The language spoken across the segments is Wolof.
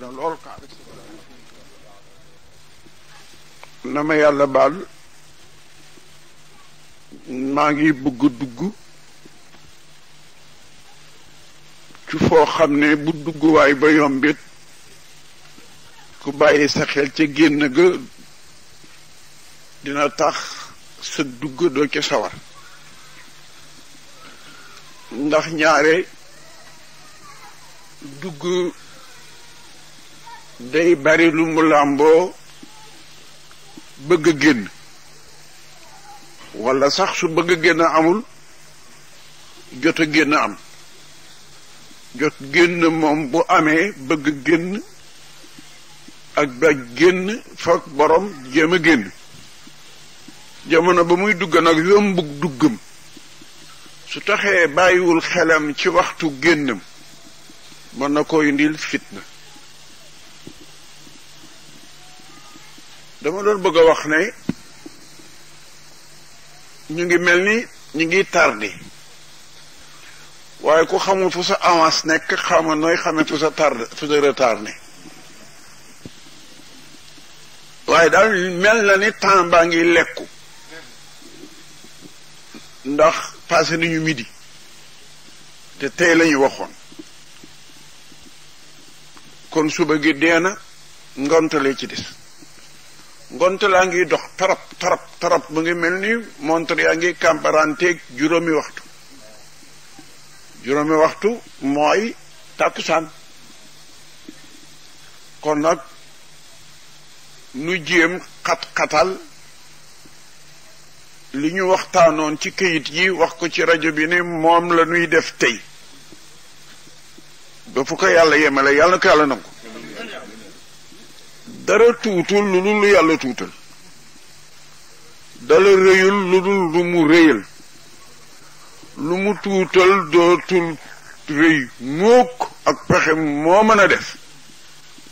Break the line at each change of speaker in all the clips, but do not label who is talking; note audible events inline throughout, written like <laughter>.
baax na ma yàlla baal maa ngi bëgg dugg ci foo xam ne bu dugguwaay ba yombit ku bàyyi sa xel ca génn ga dina tax sa dugg doo ca sawar ndax ñaare dugg day bari lu mu làmboo bëgg a génn walla sax su bëgg a génn amul jot a génn am jot génn moom bu amee bëgg a génn ak ba génn foog borom jéem a génn jamono ba muy dugg nag yombug duggam su taxee bàyyiwul xelam ci waxtu génnam mën na ko indil fitna dama doon bëgg a wax ne ñu ngi mel ni ñu ngi tardi waaye ku xamul fu sa avance nekk xama nooy xamee fu sa tarde fu sa retard ne waaye daal mel na ni temps baa ngi lekku ndax passé nañu midi te tey lañu waxoon kon suba gi dee na ngontale ci des ngont laa ngi dox tarap tarap tarap mu ngi mel ni montre yaa ngi camparanteeg juróomi waxtu juróomi waxtu mooy tàkkusaan kon nag nu jéem xat-xatal li ñu waxtaanoon ci kayit yi wax ko ci rajo bi ne moom la ñuy def tey ba fu ko yàlla yemale yàlla na ko yàlla nangu dara tuutul lu dul yàlla tuutal dala rëyul lu dul lu mu rëyal lu mu tuutal dootul rëy mukk ak pexe moo mën a def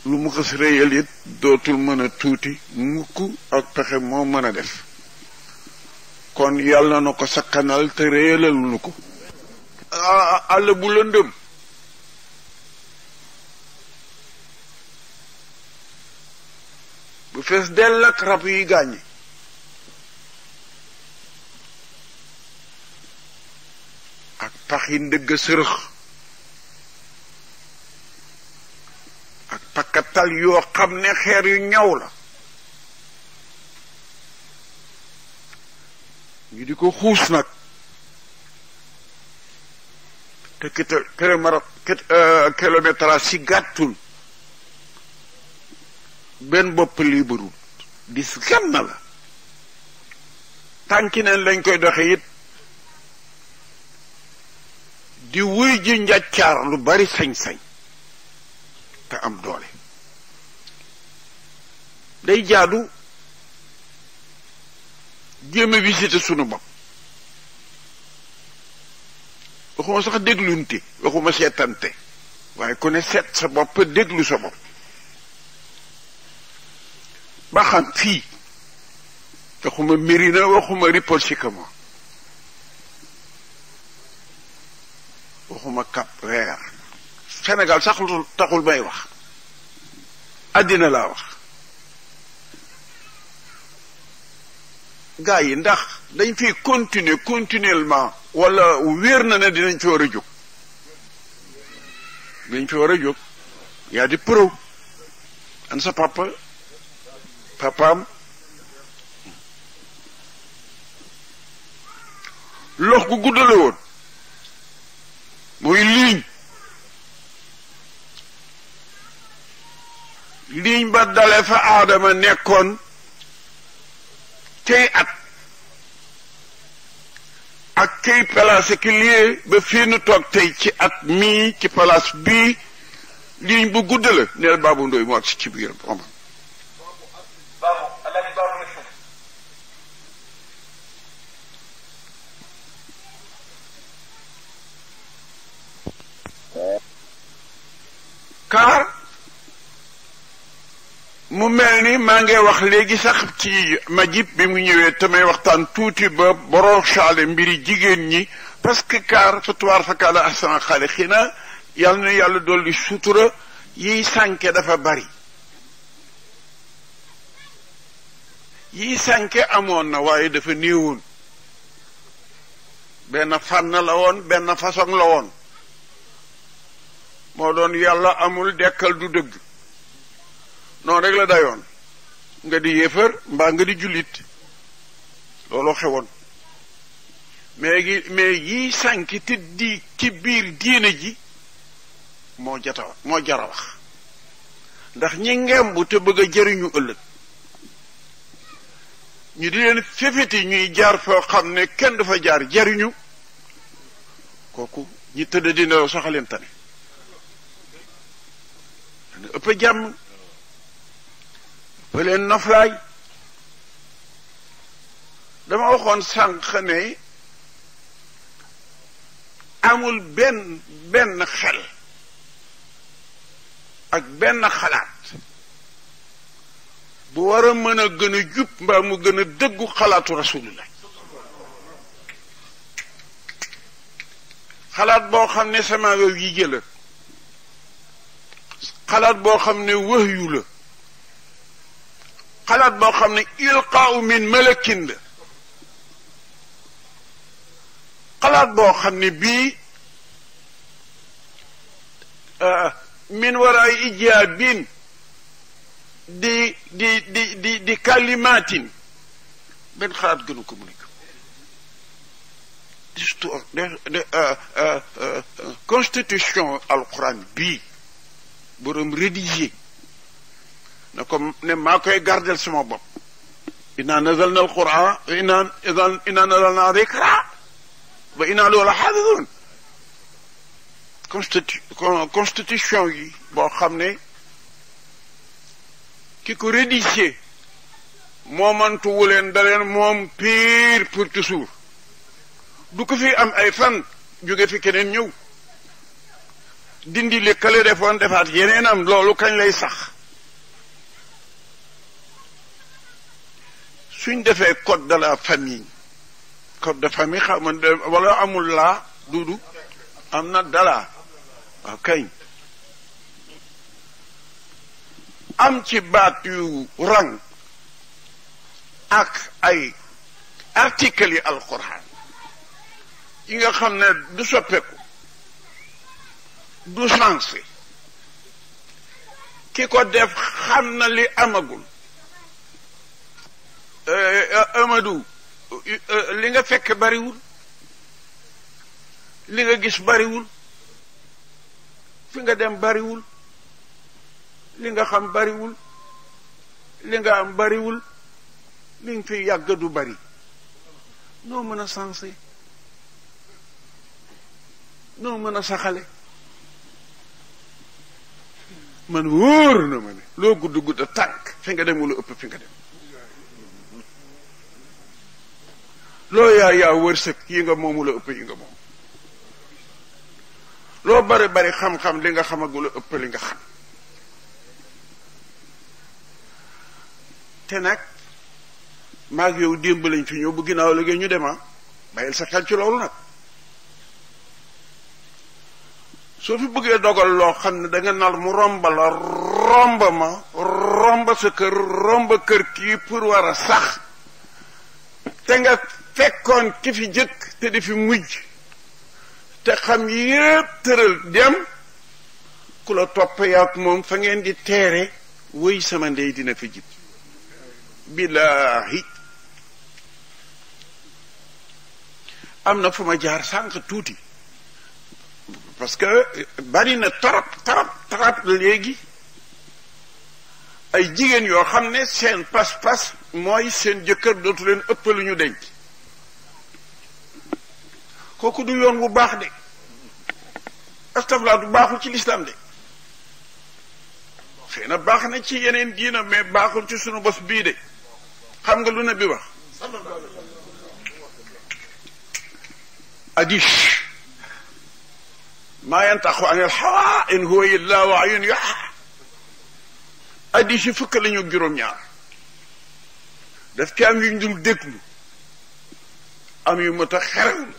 lu mu xës rëyal it dootul mën a tuuti mukk ak pexe moo mën a def kon yàlla na ko sakkanal te rëyalal nu ko ah, àll bu lëndëm bu fees dell ak rab yuy gàññi ak pax yi ndëgg sërëx ak pakkatal yoo xam ne xeer yu ñaw la ñu di ko xuus nag te si euh, gàttul benn bopp lii barul dis kenn la tànki neen lañ koy doxe it di wuy ji njàccaar lu bari sañ-sañ te am doole day jaadu jéem a visité sunu bopp waxuma sax déglunte waxuma seetante waaye ku ne seet sa bopp déglu sa bopp ba xam fii taxuma mirina waxuma ripolchikama waxuma cap weer sénégal sax lu taxul may wax àddina laa wax gaa yi ndax dañ fiy continuer continuellement wala wér na ne dinañ fi war a jóg dinañ fi war a jóg yaa di preuve an sa papa papaam lox gu guddale woon mooy liiñ liiñ ba dale fa aadama nekkoon cay at ak cay place ki liee ba fii toog tey ci at mii ci place bii liiñ bu guddale neel baabu ndoy mu ak si ci biir moomam mu mel ni maa ngi wax léegi sax ci Majib bi mu ñëwee tamay waxtaan tuuti ba borooxaale mbiri jigéen ñi parce que car fatuwaar fakala ahsan xaaliqina yàlla na yàlla dolli sutura yiy sànke dafa bari yiy sànke amoon na waaye dafa néewoon benn fànn la woon benn façon la woon moo doon yàlla amul dekkal du dëgg noonu rek la dayoon nga di yéefar mbaa nga di jullit looloo xewoon mais gi mais yiy sànk te di ci biir diine ji moo jata moo jara wax ndax ñi ngemb te bëgg jariñu jëriñu ëllëg ñu di leen fefeti ñuy jaar foo xam ne kenn dafa jaar jariñu kooku ñi tëdd dina sax leen tane dana jàmm bu leen noflaay dama waxoon sànq ne amul benn benn xel ak benn xalaat bu war a mën a gën a jub mbaa mu gën a dëggu xalaatu rasulullah xalaat boo xam ne sama yow yi jëla xalaat boo xam ne wëhyu la خلاد بو خامني القاء من ملك خلاد بو خامني بي آه من وراء اجابين دي دي دي دي, دي كلمات بن خلاد غنو كومونيك ديستور دي آه آه آه آه كونستيتيشن القران بي بروم ريديجي ne ko ne maa koy gardel suma bopp inna nazalna alquran inna idan inna nazalna dhikra wa inna lahu lahafizun constitu constitution yi boo xam ne rédigé moomantuwu leen da leen pire pour toujours du ko fi am ay fan jóge fi keneen ñëw dindi li kale defoon defaat yeneen am kañ lay sax suñ defee code de la famille code de famille xam wala amul laa dudu am na dala waaw am ci baat yu rang ak ay article yi alquran yi nga xam ne du soppeku du changé ki ko def xam na li amagul Eh, eh, Amadou eh, li nga fekk bariwul li nga gis bariwul fi nga dem bariwul li nga xam bariwul li nga am bariwul li nga fi yàgg du bari noo mën a sensé noo mën a saxale man wóor na ma ne loo gudd gudd tànk fi nga dem wala ëpp fi nga dem loo yaa yaa wërsëg yi nga moomu la ëpp yi nga moom loo bari bari xam-xam li nga xamagula ëpp li nga xam te nag maag yow démb lañ fi ñëw bu ginnaaw la liggéey ñu dema ah, bàyyil sa xel ci loolu nag soo fi bëggee dogal loo xam ne danga nga mu romba la romba ma romba sa kër romba kër kii pour war sax te nga fekkoon ki fi jëkk te di fi mujj te xam yépp tëral dem ku la topp yaak moom fa ngeen di teere woy sama ndey dina fi jib bilaahi am na fu ma jaar sànq tuuti parce que bari na torop torop torop léegi ay jigéen yoo xam ne seen pas-pas mooy seen jëkkër dootu leen denc koku du yoon wu baax de astafla du baaxul ci lislaam de xëy na baax na ci yeneen diina mais baaxul ci sunu bos bii de xam nga lu ne bi wax أديش ما ينطق عن الهوى إن هو إلا وعي يوحى أديش فك لن يجرم نيار داف كام يندل دكلو أم يمتخرم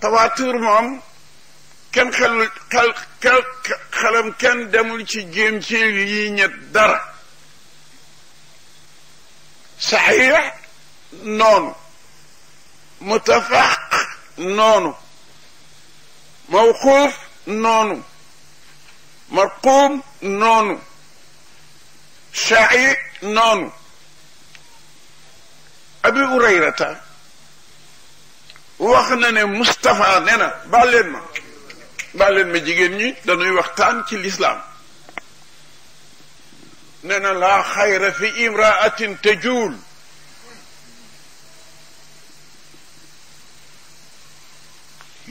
تواتر موم كان خل كل خلم كان دمول شي جيم شي دار صحيح نون متفق نون موقوف نون مرقوم نون شعي نون ابي هريره wax na ne Moustapha ne na baal ma baal leen ma jigéen ñi dañuy waxtaan ci lislaam ne na laa xayra fi imraatin tajuul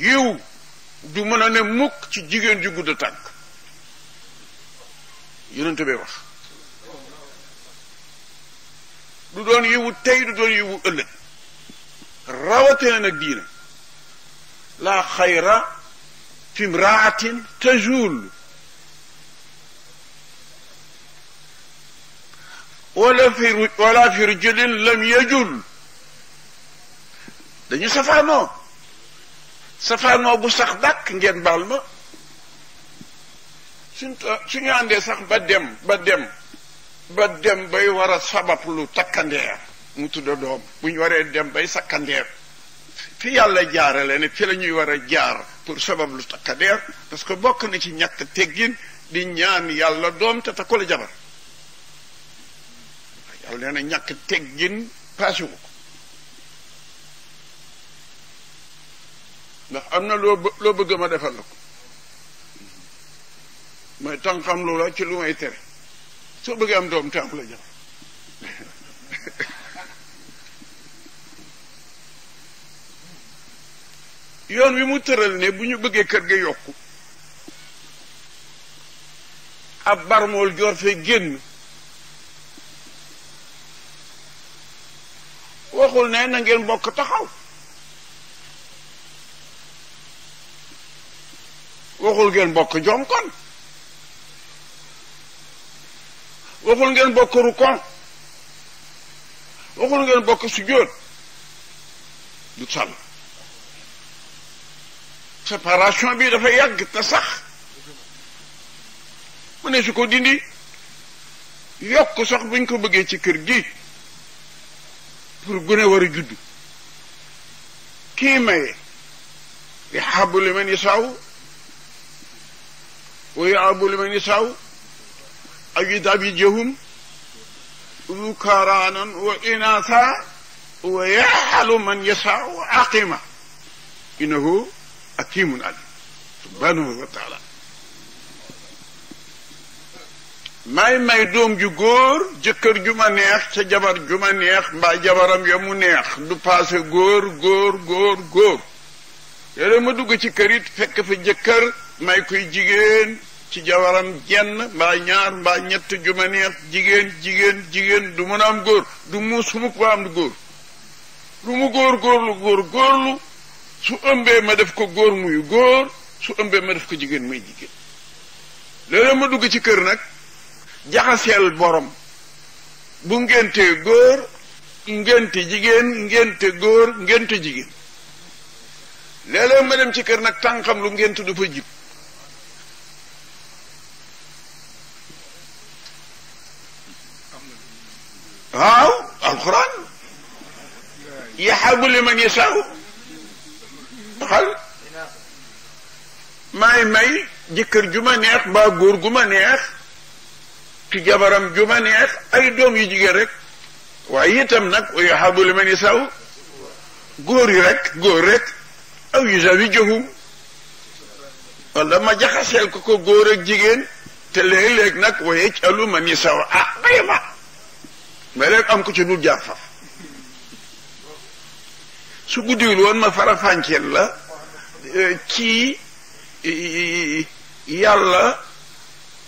yiw du mën a ne mukk ci jigéen ju gudd tànk yonent bi wax du doon yiwu tey du doon yiwu ëllëg rawatina nag diina laa xayra fi mraatin tajuul wala fi wala fi rajulin lam yajul dañu safaanoo safaanoo bu sax dàkk ngeen baal ma suñ suñu àndee sax ba dem ba dem ba dem bay war a sabab lu takkandeer mu tudda doom bu ñu waree dem bay sakkandeer fi yàlla jaare jaarale ne fi la ñuy war a jaar pour sabab lu takkandeer parce que bokk na ci ñàkk teggin di ñaan yàlla doom te takku la jabar yàlla nee na ñàkk teggin am na loo bëgg ma defal la ko mooy tànqam la ci lu may tere soo bëggee am doom tànku la jabar <laughs> yoon wi mu tëral ne bu ñu bëggee kër ga yokku ab barmool joor fee génn waxul ne ngeen bokk taxaw waxul ngeen bokk jom kon waxul ngeen bokk rukon waxul ngeen bokk sujjóot du sall séparation bi dafa yàgg te sax mu ne su ko sax buñ ko bëggee ci kër gi gune war a judd kii li man yasaaw wa yaabu li man yasaaw ak yi daab yi jëhum dhukaraanan wa inaasa wa yaxalu man yasaaw aqima innahu hakiimun aliim subhaanahu wa taala maay may doom ju góor jëkkër ju ma neex ca jabar ju ma neex mbaa jabaram ya mu neex du paase góor góor góor góor yore ma dugg ci kërit it fekk fa jëkkër may koy jigéen ci jabaram jenn mbaa ñaar mbaa ñett ju ma neex jigéen jigéen jigéen du mën am góor du muus mukk ba am góor lu mu góor góorlu góor góorlu su ëmbee ma def ko góor muy góor su ëmbee ma def ko jigéen muy jigéen léeg ma dugg ci kër nag jaxaseel borom bu ngéntee góor ngénte jigéen ngénte góor ngénte jigéen léeg ma dem ci kër nag tànqam lu ngént dafa jib waaw alquran yahabu liman yasaaw waxal maay may jëkkër ju ma neex mbaa góor gu ma neex ki jabaram ju ma neex ay doom yu jigéen rek waaye itam nag wa yahabu liman yasaw góor yi rek góor rek aw yuzawijuhum wala ma jaxaseel ko ko góor ak jigéen te léeg-léeg nag wa yajalu man yasaw ah bay ma mais léeg am ko ci dul jaar su guddiwul woon ma farafànceel la euh, ci yàlla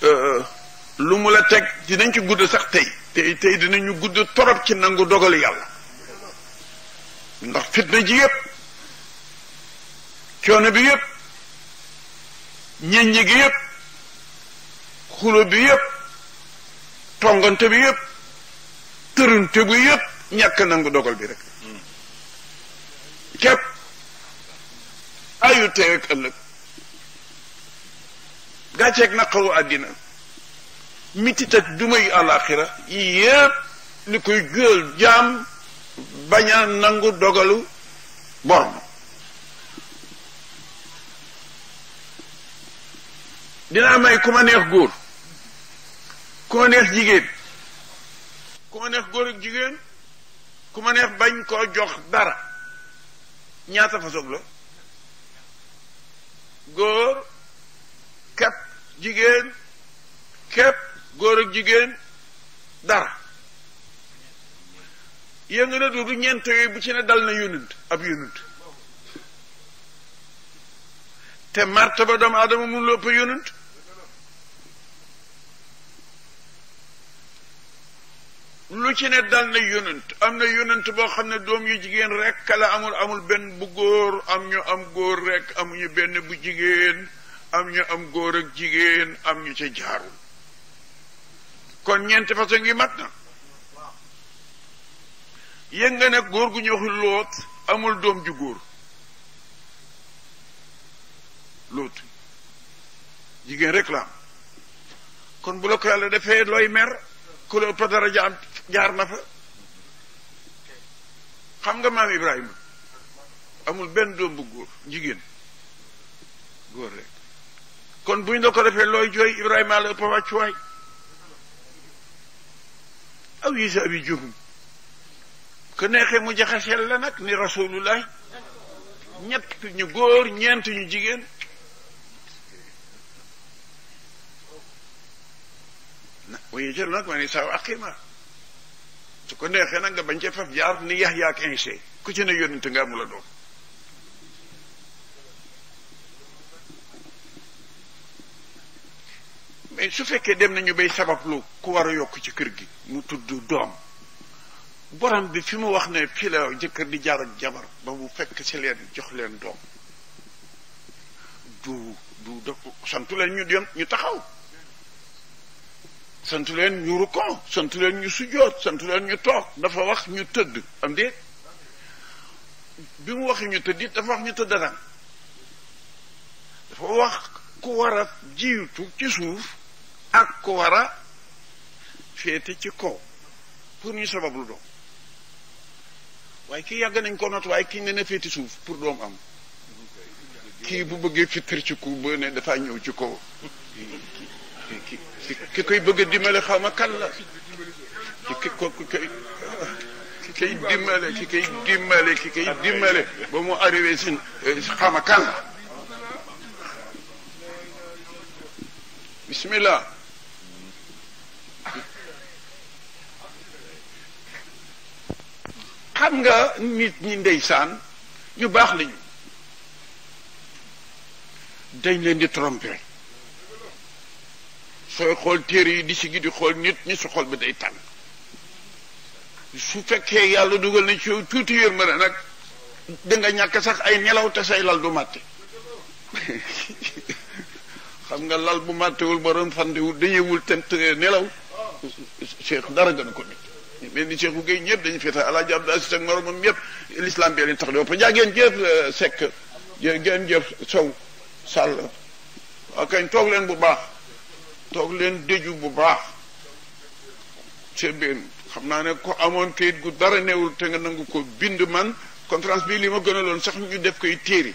euh, lu mu la teg dinañ ci gudd sax tey tey tey dinañu gudd torop ci nangu dogal yàlla ndax fitna ji yépp coono bi yépp ñeññi gi yépp xulo bi yépp tongante bi yépp tërunte bi yépp ñàkk nangu dogal bi rek képp ayu teew ak ëllëg gàcceeg naqawu àddina mitit ak dumay alaxira yi yépp li koy jural jaam bañ nangu dogalu borom dinaa may ku ma neex góor ku ma neex jigéen ku ma neex góor ak jigéen ku ma neex bañ koo jox dara ñaata façon la góor képp jigéen képp góor ak jigéen dara yëngu na du ñeent yooyu bu ci ne dal na yonent ab yonent te ba doomu aadama mun la ëpp yonent lu ci ne dal na yonent am na yonent boo xam ne doom yu jigéen rek la amul amul benn bu góor am ñu am góor rek amuñu benn bu jigéen am ñu am góor ak jigéen am ñu ci jaarul kon ñeenti façon ngi mat na yëg nga ne góor gu ñu waxul amul doom ju góor loot jigéen rek la am kon bu la ko yàlla defee looy mer ku la ëpp dara jaam jaar na fa xam nga maam Ibrahima amul benn doom bu góor jigéen góor rek kon buñ la ko defee looy jooy Ibrahima la ëpp wàccuwaay aw isa bi juhum ku neexee mu jaxaseel la nag ni rasulullah ñett ñu góor ñeent ñu jigéen wayeejël nag ma sa saa aqima su ko neexee nag nga bañ cee faf jaar ni yax yaak inche ku ci ne yónnante nga amula doom mais eh, su fekkee dem nañu bay sabab sabablu ku war a yokk ci kër gi mu tudd doom borom bi fi mu wax ne fii la jëkkër di jaar ak jabar ba mu fekk si leen jox leen doom du du santu leen ñu dem ñu taxaw santu leen ñu rukon santu leen ñu sujjoot santu leen ñu toog dafa wax ñu tëdd am déet bi mu waxee ñu tëdd it dafa wax ñu tëdd daan dafa wax ku war a jiitu ci suuf ak ku war a ci kaw pour ñu sabab lu doom waaye kii yàgg nañ koo not waaye kii ne na féete suuf pour doom am kii bu bëggee fittir ci kaw ba ne dafaa ñëw ci kaw ki koy bëgg a dimbale xaw ma kan la ki ki ko ki koy ki koy dimbale ki koy dimbale ba mu arrivé si eh, xaw ma kan bismillah xam nga nit ñi ndeysaan ñu baax lañu dañ leen di tromper sooy xool téere yi di si gi di xool nit ñi su xool bi day tàng su fekkee yàlla dugal na ci yow tuuti yërmande nag da nga ñàkk sax ay nelaw te say lal du màtte <laughs> xam nga lal bu màttewul borom fandewul dañewul tent nelaw cheikh dara gën ko nit mel ni cheikh u gay ñëpp dañu féete alaaji abdu asis ak moromam yëpp l'islam bi leen tax do pa jaageen euh, sekk jëgeen jëf sow sàll waa kañ toog leen bu baax toog leen déju bu baax seen xam naa ne ko amoon kayit gu dara newul te nga nangu ko bind man conférence bi li ma gënaloon sax ñu def koy téere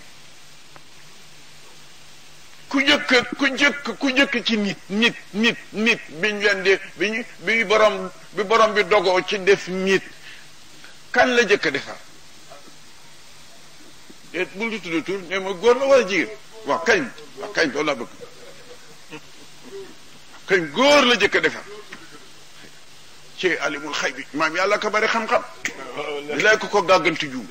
ku jëkk ku jëkk ku jëkk ci nit nit nit nit biñ leen di bi borom bi borom bi dogoo ci def nit kan la jëkk defar déet bul di tudd tur ne ma góor la wala jigéen waaw kañ waaw kañ loolu laa bëgg kañ góor la jëkk defar ci alimul xay bi maam yàlla ko bari xam-xam di lay ko ko gàgganti juum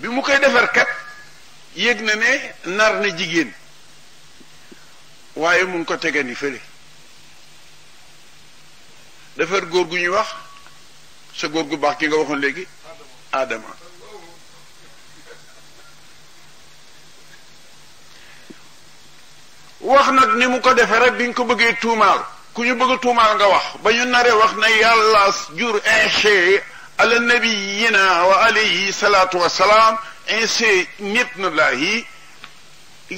bi mu koy defar kat yëg na ne nar na jigen waye mu ngi ko tege fële defar góor gu ñuy wax sa góor gu baax ki nga waxon legi aadama wax nag ni mu ko defee rek nga ko bëggee tuumaal ku ñu bëgg a tuumaal nga wax ba ñu naree wax na yàlla jur inche ala nabiyina wa alayhi salaatu wasalaam inche nit na laahi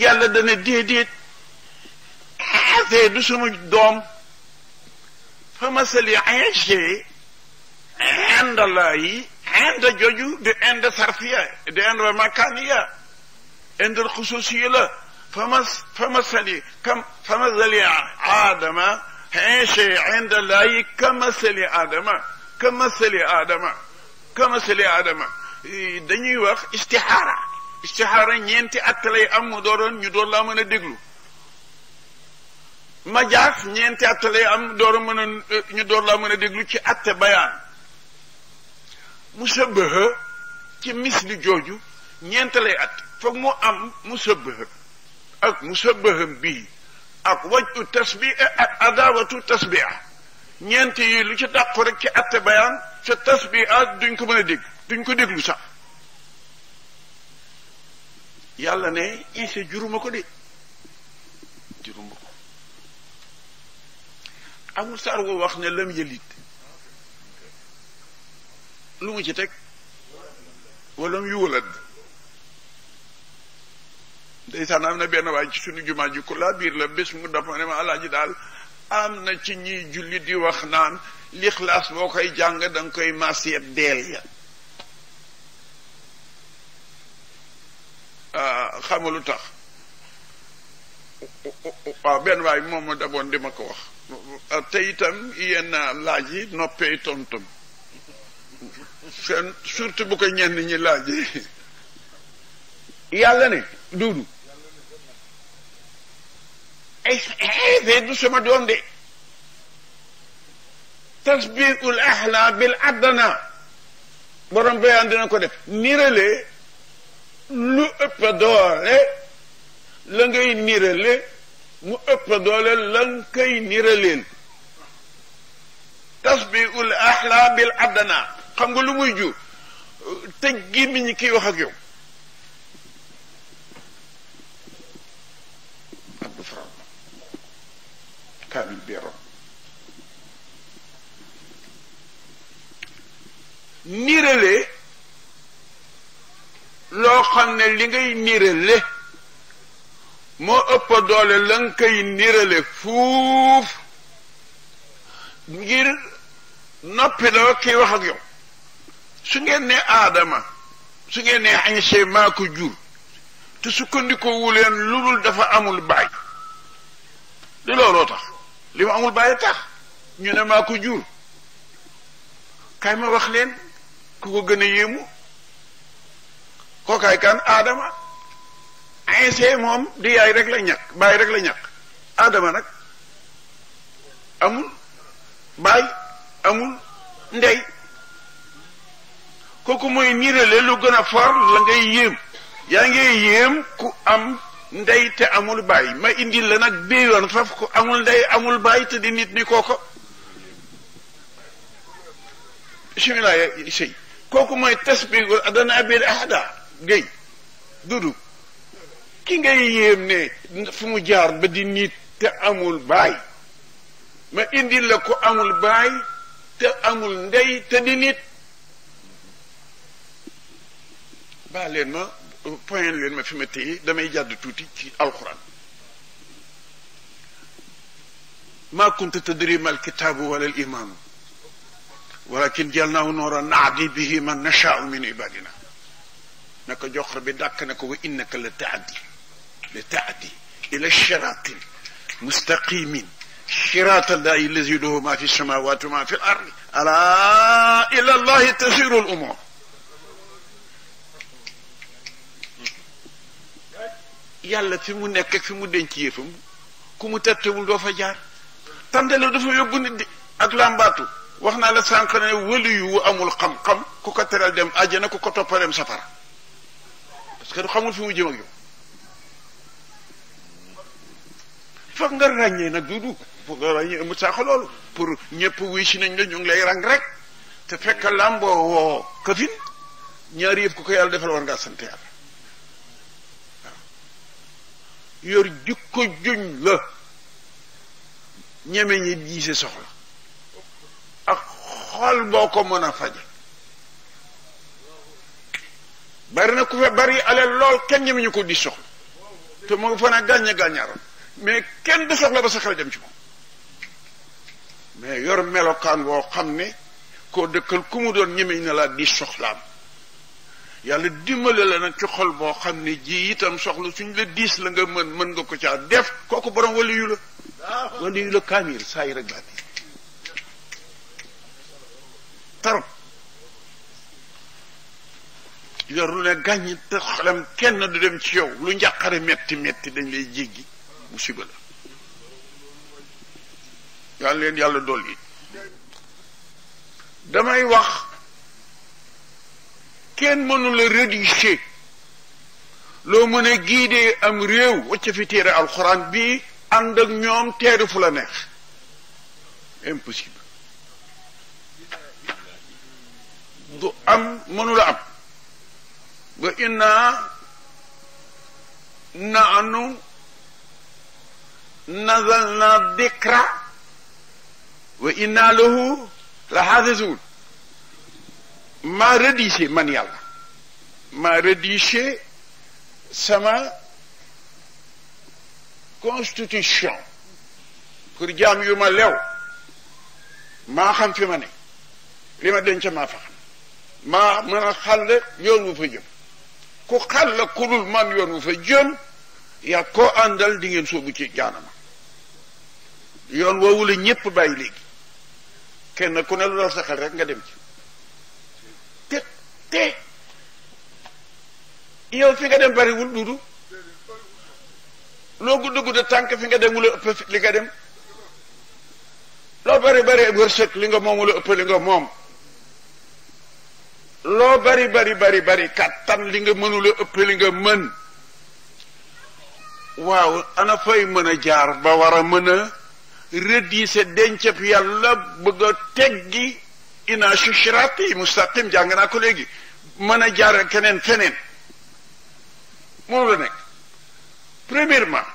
yàlla dana déedéet inche du sama doom fa masali inche inda laahi xenda jooju di inde sarfiya di inde makaniya indal xususiya la fama fama sali kam fama sali aadama xeeche inde dañuy wax istixaara istixaara ñeenti at am mu dooroon ñu door laa mën a déglu majaas ñeenti at lay am doora mën ñu door laa mën a déglu ci atte bayaan musabbaha ci misli jooju ñeent lay at foog mu am musabbaha ak musabbaham bii ak wajju tasbih ak adawatu a ñeent yi lu ci dàqu rek ci atte bayaan ca tasbih duñ ko mën a dégg duñ ko déglu sax yàlla ne inse juruma ko de juruma ko amul saar woo wax ne lam yëlit lu mu ci teg walam yuwalad ndeysaan am na benn waay ci suñu jumaa ji ku laa biir la bés mu dafa ne ma alaaji daal am na ci ñiy julli di wax naan lixlaas boo koy jàng danga koy masiyet deel ya ah, xamalu tax waaw benn waay moom ma daboon di ma ko wax ah, te itam yenn laaj yi noppee tontum seen surtout bu ko ñenn ñi laajee yàlla ne duudu ay du sama doom de tasbiul ahla bil addana borom bayaan dina ko def nirale lu ëpp doole la ngay mu ëpp doole la nga koy niraleen tasbiul ahla bil addana xam nga lu muy jur tëj gémmiñ kiy wax ak yow abdou fram loo xam ne li ngay nirale moo ëpp doole lan nga koy nirale fuuf ngir noppi la kiy wax ak yow su ngeen ne aadama su ngeen nee Iisaa maa ko jur te sukkandikoo wuleen lu dafa amul baay di looloo tax li ma amul baay tax ñu ne maa ko jur kaay ma wax leen ku ko gën a yéemu kookaay kan aadama Iisaa moom di yaay rek la ñàkk baay rek la ñàkk aadama nag amul baay amul ndey kooku mooy niirale lu gën a for la ngay yéem yaa ngay yéem ku am ndey te amul bàyyi ma indil la nag bee yoon faf ku amul ndey amul bàyyi te di nit ni kooko bismillah sëy kooku mooy tasbihul adana bil ahada géy dudu ki ngay yéem ne fu mu jaar ba di nit te amul baay ma indil la ko amul baay te amul ndey te di nit baa leen ma point leen ma fi ma téye damay jàdd tuuti ci alquran ma kunta tadri ma alkitaabu wala al imaanu walakin jalnaahu nooran naadi bihi man nashaau min ibadina naka joxar bi dàkk na ko wa innaka la taadi la taadi ila shiraatin mustaqimin شراط الله الذي له ما في السماوات وما في الأرض ألا إلى الله تسير الأمور yàlla fi mu nekk ak fi mu denc yëfam ku mu tettewul doo fa jaar tàndale dafa yóbbu nit di ak làmbaatu wax naa la sànq ne wëliyu wu amul xam-xam ku ko teral dem àjjana ku ko toppa dem safara parce que du xamul fi mu jëm ak yow foog nga ràññee nag dudu foog nga ràññee loolu pour ñëpp wuy si nañ la ñu ngi lay rek te fekk làmboo woo këfin ñaari yëf ku ko yàlla defal war ngaa sant yor jikko juñ la ñeme ñi diise soxla ak xol boo ko mën a faje bari na ku fe bari alal lool kenn ñeme ñu ko di soxla te moo fa naa gàññe gàññaaram mais kenn du soxla ba sa dem ci moom mais yor melokaan woo xam ne koo dëkkal ku mu doon ñeme na laa di soxlaam yàlla dimbale la nag ci xol boo xam ne ji itam soxla suñ la diis la nga mën mën nga ko ci caa def kooku borom wala yu la wala yu la kaamil saa yi rek baat tarop lu ne gàññ te xolam kenn du dem ci yow lu njàqare metti metti dañ lay jéggi musiba la yàlla leen yàlla dolli damay wax kenn mënu la rédiger loo mën a giidee am réew wacca fi téere alxuraan bii ànd ak ñoom teeru fu la neex impossible du am mënu la am ba inna naanu nazalna dikra wa inna lahu la xaafisuun maa rédigé man yàlla maa rédigé sama constitution pour jaam yu ma lew maa xam fi ma ne li ma denc maa fa xam maa mën a yoon wu fa jëm ku xàll ku dul man yoon wu fa jëm yaa koo àndal di ngeen soobu ci jaanama yoon woowu la ñépp bàyyi léegi kenn ku ne lu dal sa xel rek nga dem ci te yow fi nga dem bariwul duudu loo gudd gudd tànk fi nga dem wula ëpp li nga dem loo bari bari wërsëg li nga moom wula ëpp li nga moom loo bari bari bari bari kattan li nga mënula ëpp li nga mën waaw ana fay mën a jaar ba war a mën a redise denceb yàlla bëgg a teggi ina shushirati mustaqim jàng naa ko léegi mën a jaar keneen feneen moom la nekk premièrement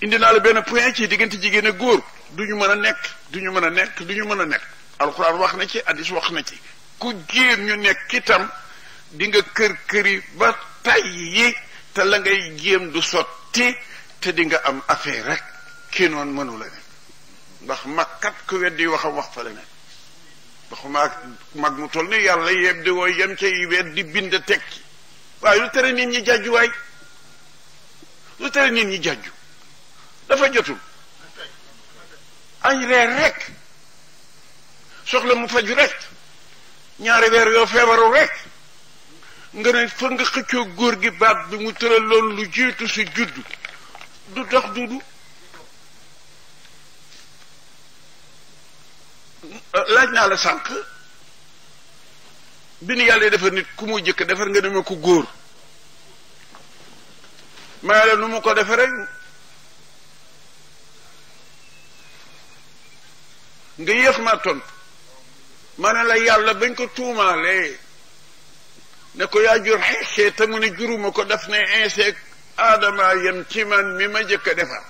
indi naa la benn point ci diggante jigéen ak góor du ñu mën a nekk du ñu mën a nekk du ñu mën a nekk alxuraan wax na ci addis wax na ci ku jéem ñu nekk itam di nga kër këri ba tàyyi te la ngay jéem du sotti te di nga am affaire rek kii noonu mënula la ndax mag kat ku weddi wax am wax fa la waxuma mag mu toll ni yàlla yeb di wooy yam cay weet di bind tekki waaye lu tere nit ñi jàjju waay lu tere nit ñi jàjju dafa jotul añ reer rek soxla mu faju rek ñaari weer yoo feebaru rek nga ne fa nga xëccoo góor gi baat bi mu tëral loolu lu jiitu si juddu du dox dudu Euh, laaj naa la sànq bi nu yàlla defar nit ku muy jëkk defar nga ne ko góor ma la nu mu ko defaree nga yéex ma tontu ma la yàlla bañ ko tuumaalee ne ko yaa jur xeexee mu ne juruma ko def ne insecte aadama yem ci man mi ma jëkk a defar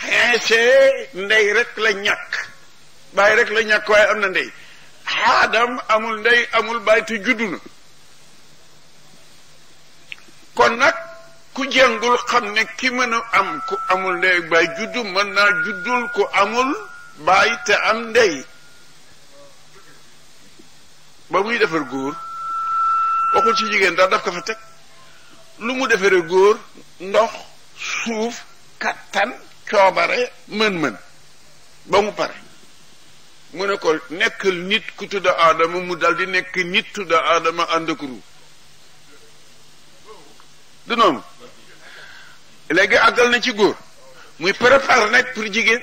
xeexee ndey rek la ñàkk bàyyi rek la ñàkk waaye am na ndey aadam amul ndey amul bàyyi te juddu na kon nag ku jàngul xam ne ki mën am ku amul ndey ak bàyyi juddu mën naa juddul ku amul bàyyi te am ndey ba muy defar góor waxul ci jigéen daal daf ko fa teg lu mu defaree góor ndox suuf kattan coobare mën-mën ba mu pare mu ne ko nekkal nit ku tudd aadama mu dal di nekk nit tudd aadama ànd ak ru du noonu léegi àggal na ci góor muy préparé nag pour jigéen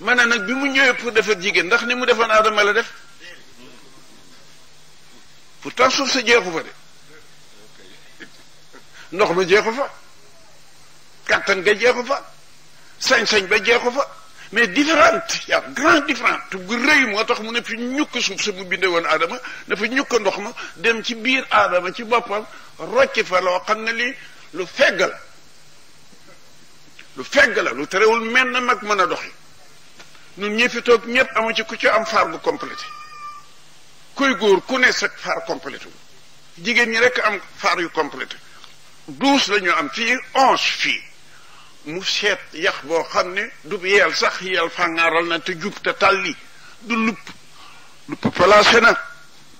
maanaam nag bi mu ñëwee pour defar jigéen ndax ni mu defoon aadama la def pourtant suuf sa jeexu fa de ndox ma jeexu fa kàttan ga jeexu fa sañ-sañ ba jeexu fa mais différente il y a grand différence bu rëy moo tax mu ne fi ñukk suuf sa mu binde woon aadama dafa ñuk ndox ma dem ci biir adama ci boppam rocc fa lo xam ne lu fegg la lu fegg la lu terewul mel mak mag doxi ñun ñi fi tok ñëpp amu ci ku ci am faar bu complété kuy góor ku ne sa faar complété wu ñi rek am faar yu complété douze lañu am fii onze fii mu seet yax boo xam ne du yeel sax yeel fàngaaral na te jub te tàlli du lupp lupp placé na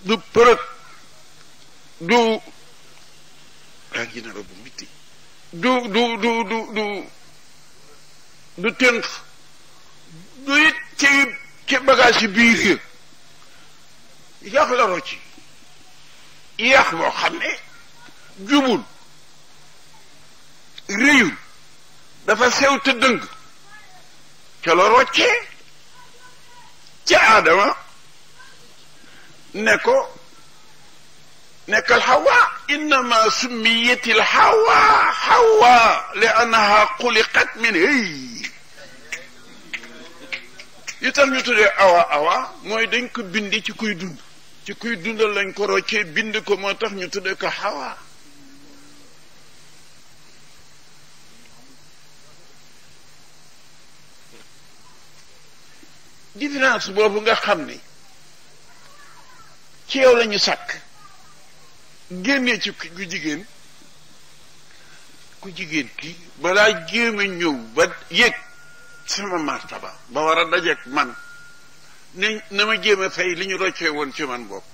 du përëg du daa ngi na rabu du du du du du du tënk du ci ci biir yi yax la yax boo xam ne jubul réyul dafa sew te dëng ca la aadama ne ko nekkal xawa innama summiyat il xawa xawa li annaha xuliqat min hey yi tax ñu tuddee awa awa mooy dañ ko bindi ci kuy dund ci kuy dundal lañ ko roccee bind ko moo tax ñu tuddee ko xawa différence boobu nga xam ni ci yow la ñu sàkk génne ci ku jigéen ku jigéen ki balaa jéem a ñëw ba yëg sama martaba ba war a dajeeg man ne na ma jéem a fay li ñu roccee woon ci man boobu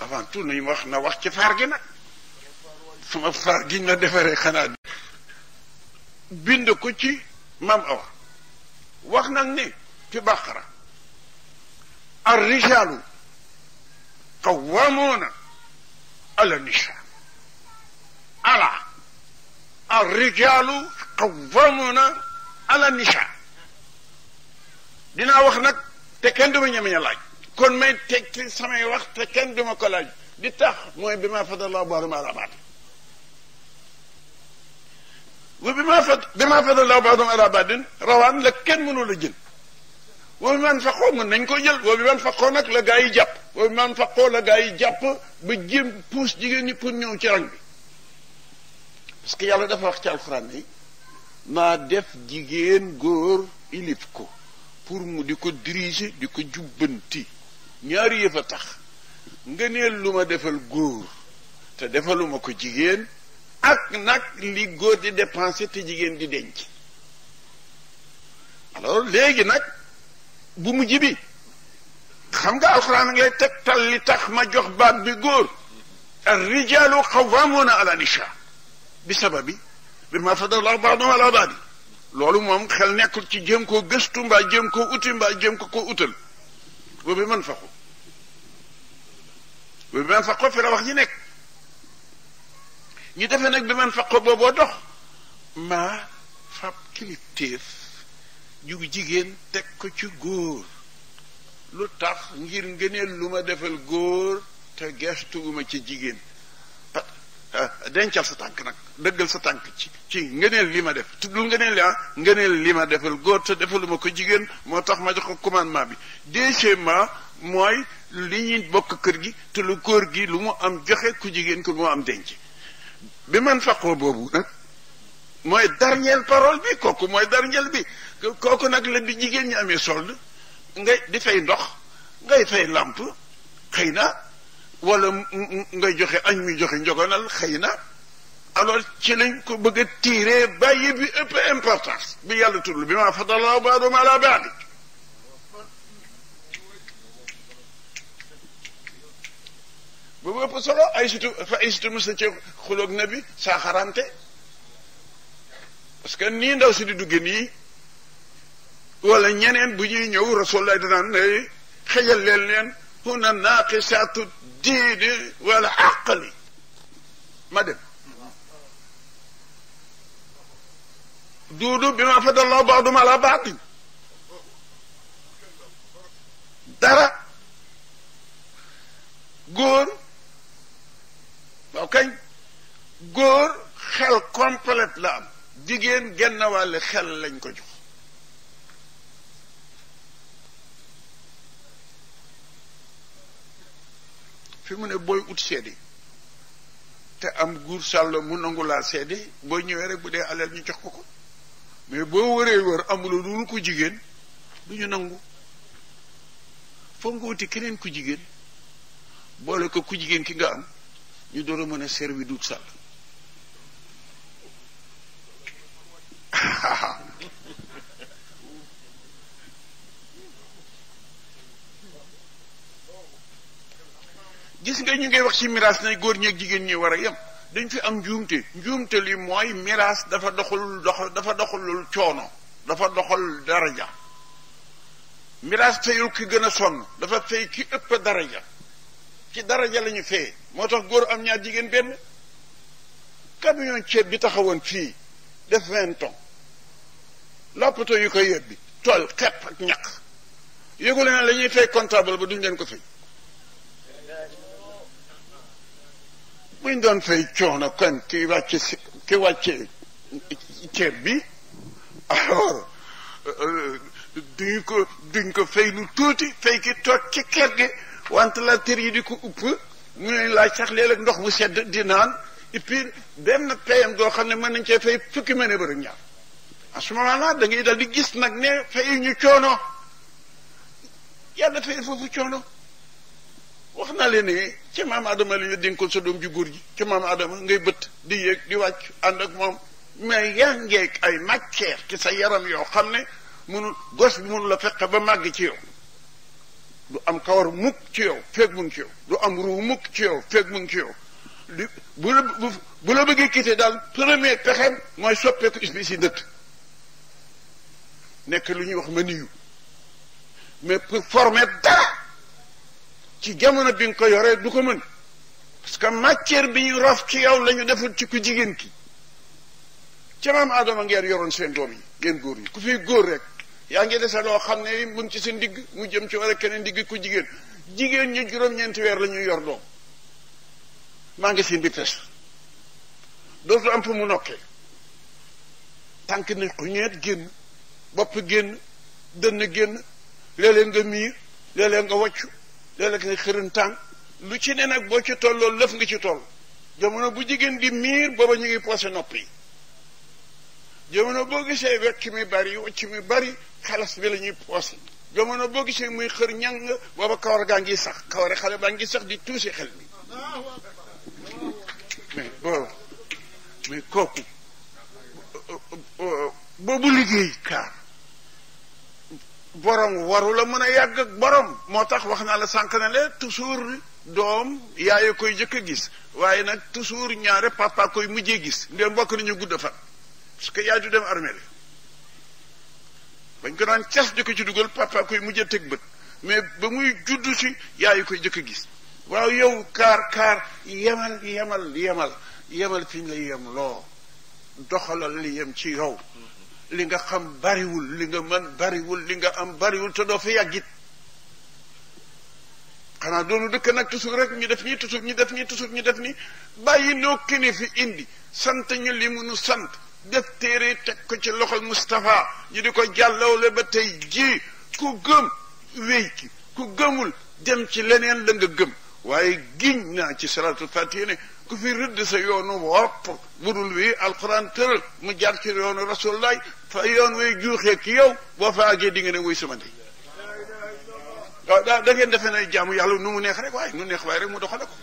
avant tout nañu wax na wax ci faar gi nag sama faar gi na defaree xanaa bind ko ci maam awa wax nag ne في بقرة الرجال قوامون على النساء على الرجال قوامون على النساء دينا وخنا تكن دو ميني لاج كون مين تكي سامي وقت تكن دو ماكو لاج دي تخ بما فضل الله بارما على بعض وبما فضل بما فضل الله بعضهم على بعض روان لكن منو لجن wa bi man faqoo mën nañ ko jël wa bi man faqoo nag la gaa yi jàpp wa bi man faqoo la gaa yi jàpp ba jéem puus jigéen ñi pour ñëw ci rang bi parce que yàlla dafa wax ci alxuraan ni maa def jigéen góor ilif ko pour mu di ko diriger di ko jubbanti ñaari yëf a tax nga ne lu ma defal góor te defaluma ko jigéen ak nag li góor di dépenser te jigéen di denc alors léegi nag bu mujj bi xam nga alxuraan ngi lay tal li tax ma jox baat bi góor arrijalu qawwamuna ala nisa bi sababi bi ma fadala baadum ala baadi loolu moom xel nekkul ci jéem koo gëstu mbaa jéem koo uti mbaa jéem ko koo utal boobu man faqu fi la wax ñi nekk ñu defee nag bi man faqu booboo dox maa fab kilifteef ju jigéen teg ko ci góor lu tax ngir ngëneel lu ma defal góor te gestuwuma ci jigéen ah, ah, dencal sa tànk nag dëggal sa tànk ci ci ngëneel li ma def tuddul ngëneel li ah ngëneel li ma defal góor te defaluma ko jigéen moo tax ma jox ko commandement bi deuxièmement mooy li ñuy bokk kër gi te lu góor gi lu mu am joxe ku jigéen ko mu am denc bi man faqoo boobu nag mooy dernière parole bi kooku mooy dernière bi kooku nag la bi jigéen ñi amee solde ngay di fay ndox ngay fay làmp xëy na wala ngay joxe añ muy joxe njogonal xëy na alors ci lañ ko bëgg a tiiree bàyyi bi ëpp importance bi yàlla tudd bi maa fadala baadum ala baadi boobu ëpp solo ay fa ay sutu ci xuloog na bi saaxarante parce que nii ndaw si di dugge nii wala ñeneen bu ñuy ñëw rasulullah danaan ne xëjal leen leen huna naaqisatu diini wala aqli ma dem duudu bi ma fadalloo baadum ala baadin dara góor waaw kañ góor xel complète la am jigéen genn wàll xel lañ ko jox fi mu ne booy ut seede te am guur sàll mu nangu laa seede booy ñëwee rek bu dee alal ñu jox ko ko mais boo wëree wër amuloo lu ko jigéen du ñu nangu foog nga wuti keneen ku jigéen boole ko ku jigéen ki nga am ñu door mën a servi duut sàll <laughs> gis nga ñu ngay wax ci miraas na góor ñeeg jigéen ñi war a yem dañ fi am njuumte njuumte li mooy miraas dafa doxul dox dafa doxalul coono dafa doxal daraja miraas fayul ki gën a sonn dafa fay ki ëpp daraja ci daraja la ñu moo tax góor am ñaar jigéen benn camion ceeb bi taxawoon fii def vingt tonnes loppato yu koy yebbi tool xepp ak ñaq yëgu leen la ñuy comptable ba duñ leen ko fay buñ doon fay coono kon ki wàcce si ceeb bi alors duñ ko duñ ko fay lu tuuti fay ki toog ci kër gi wante la tër yi di ko upp mu ne laaj sax léeg-léeg ndox bu sedd di naan et benn payam goo xam ne mën nañ cee fay fukki mëne bëri ñaar à ce moment da dal di gis nag ne fay ñu coono yàlla fay foofu coono waxna leni ci mam Adama la dénkoon sa dom ju gor gi ci mam Adama ngay beut di yek di wàcc ànd ak mom mais yaa ngeeg ay matière ci sa yaram yo xamne munu gos bi munu la fekk ba mag ci yow du am kawar muk ci yow fek mun ci yow du am ru muk ci yow fek mun ci yow bu la bu la bëggee quitté daal premier pexem mooy soppeeku espèce dëtt nekk lu ñuy wax maniyu mais pour former dara ci jamono bi nga ko yoree du ko mën parce que matière bi ñu rof ci yow la ñu deful ci ku jigéen ki ca maam Adama ngeen yoroon seen doom yi ngeen góor yi ku fi góor rek yaa ngi dese xam ne mu ngi ci sa ndigg mu jëm ci wala keneen ndigg ku jigéen jigéen ñi juróom-ñeenti weer la ñuy yor doom maa ngi seen vitesse dootu am fu mu nokkee tànk ne xuñeet génn bopp génn dënn génn léeg-léeg nga miir léeg nga wocc léeg-léeg nga xërëntaan lu ci ne nag boo ci tolloo lëf nga ci toll jamono bu jigéen di miir booba ñu ngi poosé nopp yi jamono boo gisee wecc mi bari wecc mi bari xalas bi la ñuy jamono boo gisee muy xër ñàng booba kawar gaa ngi sax kawari xale baa ngi sax di tuusi xel mi mais booba mais kooku euh, euh, euh, boobu liggéey kaar borom waru la mën a yàgg ak borom moo tax wax naa la sànq na le toujours doom yaayu koy jëkk a gis waaye nag toujours ñaare papa koy mujjee gis ndéem mbokk nañu gudd fa parce que yaay du dem armée la bañ ko naan cas jëkk ko ci dugal papa koy mujjee teg bët mais ba muy juddu ci yaayu koy jëkk a gis waaw yow kaar kaar yemal yemal yemal yemal fi ñu lay yem loo doxalal yem ci yow li nga xam bariwul li nga mën bariwul li nga am bariwul te doo fi yàggit xanaa doonu dëkk nag tusug rek ñu def ñi tusug ñu def ñi tusug ñu def ni bàyyi noo kene fi indi sant ñu li munu sant def téere teg ko ci loxo Moustapha ñu di ko jàllawle ba tey jii ku gëm wéy ku gëmul dem ci leneen la gëm waaye giñ naa ci salaatul fatiha ne ku fi rëdd sa yoonu wopp budul wi alquran tëral mu jaar ci yoonu rasulullah fa yoon way juuxee ki yow boo fa àggee di nga ne wuy sama ndey waaw da da ngeen defee jaamu yàlla nu mu neex rek waaye nu neex waaye rek mu doxale ko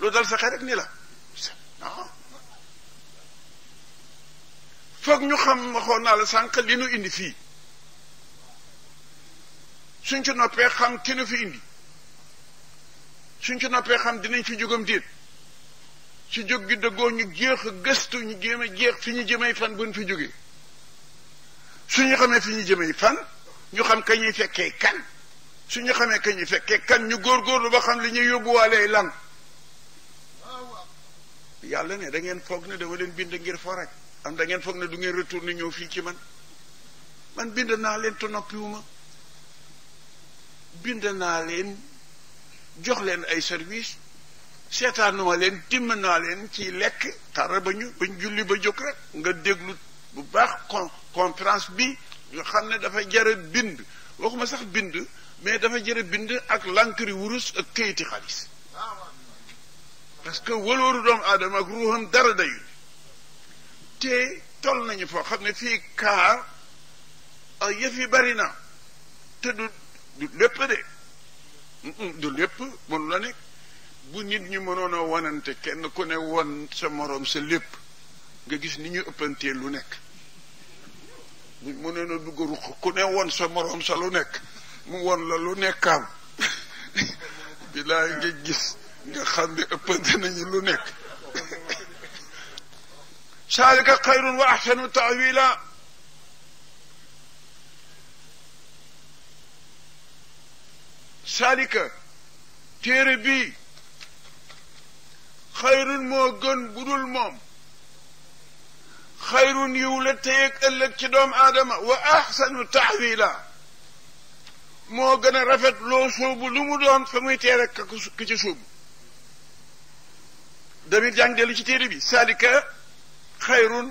lu dal sa xel rek ni la ah ñu xam waxoon naa la sànq li nu indi fii suñ ci noppee xam ki fi indi suñ ci noppee xam dinañ fi jógam déet ci jóg gi dëggoo ñu jeex gëstu ñu jéem a jeex fi ñu jëmee fan buñ fi jógee ñu xamee fi ñu jëmee fan ñu xam ka ñuy fekkee kan suñu xamee ka ñuy fekkee kan ñu góor góorgóorlu ba xam li ñuy yóbbuwaalee lan yàlla ne da ngeen foog ne dama leen bind ngir foo rek am dangeen foog ne du ngeen retour retourné ñëw fii ci man man bind naa leen te noppiwuma bind naa leen jox leen ay service seetaanuma leen timm naa leen ci lekk tara ba ñu ba ñu julli ba jóg rek nga déglu bu baax con bi nga xam ne dafa jara bind waxuma sax bind mais dafa jara bind ak lankari wurus ak këyiti xaalis parce que wëlooru doomu aadama ak ruuxam dara dayu te toll nañu foo xam ne fii kaar yëf yi bari na te du du lépp de du lépp mënu la nekk bu nit ñi mënoon a wanante kenn ku ne won sa morom sa lépp nga gis ni ñu ëppante lu nekk bu mënoon a dugg ruq ku ne won sa morom sa lu nekk mu won la lu nekkaam bilaay nga gis nga xam ni ëppante nañu lu nekk saalika xayrun wa axsanu taawila saalika téere bii xayrun moo gën bu dul moom xayrun yiw la téyeeg ëllëg ci doomu aadama wa ahsanu taxwila moo gën a rafet loo sóobu lu mu doon fa muy teer ak ka ca sóobu damit yaa ngi dellu ci téere bi salika xayrun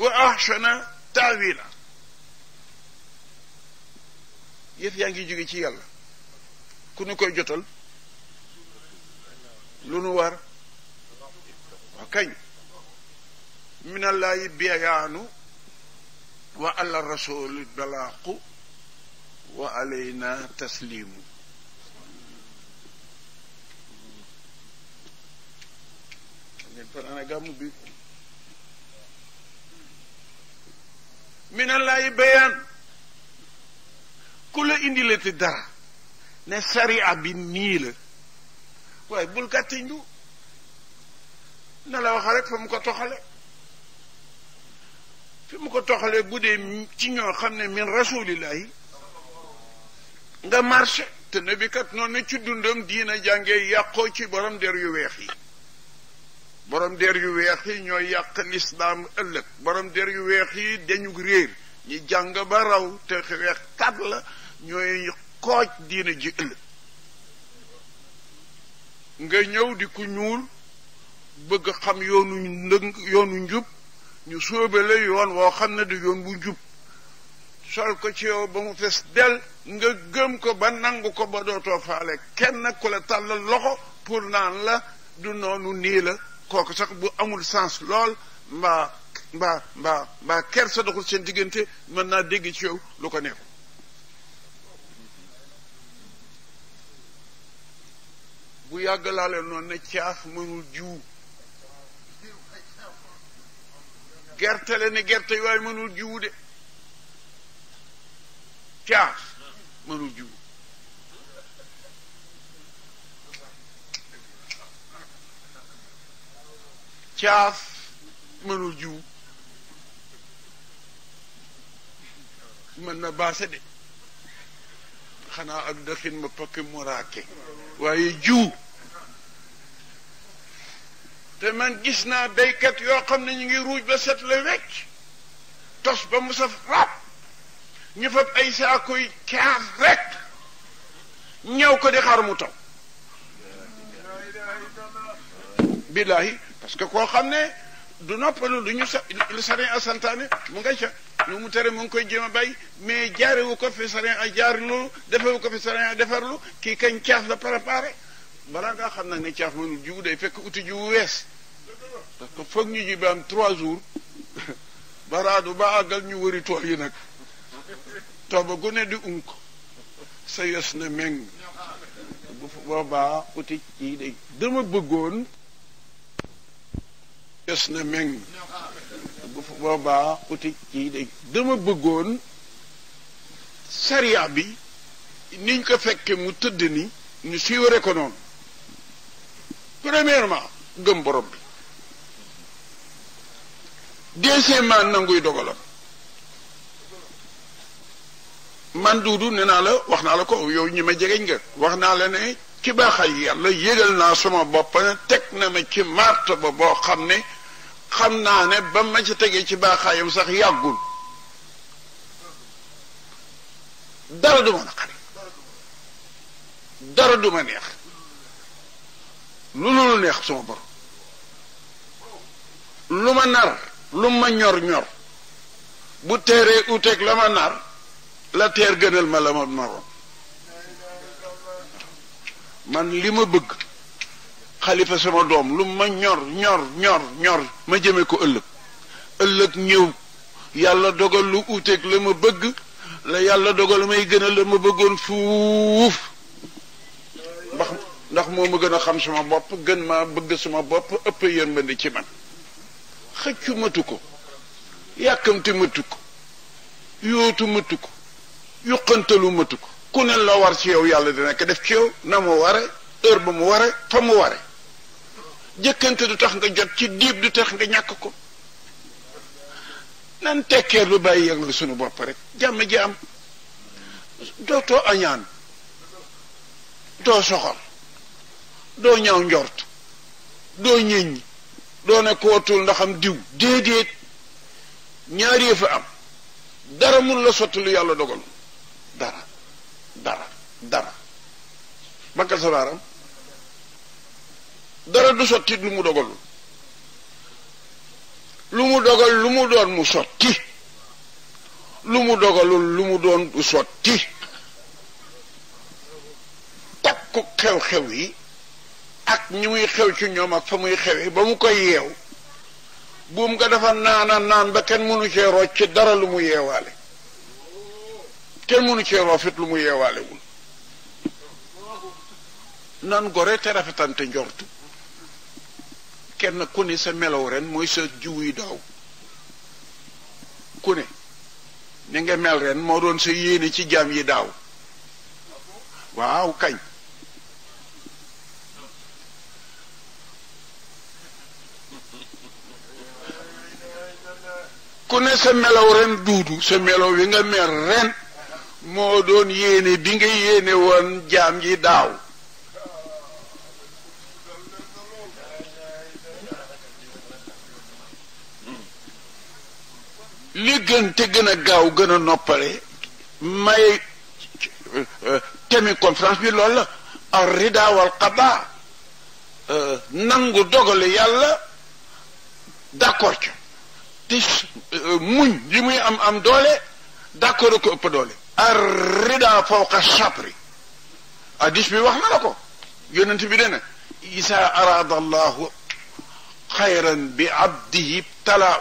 wa ahsana taawila yëf yaa ngi jóge ci yàlla ku nu koy jotal lu nu war kañ minallaahi biyaanu wa ala rasuli balaaqu wa alayna taslimu minallaahi bayaan ku la indilati dara ne sariya bi nii la waaye bul gàttindu na la wax rek fa mu ko toxale fi mu ko toxalee bu dee ci ñoo xam ne min rasulillahi nga marché te nabi kat noonu na ci dundam diina jàngee yàqoo ci borom der yu weex yi borom der yu weex yi ñooy yàq lislaam ëllëg borom der yu weex yi dañu réer ñi jàng ba raw te weex kat la ñooy kooj diina ji ëllëg nga ñëw di ku ñuul bëgg xam yoonu ndëng yoonu njub ñu sóobe la yoon woo xam ne di yoon bu njub sol ko ci yow ba mu fes del nga gëm ko ba nangu ko ba dootoo faale kenn ku la tàllal loxo pour naan la du noonu nii la kooku sax bu amul sens lool mbaa mbaa mbaa mbaa kersa doxul seen diggante mën naa dégg ci yow lu ko neexu bu yàgg laa leen noonu ne caaf mënul jiw gerte la ne gerte yooyu mënul jiwu de caas mënul jiwu caas mënul jiwu mën na baase de xanaa ak daxin ma pakk moraake waaye jiwu te man gis naa béykat yoo xam ne ñu ngi ruuj ba set la wecc tos ba mu saf rab ñu fab ay saakoy caaf rek ñëw ko di xar mu taw billahi parce que koo xam ne du noppalu lu ñu sa lu sarin a santaane mu nga ca lu mu tere mu ngi koy jéem a bay mais jaarewu ko fi sarin a jaarlu defewu ko fi sarin a defarlu kii kañ caaf la préparé balaa ngaa xam nag ne caaf mënul jiwu day fekk uti jiwu wees parce foog ñu ji ba am trois jours <laughs> baraadu ba àggal ñu wëri tool yi nag tooba gu ne di unk sa yos na meng bu boobaa bëggoon yos boobaa uti yi day dama bëggoon sariya bi niñ ko fekkee mu tëdd ni ñu siiware ko noonu premièrement gëm borom bi deuxièmement nanguy dogalam man duudu ne naa la wax naa la ko yow ñi ma jegeñ nga wax naa la ne ci baaxay yàlla yëgal naa sama bopp ne teg na ma ci marta ba boo xam ne xam naa ne ba ma ci tegee ci baaxaayam sax yàggul dara du ma naqari dara du ma neex lu neex sama borom lu ma nar lu ma ñor-ñor bu teeree uteeg la ma nar la teer gënal ma la ma naroon man li ma bëgg xalifa sama doom lu ma ñor ñor ñor ñor ma jëme ko ëllëg ëllëg ñëw yàlla dogal lu uteeg la ma bëgg la yàlla dogal may gënal la ma bëggoon fuuf mbax ndax moo ma gën a xam suma bopp gën ma bëgg suma bopp ëpp yërmande ci man xëccu matu ko yàkkamti matu ko yootu matu ko yuqantalu matu ko ku ne la war ci yow yàlla dina ko def ci yow na mu ware heure ba mu ware fa mu ware jëkkante du tax nga jot ci diib du tax nga ñàkk ko nan tekkeer lu bàyyi yëglu sunu bopp rek jàmm ji am dootoo añaan doo soxor doo ñaaw njort doo ñëñ doo ne kootul ndax am diw déedéet ñaari fa am dara mun la sotti lu yàlla dogal dara dara dara bakkal sa dara du sotti lu mu dogalul lu mu dogal lu mu doon mu sotti lu mu dogalul lu mu doon du sotti takku xew-xew yi ak ñi muy xew ci ñoom ak fa muy xewi ba mu koy yeew buum nga dafa naana naan ba kenn mënu cee ci dara lu mu yeewaale kenn mënu cee roofit lu mu yeewaale wul nan gore te rafetante njortu kenn ku ne sa melow ren mooy sa jiwuy daaw ku ne ni nga mel ren moo doon sa yéene ci jaam yi daaw waaw kañ ku ne sa melaw ren duudu sa melaw wi nga mer ren moo doon yéene dinga nga yéene woon jaam yi daaw li gën te gën a gaaw gën a noppale may temi conférence bi loolu la ar rida wal euh, nangu dogale yàlla d'accord ca te euh, muñ li muy am am doole d'accord ko ëpp doole ar rida fawqa sabri hadis bi wax na la ko yonent bi dena isa arada allahu خيرا بعبده ابتلاه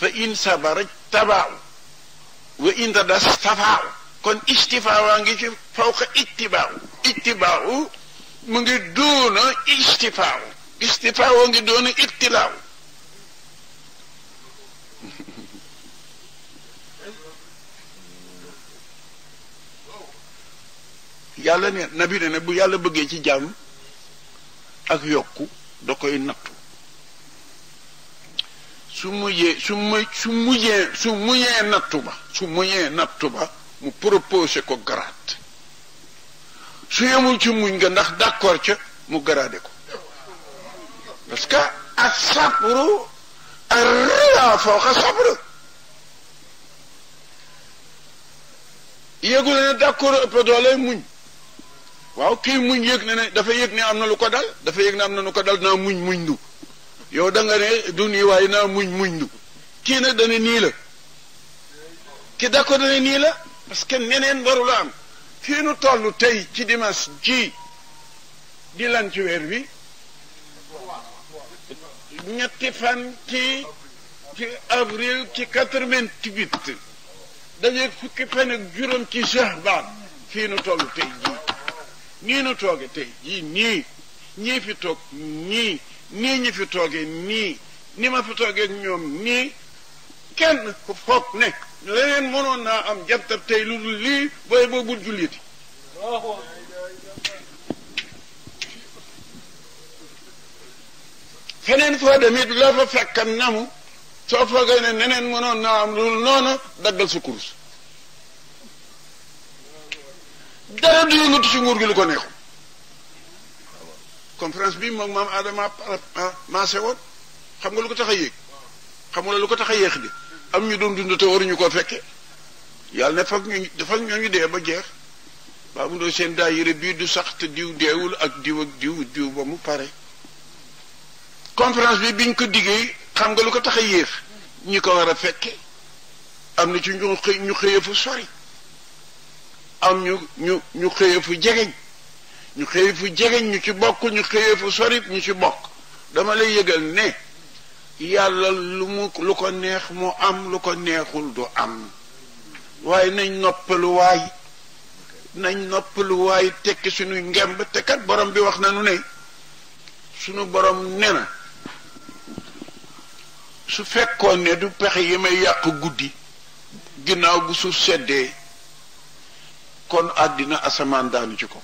فإن صبر اجتبعه وإن رد استفعه كون استفاع وانجي فوق اتباع اتباع من دون استفاع استفاع وانجي دون ابتلاء yàlla ne nabi ne ne bu yàlla bëggee ci jaam ak yokku da koy nattu su mujjee su mu mujjee su mujjee nattu ba su mujjee nattu ba mu proposé ko garaat su yemul ci muñ nga ndax d'accord ca mu garaade ko parce que ak sabru ak riyaa fooxa sabru yéegul ne d'accord ëpp doole muñ waaw kii muñ yëg ne ne dafa yëg ne am na lu ko dal dafa yëg ne am na lu ko dal naa muñ muñ du yow da nga ne du nii waaye naa muñ muñ du kii nag dana nii la ki da ko dana nii la parce que neneen warula am fii nu toll tey ci dimaas ji di lan ci weer wi ñetti fan ci ci ci quatre-vingt-huit dajeeg fukki fan ak juróom ci Shahbaan fii nu toll tey nii nu tooge tey jii nii ñii fi toog nii nii ñi fi tooge nii ni ma fi tooge ñoom nii kenn ku foog ne leneen mënoon naa am jantab tey lu dul lii booy boobu julliti feneen foo demit la fa fekkan namu soo foogee ne neneen mënoon naa am lu dul noonu daggal sa kurus dara du yëngatu si nguur gi lu ko neexu conférence bi moom maam Adama maase woon xam nga lu ko tax a yéeg xam lu ko tax a yéex di am ñu doon dund te waruñu koo fekke yàlla ne fag ñu dafa ñooñu dee ba jeex baa mu doo seen daayira bii du sax te diw deewul ak diw ak diw diw ba mu pare conférence bi biñ ko diggee xam nga lu ko tax a yéex ñi ko war a fekke am na ci ñu xëy ñu fu sori am ñu ñu ñu xëyee fu jegeñ ñu xëyee fu jegeñ ñu ci bokk ñu xëyee fu sorit ñu ci bokk dama la yëgal ne yàlla lu mu lu ko neex mu am lu ko neexul du am waaye nañ noppalu waay nañ noppalu waay tekki suñuy ngemb te kat borom bi wax nañu ne suñu borom ne na su fekkoon ne du pexe yi may yàq guddi ginnaaw bu suuf seddee kon adina asaman daanu ci ko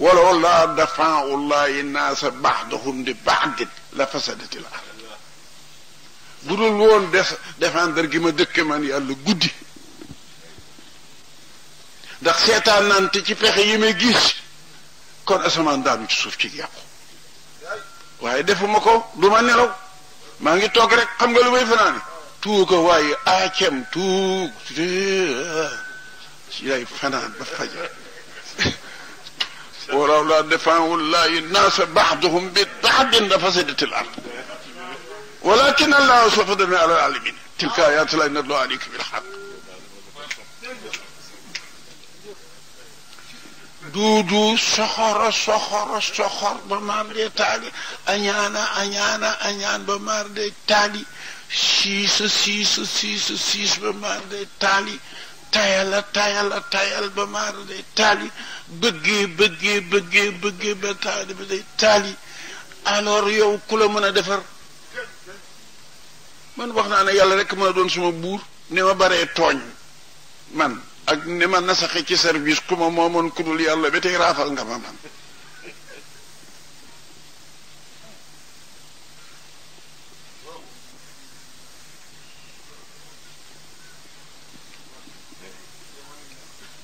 ولو لا دفع الله الناس بعضهم ببعض لفسدت الارض بدون وون دف دفع در گيما دك مان يالا گودي داخ سيتان نانت تي فخ يمي گيس كون اسمان دام تي سوف تي ياب واي دفو مكو دوما نلو ماغي توك رك خمغا لوي فناني tuuga waaye aacam tuug silay fanaan ba fajar ولولا دفاع الله الناس بعضهم ببعض لفسدت الارض ولكن الله اصلح دمي على العالمين تلك ايات الله نتلو عليك بالحق دودو سخر سخر سخر بمار دي تالي انيانا انيانا انيان بمار دي تالي siis siis siis siis ba maar day taali tayal a tayal a tayal ba maar day taali bëggee bëggee bëggee bëggee ba taali bi yow ku la mën a defar man wax naa ne yàlla rek mën a doon suma buur ne ma baree tooñ man ak ne ma nasaxe ci service ku ma moomoon ku dul yàlla ba tey raafal nga ma man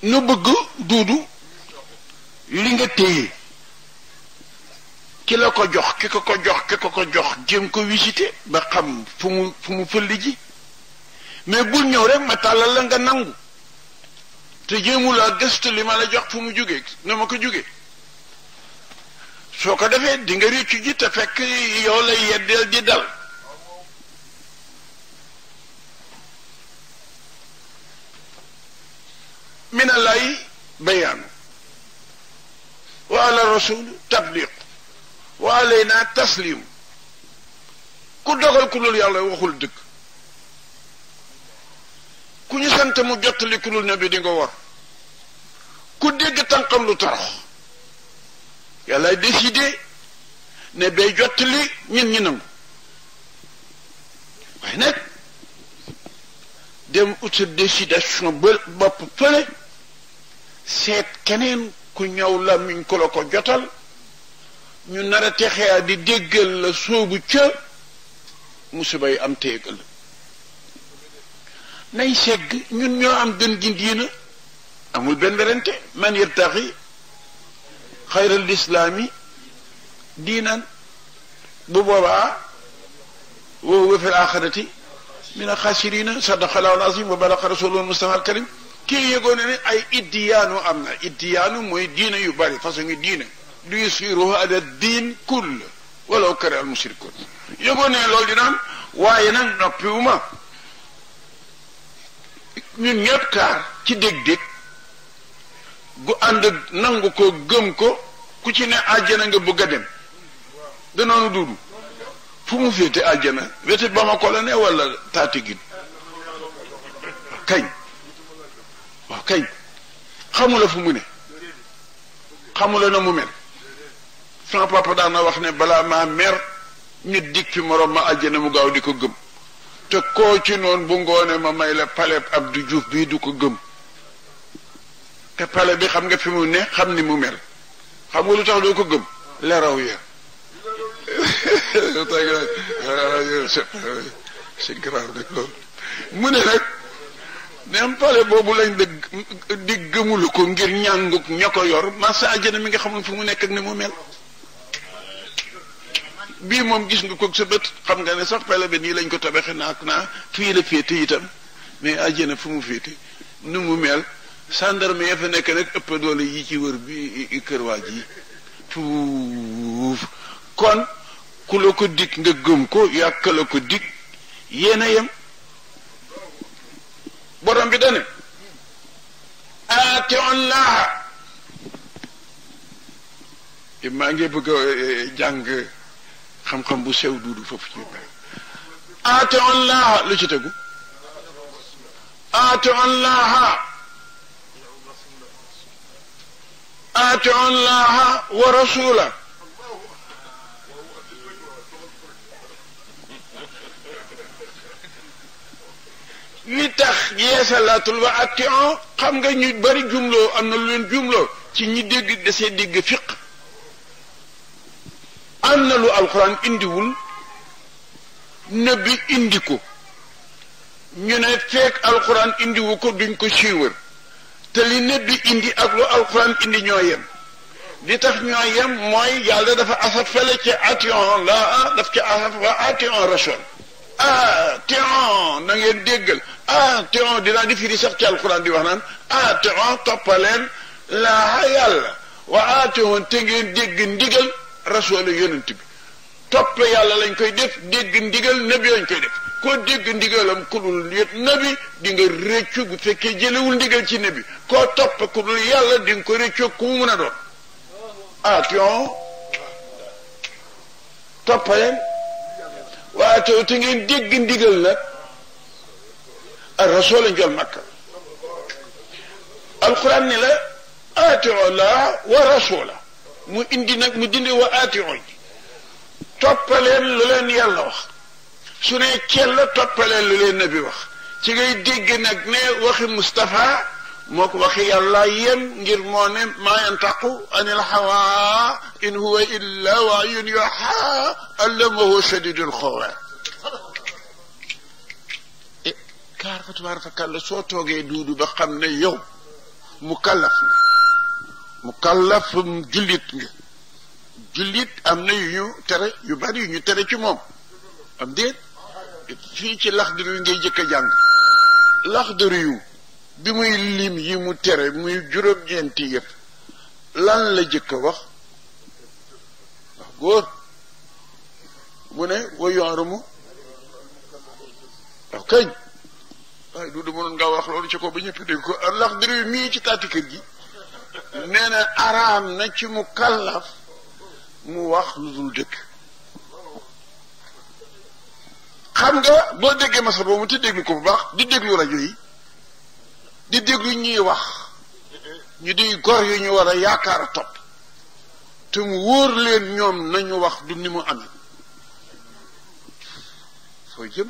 nu bëgg duudu li nga téye ki la ko jox ki ko ko jox ki ko ko jox jéem ko visité ba xam fu mu fu mu fëlli ji mais bul ñëw rek ma tàllal la nga nangu te jéemulaa gëstu li ma la jox fu mu jógee na ma ko jógee soo ko defee di nga réccu ji te fekk yow la yeddeel di dal alallahi bayaanu wa ala rasul tabliq wa alayna taslim ku dogal ku dul yàlla waxul dëgg ku ñu sant mu jottali ku dul nabi di nga war ku dégg tànqam lu torox yàlla décidé ne bay jottali ñun ñi nangu waaye dem ut sa décidation ba bopp fële seet keneen ku ñëw la miñ ko la ko jotal ñu nar a texeyaa di déggal la soobu ca musiba yi am téegal nay segg ñun ñoo am gën gi diina amul benn werante man yabtaxi xayral islaami diinan bu boobaa wa huwa fi al axirati min alxasirina sadaqa allahu alazim wa balaqa rasuluhu almustafa alkarim kii yëgoon na ne ay iddiyaanu am na iddiyaanu mooy diine yu bari façon ngi diine du yusiruhu ala diin kull walaw kare al mushrikun yëgoon ne loolu dina am waaye nag noppiwu ma ñun ñëpp taar ci dég-dég gu ànd nangu ko gëm ko ku ci ne àjjana nga bëgg a dem danoonu duudu fu mu féete àjjana wete ba ma ko la ne wala taati gi kañ waaw kay xamula fu mu ne xamula na mu mel sama papa daan na wax ne balaa maa mer nit dikk fi moroom ma àjjana mu gaaw di ko gëm te koo ci noonu bu ngoone ma may la palais Abdou Diouf bii du ko gëm te palais bi xam nga fi mu ne xam ni mu mel xam nga lu tax doo ko gëm la raw <laughs> mu ne nag même pale boobu lañ dëgg di gëmulu ko ngir ñànguk ña ko yor masa àjjana mi nga xamul fu mu nekk ak ni mu mel bii moom gis nga ko sa bët xam nga ne sax pale bi nii lañ ko tabaxe naak naa fii la féete itam mais àjjana fu mu féete nu mu mel sàndarma ya fa nekk rek ëpp doole yi ci wër bi kër waaj yi fuuf kon ku la ko dig nga gëm ko yàkka la ko dig yéena yem borom bi dane ation laa maa ngi bëgg a e, e, jàng xam-xam bu sew duudu foofu ci ation laa lu ci tegu ation laa ation laa wa rasula li tax yeesalaatul wa ation xam nga ñu bari jumloo am na lu leen jumloo ci ñi dégg dasee dégg fiq am na lu alxuraan indiwul nëbbi indi ko ñu ne fekk alxuraan indiwu ko duñ ko siiwër te li nëbbi indi ak lu alxuraan indi ñoo yem li tax ñoo yem mooy yàlla dafa asaf fele ci ation la daf ci asaf wa ation rasul ah teon na ngeen déggal ah teon dinaa di firi sax ci alquran di wax naan ah teon toppaleen laa yàlla wa ah teon te ngeen dégg ndigal rasul yonent bi topp yàlla lañ koy def dégg ndigal nabi lañ koy def koo dégg ndigalam ku dul yët nabi di nga fekkee jëlewul ndigal ci nabi koo topp ku yàlla di nga ko réccoo ku mu mën a doon ah, toppaleen waaye te te ngeen dégg ndigal nag ar rasul njol makka alquran ni la aatio la wa rasula mu indi nag dindi wa aatio ji toppaleen lu leen yàlla wax su ne cell toppaleen lu leen nabi wax ci ngay dégg nag ne waxi Mustapha moo ko waxi yàlla yem ngir moo ne maa yantaqu anil hawa in huwa illa wahyun yuha allamahu shadidul quwa e, kaar fa tabarakallah soo toogee duudu ba xam ne yow mukallaf nga mukallaf jullit nga jullit am na yu ñu tere yu bari yu ñu tere ci moom am déet fii ci laxdari ngay jëkk jàng laxdari yu bi muy lim yi mu tere muy juróom-ñeenti yëpp lan la jëkk a wax wax góor mu ne wa yorumu waaw kañ du du mënoon nga wax loolu ci ko ba ñëpp dégg ko lax diri mii ci taati kër gi nee na araam na ci mu kàllaaf mu wax lu dul dëkk xam nga boo déggee masa boobu te déglu ko bu baax di déglu rajo yi di déglu ñuy wax ñi di gor yu ñu war a yaakaar a topp te wóor leen ñoom nañu wax du ni mu amee foo jëm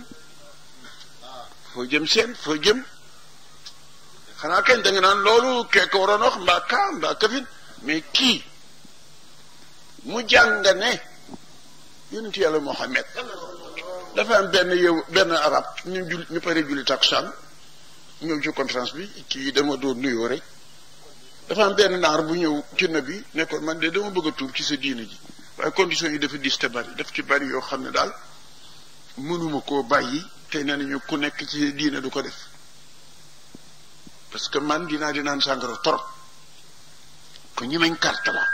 foo jëm seen foo jëm xanaa kañ da naan loolu kekk waroon wax mbaa kaa mbaa kafin mais kii mu jàng ne yonent yàlla Muhammad dafa am benn yow benn arab ñu jul ñu pare julli ñëw ci conférence bi kii dama doon nuyoo rek dafa am benn naar bu ñëw ci na bi nekkoon man de dama bëgg a tuub ci sa diine ji waaye conditions yi dafa dis te bari daf ci bari yoo xam ne daal mënuma koo bàyyi te nee nañu ku nekk ci diina du ko def parce que man dinaa di naan sàngara trop ku ñi mañ carte la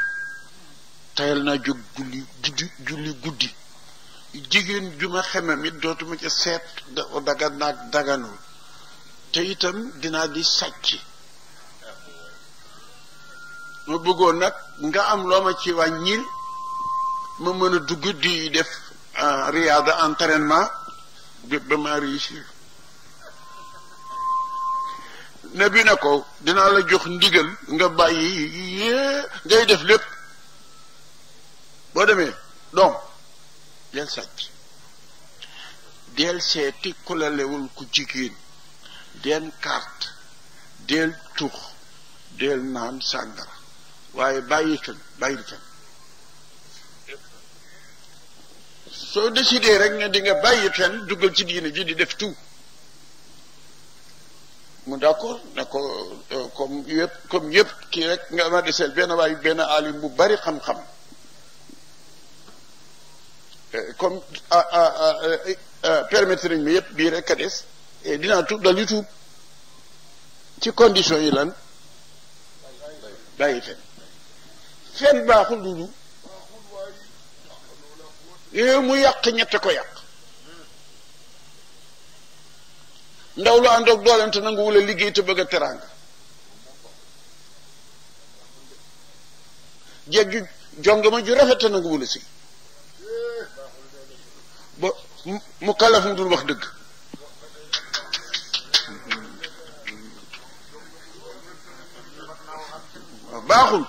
tayal naa jóg julli guddi julli guddi jigéen ju ma xemam it dootuma ci seet dagat naag daganul te itam dinaa di sàcc ma bëggoon nag nga am loo ma ci wàññil ma mën a dugg di def euh, riyaada entraînement bi ba ma réussir ne bi na ko dinaa la jox ndigal nga bàyyi yée ngay def lépp boo demee donc del sàcc del seeti ku la lewul ku jigéen deel carte deel tux deel naan sàngara waaye bàyyi fen bàyyi fen soo décidé rek ne di nga bàyyi fen duggal ci diine ji di def tout mu d'accord ne ko euh, comme yëpp comme yëpp kii rek nga ma deseel benn waay benn alim bu bari xam-xam euh, comme ah, ah, ah, euh, permettre nañ ma yëpp bii rek a des Eh, dinaa tuub dal di tuub ci condition yi lan bàyyi fen fen baaxul dudu yooyu eh, mu yàq ñette ko yàq ndaw lu ànd ak dooleem te nangu wula liggéey te bëgg a teraanga jeeg ju jongama ju rafet nangu wula si mu kalaf dul wax dëgg baaxul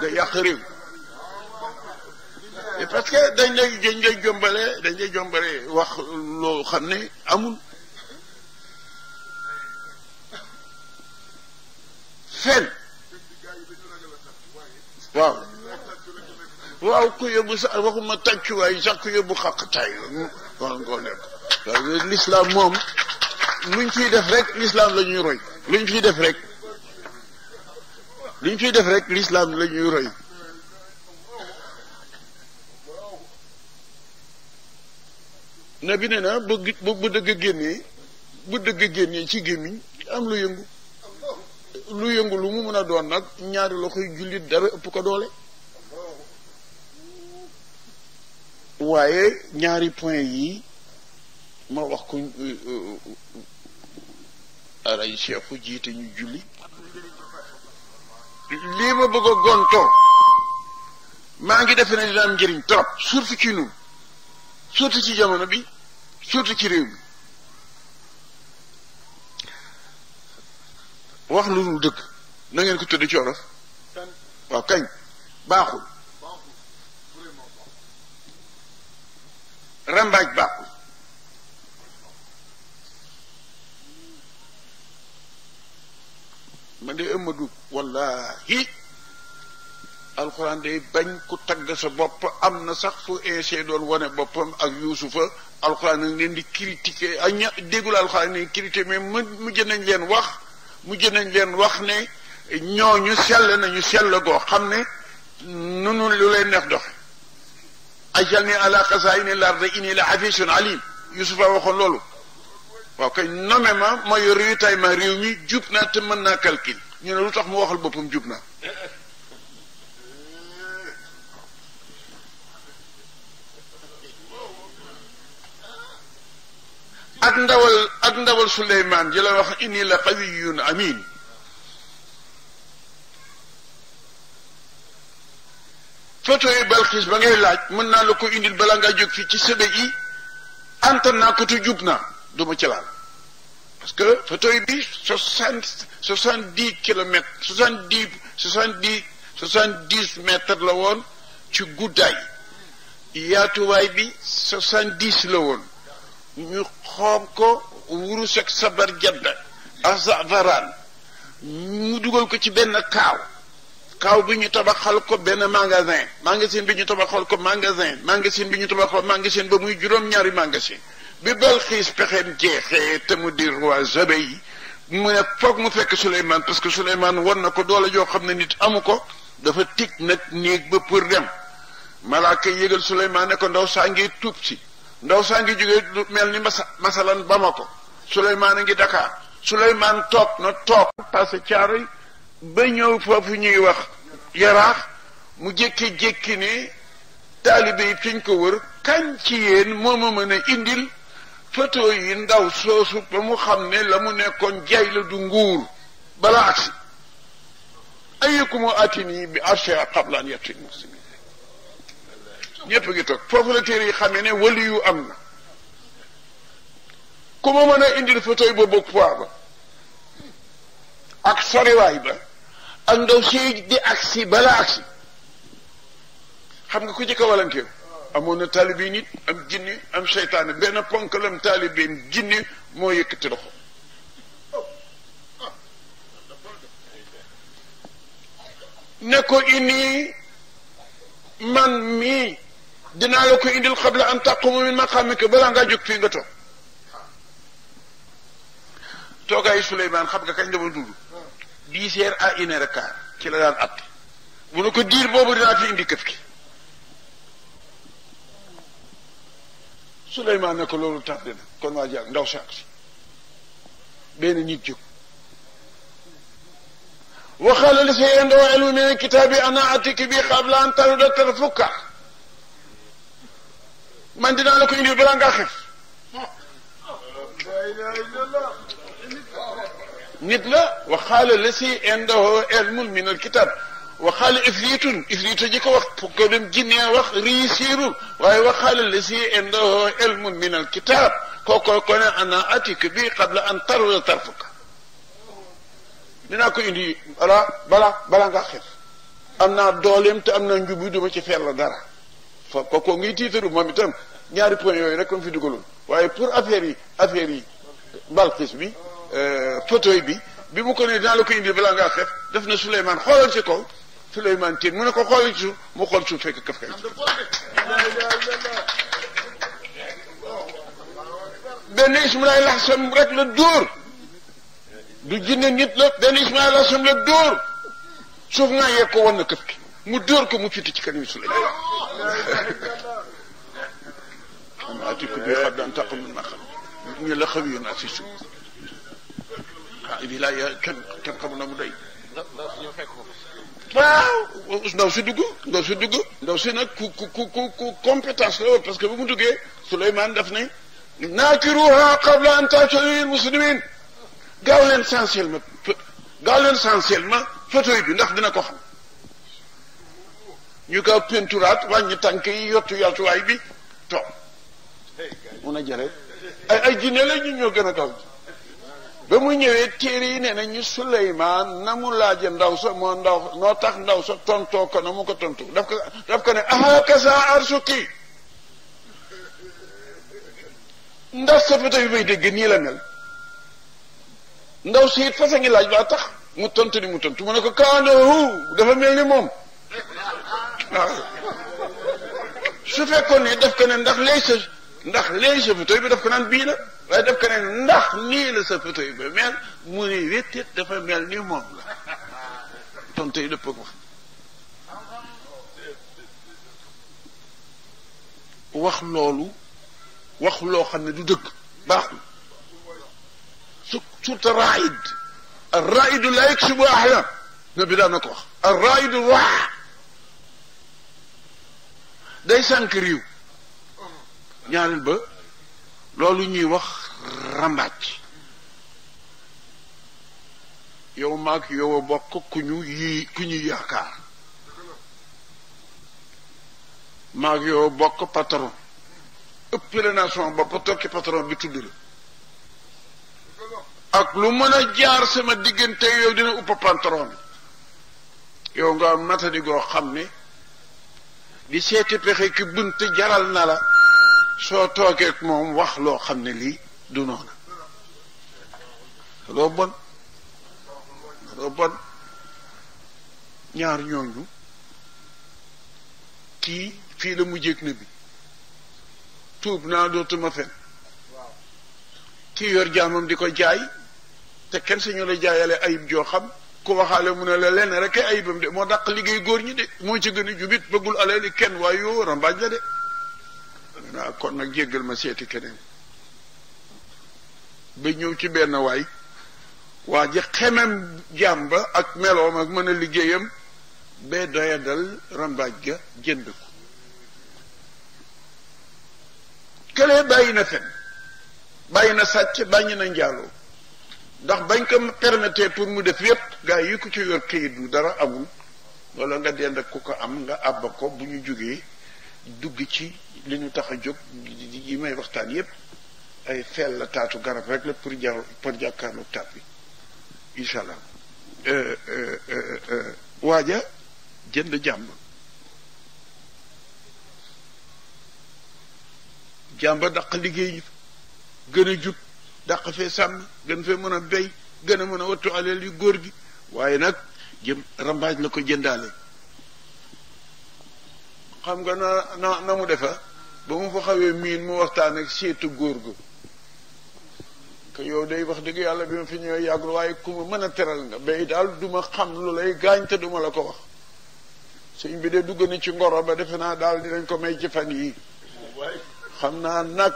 day yàq réew parce que dañ lay dañ lay jombale dañ lay jombale wax loo xam ne amul fen waaw waaw ku yóbbu sax waxuma tàccuwaay sax ku yóbbu xaqtaay war nga koo nekk waaw l'islam moom luñ ciy def rek l'islam la ñuy roy luñ ciy def rek lu ñu fiy def rek lislaam la ñuy roy na bi ne na bu bu dëgg génnee bu dëgg génnee ci gémmiñ am lu yëngu lu yëngu lu mu mën a doon nag ñaari loxoy jullit dara ëpp ko doole waaye ñaari point yi ma wax ko euh, euh, euh, aray jiite ñu julli lii ma bëgg a gontoo maa ngi defe ne dina am njëriñ trop surtout ci ñun surtout ci jamono bi surtout ci réew mi wax lu dul dëgg na ngeen ko tudd ci wolof waaw kañ baaxul rambaaj baaxul man de ëmma duub والله القران دي بن كو تاغ سا بوب امنا صاح فو اي سي دون وني بوبم اك يوسف القران نين دي كريتيكي اي ديغول القران ني كريتي مي مجي نان لين واخ مجي نان لين واخ ني ньо ньо سيل نانيو سيل غو خامني نونو لولاي نخ دوخ اجلني على خزائن الارض اني لحفيظ عليم يوسف واخون لولو وكاي نوميما ما يريتاي ما ريومي جوبنا تمنا كالكيل ñu ne lu tax mu waxal boppam jub na ak ndawal ak ndawal Suleymaan ji wax inni la qawiyun amin photo yi Balxiis ba ngay laaj mën naa la ko indil balaa ngaa jóg fii ci sëbe yi antan naa ko te jub naa duma ci laal parce que photo yi bi soixante soixante-dix kilomètres soixante-dix soixante-dix soixante-dix mètres la woon ci guddaay yaatuwaay bi soixante-dix la woon ñu xoom ko wurus ak sabar jadda azavaraan mu dugal ko ci benn kaaw kaaw bi ñu tabaxal ko benn magasin magasin bi ñu tabaxal ko magasin magasin bi ñu tabaxal magasin ba muy juróom-ñaari magasin bi bal xiis pexeem jeexee te mu di roi Zabay mu ne foog mu fekk Souleymane parce que Souleymane won na ko doole joo xam ne nit amu ko dafa tij nag néeg ba pour dem malaaka yégal Souleymane ne ko ndaw saa ngi tuub si ndaw saa ngi jógee mel ni masa masalan Bamako Souleymane a ngi Dakar Souleymane toog na toog passé caaro yi ba ñëw foofu ñuy wax yaraax mu jékki-jékki ne taalibe yi fiñ ko wër kañ ci yéen moo ma mën a indil photo yi ndaw soosu ba mu xam ne la mu nekkoon jay la du nguur bala agsi ayyukum atini bi arshiha qabla an yati muslimin ñépp ngi toog foofu la téere yi xamee ne wali am na ku ma mën a indil photo ba bokk poids ba ak soriwaay ba ak ndaw si di agsi bala agsi xam nga ku jëkk a amoon na taalibe nit am jinni am seytaane benn ponkalam taalibeem jinni moo yëkkati loxo ne ko inni man mii dinaa la ko indil xabla an taquma min maqaamika balaa ngaa jóg fii nga toog toogaayu Souleymane xam nga kañ dama dund dix heures à une heure ci la daan at mu ne ko diir boobu dinaa fi indi këf ki Souleymane ne ko loolu tardé na kon waa jàll ndaw saak si benn nit jóg waxaala li say indoo elmu min kitaabi ana atiki bi xabla an taluda tarfukka man dinaa la ko indil balaa ngaa xef nit la waxaala li say indoo elmu min alkitab waxaale iflitun iflitu ji ko wax ko dem jinne wax réussirul waaye waxaale lesi indahu ilmun min alkitab koko kone ana atika bi qabla an tarwa tarfuka dinaa ko indi bala bala bala nga xet am naa dooleem te am naa njubu duma ci fell dara fa koko ngi tiitaru moom itam ñaari point yooyu rek comme fi dugaloon waaye pour affaire yi affaire yi balkis bi photo bi bi mu ko ne dinaa la ko indi bala nga xet def na Souleymane xoolal ci kaw Souleymane mu ne ko ci mu xool suuf fekk kaf kay benn Ismaïla Assane rek la dóor du ne nit la benn Ismaïla Assane la dóor suuf ngaa yegg ko wan na këf ki mu dóor ko mu cuti ci kanam Souleymane am atiku <laughs> bi xam daan tàq mun na xam ñu la xaw yoon ak si suuf ah bi mu doy waaw ndaw si dugg ndaw si dugg ndaw si nag ku ku ku compétence la woon parce que bu mu duggee Souleymane daf ne naakiruha qabla an taatiyal muslimin gaaw leen essentiel ma gaaw leen bi ndax dina ko xam ñu ko penturaat wàññi tànk yi yottu yottuwaay bi toog mun a jëre ay ay la ñu ñoo gën a kaw ba mu ñëwee téere yi nee na ñu Suleymaan na mu laaje ndaw sa moo ndaw noo tax ndaw sa tontoo ko na mu ko tontu daf ko daf ne ahakasa arsuki ndaw sa bi tamit bay dégg nii la mel ndaw si it fasa ngi laaj baa tax mu tontu ni mu tontu mu ne ko kaanahu dafa mel ni moom waaw su fekkoon ne daf ko ne ndax lay sa ndax léegi sa futooy bi daf ko naan bii la waaye daf ko naan ndax nii la sa futooy bi mel mu ne wétteet dafa mel ni moom la tontu yi dëpp wax wax loolu wax loo xam ne du dëgg baaxul surta raid la الرائد لا يكسب أحلام نبي لا نكوخ raid روح day sank riw ñaareel ba loolu ñuy wax rambaaj yow maag yow a bokk ku ñu yi ku ñu yaakaar maag yow a bokk patron ëppale naa sama bopp tokki patron bi tudd la ak lu mën a jaar sama diggante yow dina uppa patron yow nga matadi goo xam ni di seeti pexe ki bunt jaral na la soo toogeek moom wax loo xam ne lii du noona loo bon loo bon ñaar ñooñu kii fii la mu jég na bi tuub naa dootuma fen kii yor jaamam di ko jaay te kenn sañu la jaayale ayib joo xam ku waxaale mu ne la lenn rek ay ayibam de moo dàq liggéey góor ñi de moo ci gën a jubit bëggul alali kenn waaye yoo rambaaj la de ah kon nag jéggal ma seeti keneen ba ñëw ci benn waay waa ji xemem jàmba ak meloom ak mën a liggéeyam ba doyadal rambaaj ga jënd ko këlee bàyyi na fen bàyyi na sàcc bàññi na njaaloo ndax bañ ko permettre pour mu def yépp gaa yi ku ci yor këyit du dara amul wala nga dend ku ko am nga àbba ko bu ñu jógee dugg ci li ñu tax a jóg yi may waxtaan yépp ay feel la taatu garab rek la pour ja pour jàkkaarloog taat bi incha allah euh, euh, euh, waaja jënd jàmm jàmba daq liggéey gën a jub daq fee sàmm gën fee mën a bey gën a mën a wattu aleel yu góor gi waaye nag jëm rambaaj la ko jëndaale xam nga na na na mu defa ba mu fa xawee miin mu waxtaan ak seetu góor gu que yow day wax dëgg yàlla bi ma fi ñëwee yàggul waaye ku ma mën a teral nga bay daal duma xam lu lay gaañ duma la ko wax sëñ bi de dugg na ci ngoro ba defe naa daal di dinañ ko may ci fan xam naa nag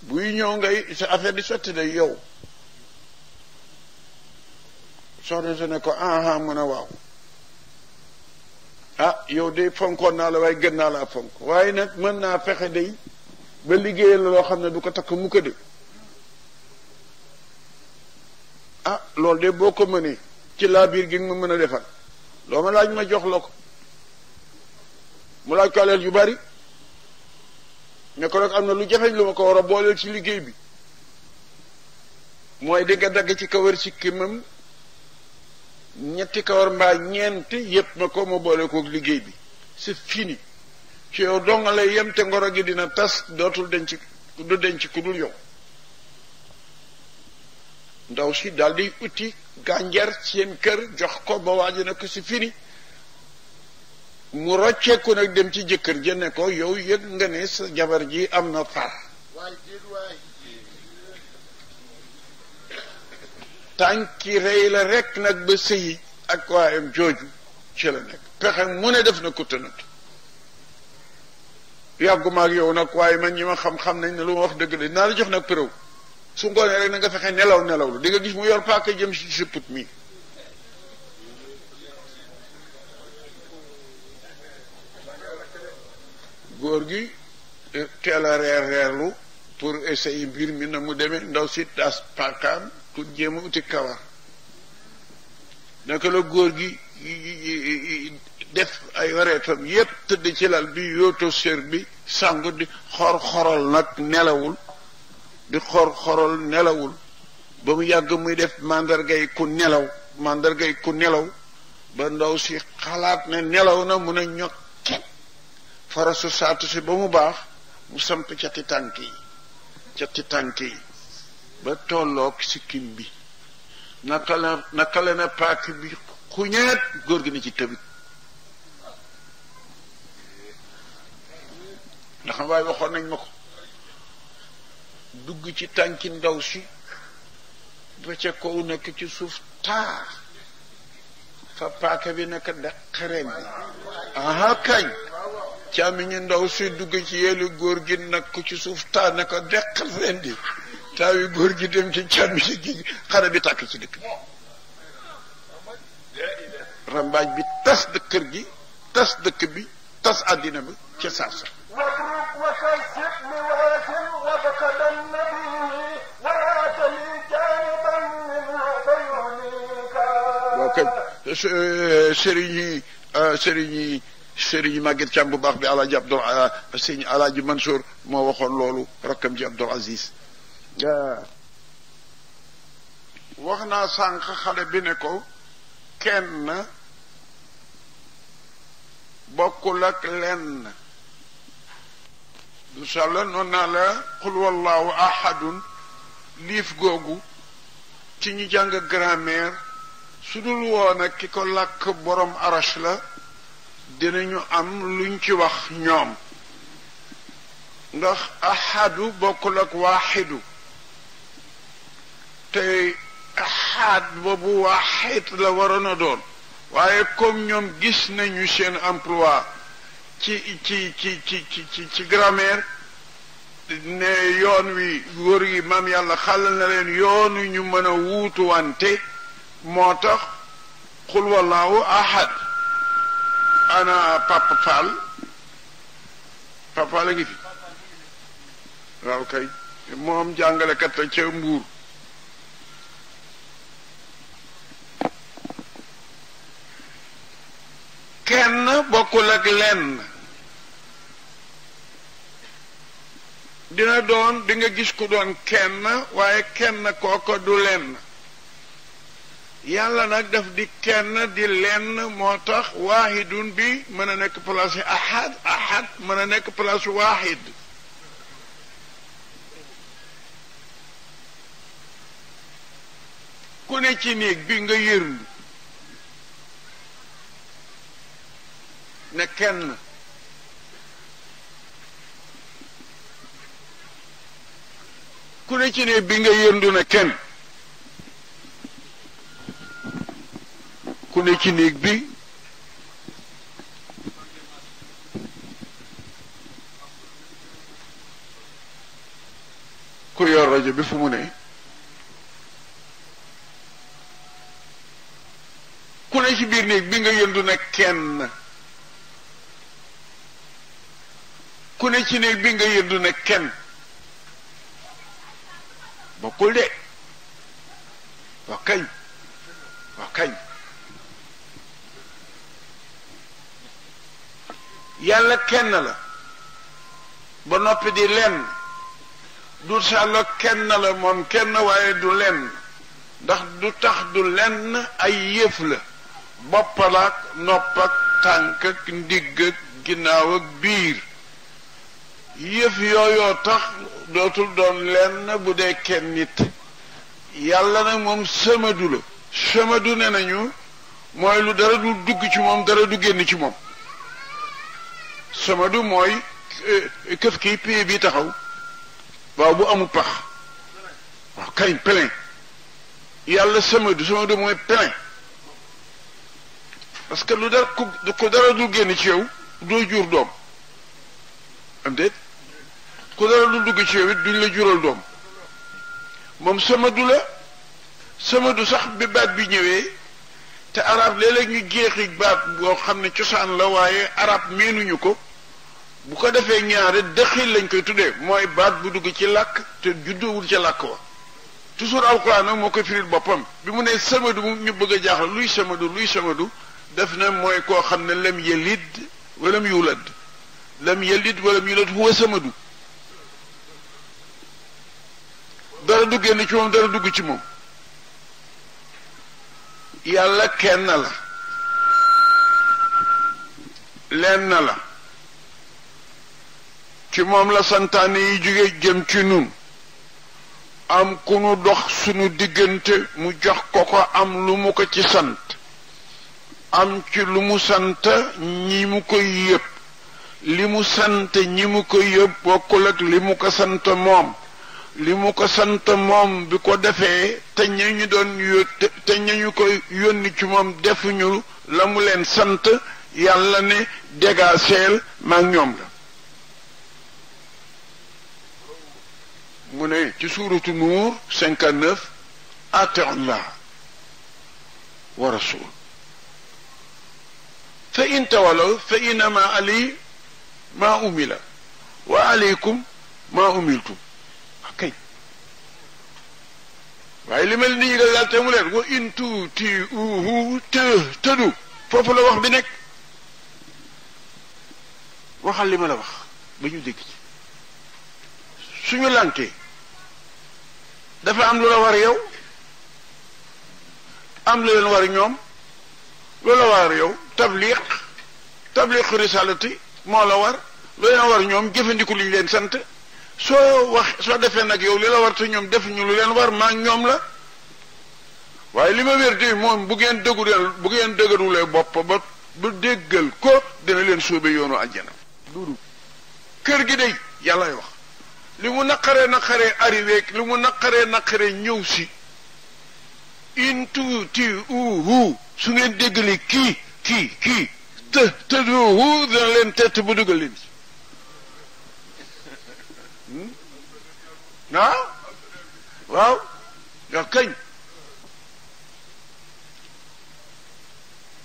buy ñëw ngay sa affaire di sotti de yow soxna sa ne ko aha ah, mun a waaw ah yow de fonkoon naa la waaye gën naa laa fonk waaye nag mën naa fexe day ba liggéeyal loo xam ne du ko takk mukk de ah loolu de boo ko mënee ci laa biir gi nga ma mën a defal loo ma laaj ma jox la ko mu laaj ko alal yu bari ne ko nag am na lu jafeñ lu ma ko war a booleel ci liggéey bi mooy di nga dagg ci kawar ci kimam ñetti kawar mbaa ñeenti yëpp na ko ma boole koog liggéey bi si fini ci yow donga lay yem te ngoro gi dina tas dootul denc du denc ku dul yow ndaw si daldi uti gànjar seen kër jox ko ba waaji na ko si fini mu rocceeku nag dem ci jëkkër ja ko yow yëg nga ne sa jabar ji am na far tànki rey la rek nag ba sëyi ak waayam jooju ci la nekk pexe mu ne def na ko tënut yàgguma ak yow nag waaye man ñi ma xam-xam nañ ne lu ma wax dëgg la naa la jox nag preuve su ngoonee rek na nga fexe nelaw nelaw lu di nga gis mu yor paaka jëm si sa put mi góor gi eh, teel a reer reerlu pour essayer mbir mi na mu deme ndaw si taas paakaam ku jéem uti kawar naka la góor gi def ay wareefam yëpp tëdd ci lal bi yooto sér bi sangu di xor xorol nag nelawul di xor xoral nelawul ba mu yàgg muy def màndargay ku nelaw màndargay ku nelaw ba ndaw si xalaat ne nelaw na mun a ñokket farasu saatu si ba mu baax mu samp cati tànk yi cati tànk yi ba tolloog sikkim bi naka la naka la na paak bi xuñeet góor gi ne ci tëbit ndax waaye waxoon nañ ma ko dugg ci tànki ndaw si ba ca kaw nekk ci suuf taa fa paaka bi nekk daqareen bi aha kañ càmmiñu ndaw si dugg ci yeelu góor gi nag ci suuf taa naka deqareen bi taaw yi gi dem ci càmm ci gi xare bi tàkk ci dëkk bi rambaaj tas dëkk kër gi tas dëkk bi tas àddina bi ca saasa waaw kay sëriñ yi sëriñ yi sëriñ yi màgget càm bu baax bi alaaji abdul sëriñ alaaji mansour moo waxoon loolu rakkam ji abdul aziz wax naa sànq xale bi ne ko kenn bokkul ak lenn du sàlla noon naa la xul wallahu ahadun liif googu ci ñu jàng grammaire su dul woon ak ki ko làkk borom arash la dinañu am luñ ci wax ñoom ndax ahadu bokkul ak waaxidu tey axaat boobu waa la waroon a doon waaye comme ñoom gis nañu seen emploi ci ci ci ci ci ne yoon wi góor yi mam yàlla xàllal na leen yoonu ñu mën a wuutuwante moo tax xul wallaahu ahad ana Papa Fall Papa la ngi fi waaw kay moom jàngalekat la ca Mbuur kenn bokkul ak lenn dina doon dinga gis ku doon kenn waaye kenn kooko du lenn yàlla nag daf di kenn di lenn moo tax waahidun bi mën a nekk place ahad ahad mën a nekk place waahid ku ne ci néeg bi nga yërndu ne kenn ku ne ci ne bi nga yëndu na kenn ku ne ci néeg bi ku yor rajo bi fu mu ne ku ne ci biir néeg bi nga yëndu na kenn ku ne ci néeg bi nga yëddu na kenn bokkul de wax kañ wax kañ yàlla kenn la ba noppi di lenn du sàlla kenn la moom kenn waaye du lenn ndax du tax du lenn ay yëf la boppalaak nopp ak tànk ak ndigg ak ginnaaw ak biir yëf yooyoo tax dootul doon lenn bu dee kenn nit yàlla na moom sëmadu la sëmadu ne nañu mooy lu dara du dugg ci moom dara du génn ci moom sëmadu mooy eh, këf kii pie bi taxaw waaw bu amu pax waaw kañ plein yàlla sëmadu sëmadu mooy plein parce lu dara ku dara du génn ci yow doo jur doom am ku dara du dugg ci yow duñ la jural doom moom samadu la samadu sax bi baat bi ñëwee te arab léeg-léeg ñu jeexi baat boo xam ne cosaan la waaye arab meenuñu ko bu ko defee ñaare dëxil lañ koy tuddee mooy baat bu dugg ci làkk te juddoowul ca làkk wa toujours alquran nag moo koy firil boppam bi mu ne samadu ñu bëgg a jaaxle luy samadu luy samadu def na mooy koo xam ne lam yalid walam yulad lam yalid walam yulad huwa samadu dara du génn ci moom dara dugg ci moom yàlla kenn la lenn la ci moom la santaane yi jóge jëm ci nun am ku nu dox sunu diggante mu jox ko ko am lu mu ko ci sant am ci lu mu sant ñi mu koy yëpp li mu sant ñi mu koy yëpp bokkul ak li mu ko sant moom li mu ko sant moom bi ko defee te ñañu doon yó te ñañu ko yónni ci moom defuñu la mu leen sant yàlla ne dégaaseel maag ñoom la mu ne ci suuratu nuur cinquante neuf atiullah wa rasul fa in ali maa umila wa aleykum maa umiltum waaye li mel nit ñi daal te mu leen wa in tuuti uhu të foofu la wax bi nekk waxal li ma la wax ba ñu dégg ci suñu lànkee dafa am lu la war yow am lu leen war ñoom lu la war yow tabliq tabliqu risalati moo la war lu leen war ñoom jëfandiku li leen sant soo wax soo defee nag yow li la war te ñoom defuñu lu leen war maa ñoom la waaye li ma wér di moom bu ngeen dëggu leen bu ngeen dëgërulee bopp ba bu déggal ko dina leen sóobe yoonu àjjana duudu kër gi day yàllaay wax li mu naqaree naqaree arrivé li mu naqaree naqaree ñëw si intuuti uhu su ngeen déggalee kii kii kii të tëduhu dina leen tet bu dugal leen نعم واو يقين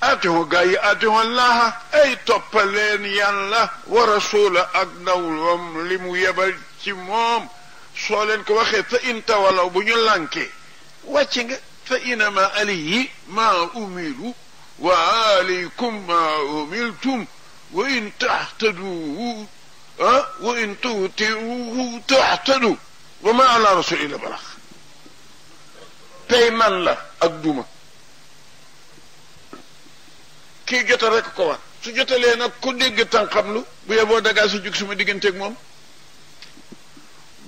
أتوه جاي أتوه الله أي توبلين يلا ورسول أجنولهم لمو يبرتيمهم سؤالين كواخي فإن تولوا بني لانكي واتشنغ فإنما عليه ما أميرو وعليكم ما أميرتم وإن تحتدوه أه؟ وإن تؤتئوه تحتدوه wa ma ala rasul illa balax tey man la ak duma kii jote rek ko war su jotalee nag ku dégg tànqamlu bu yeboo dagaa si jug suma digganteeg moom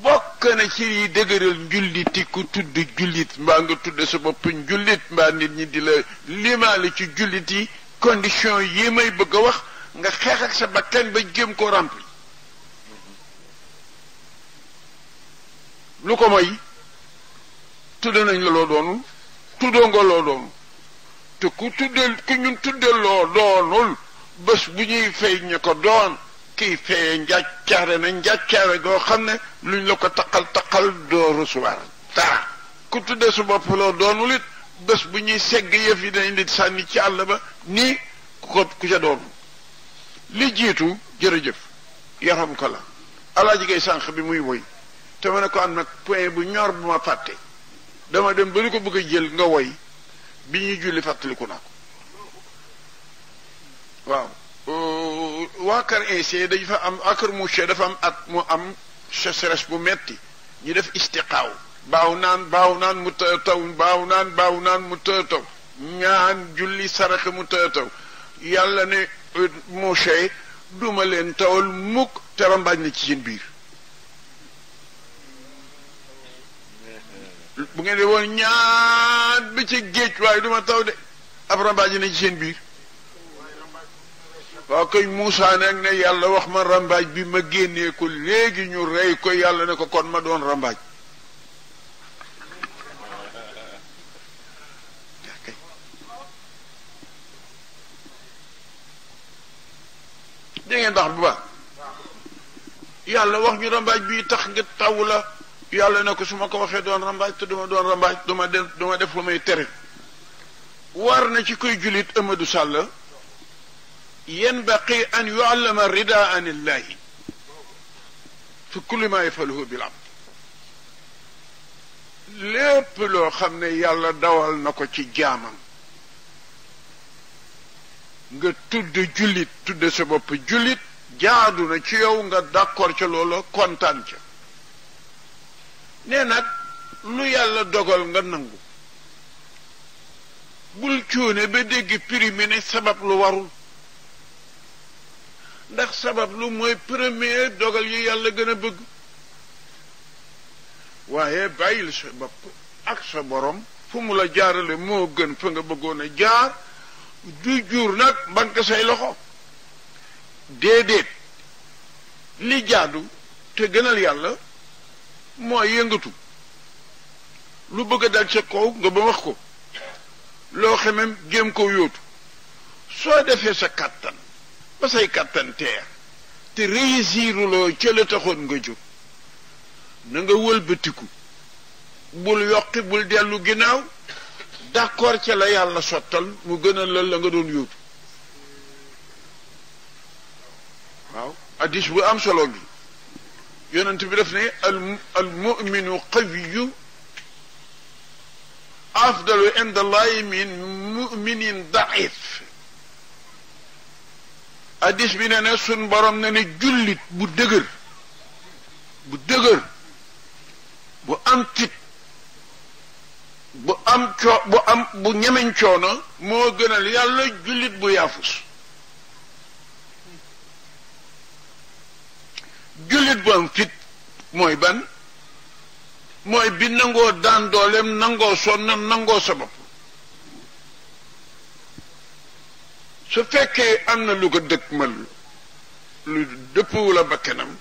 bokk na ci yi dëgëral njulliti ku tudd jullit mbaa nga tudd sa bopp njullit mbaa nit ñi di la limaale ci jullit yi yi may bëgg a wax nga xeex ak sa bakkan ba jéem koo rempli lu ko moy tudde nañ la loo doonul tuddoo nga loo doonul te ku tuddee ku ñun tudde loo doonul bés bu ñuy fay ñu ko doon kii feyee njàccaare na njàccaare goo xam ne lu luñ la ko taqal taqal doo recevoir dara ku tuddee su bopp loo doonul it bés bu ñuy segg yëf yi dinañ di sànni ci àll ba nii ku ko ku ca doonul li jiitu jërëjëf yaram ko la alaa gay sànq bi muy woy te ma ko am nag point bu ñor bu ma fàtte dama dem ba li ko bëgg a jël nga woy bi ñuy julli fàttaliku naa ko waaw euh, waa kër insie dañu fa am akar mouche dafa am at mu am sécheresse bu metti ñu def istiqaaw baaw naan baaw naan mu të taw baaw naan baaw naan mu të taw ñaan julli sarax mu të taw yàlla ne euh, mouche duma leen tawal mukk te rambaaj na ci seen biir bu ngeen de woon ñaan ba ci géej waaye duma taw de ab rambaaj na ci seen biir waaw koy Moussa nag ne yàlla wax ma rambaaj bi ma génnee ko léegi ñu rey ko yàlla ne ko kon ma doon rambaaj dégg ngeen baax bu baax yàlla wax ñu rambaaj bi tax nga taw la yàlla ne ko su ma ko waxee doon rambaaj te duma doon rambaaj duma def duma def lu may tere war na ci koy julit Amadou Sall yanbaqi an yuallama rida an illahi fi kulli ma yafaluhu bil abd lépp loo xam ne yàlla dawal na ko ci jaamam nga tudd jullit tudd sa bopp jullit jaadu na ci yow nga d'accord ca loola kontaan ca nee nag lu yàlla dogal nga nangu bul cuune ba dégg primi ne sabab lu warul ndax sabab lu mooy premier dogal yi yàlla gën a bëgg waaye bàyyil sa bopp ak sa borom fu mu la jaarale moo gën fa nga bëggoon a jaar du jur nag banque say loxo déedéet li jaadu te gënal yàlla mooy yëngatu lu bëgg a dal ca kaw nga ba wax ko loo xamem jéem ko yóotu soo defee sa kàttan ba say kàttan teer te réussiruloo ca la taxoon nga jóg na nga wëlbatiku bul yoqi bul dellu ginnaaw d'accord ca la yàlla sottal mu gën a la nga doon yóotu waaw addis bu am solo bi yonent bi def ne al al muminu qawiyu afdalu inda min muminin daif hadis bi ne ne sun borom ne ne jullit bu dëgër bu dëgër bu am tit bu am coono moo gënal yàlla jullit bu yaafus jullit bu am fit mooy ban mooy bi nangoo daan dooleem nangoo sonn nangoo sa bopp su fekkee am na lu ko dëkk mal lu dëppwu la bakkanam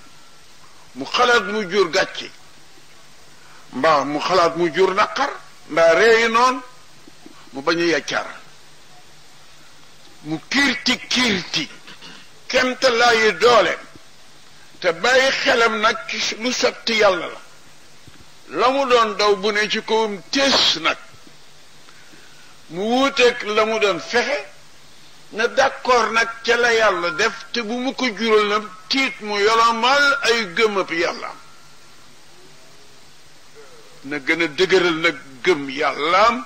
mu xalaat mu jur gàcce mbaa mu xalaat mu jur naqar mbaa reeyi noonu mu bañ a mu kiirti kiirti kemta laayi te bàyyi xelam nag lu satti yàlla la la mu doon daw bu ne ci kawam tées nag mu wuuteeg la mu doon fexe na d'accord nag ca la yàlla def te bu mu ko jural na tiit mu yolomal ay gëmab yàllaam na gën a dëgëral nag gëm yàllaam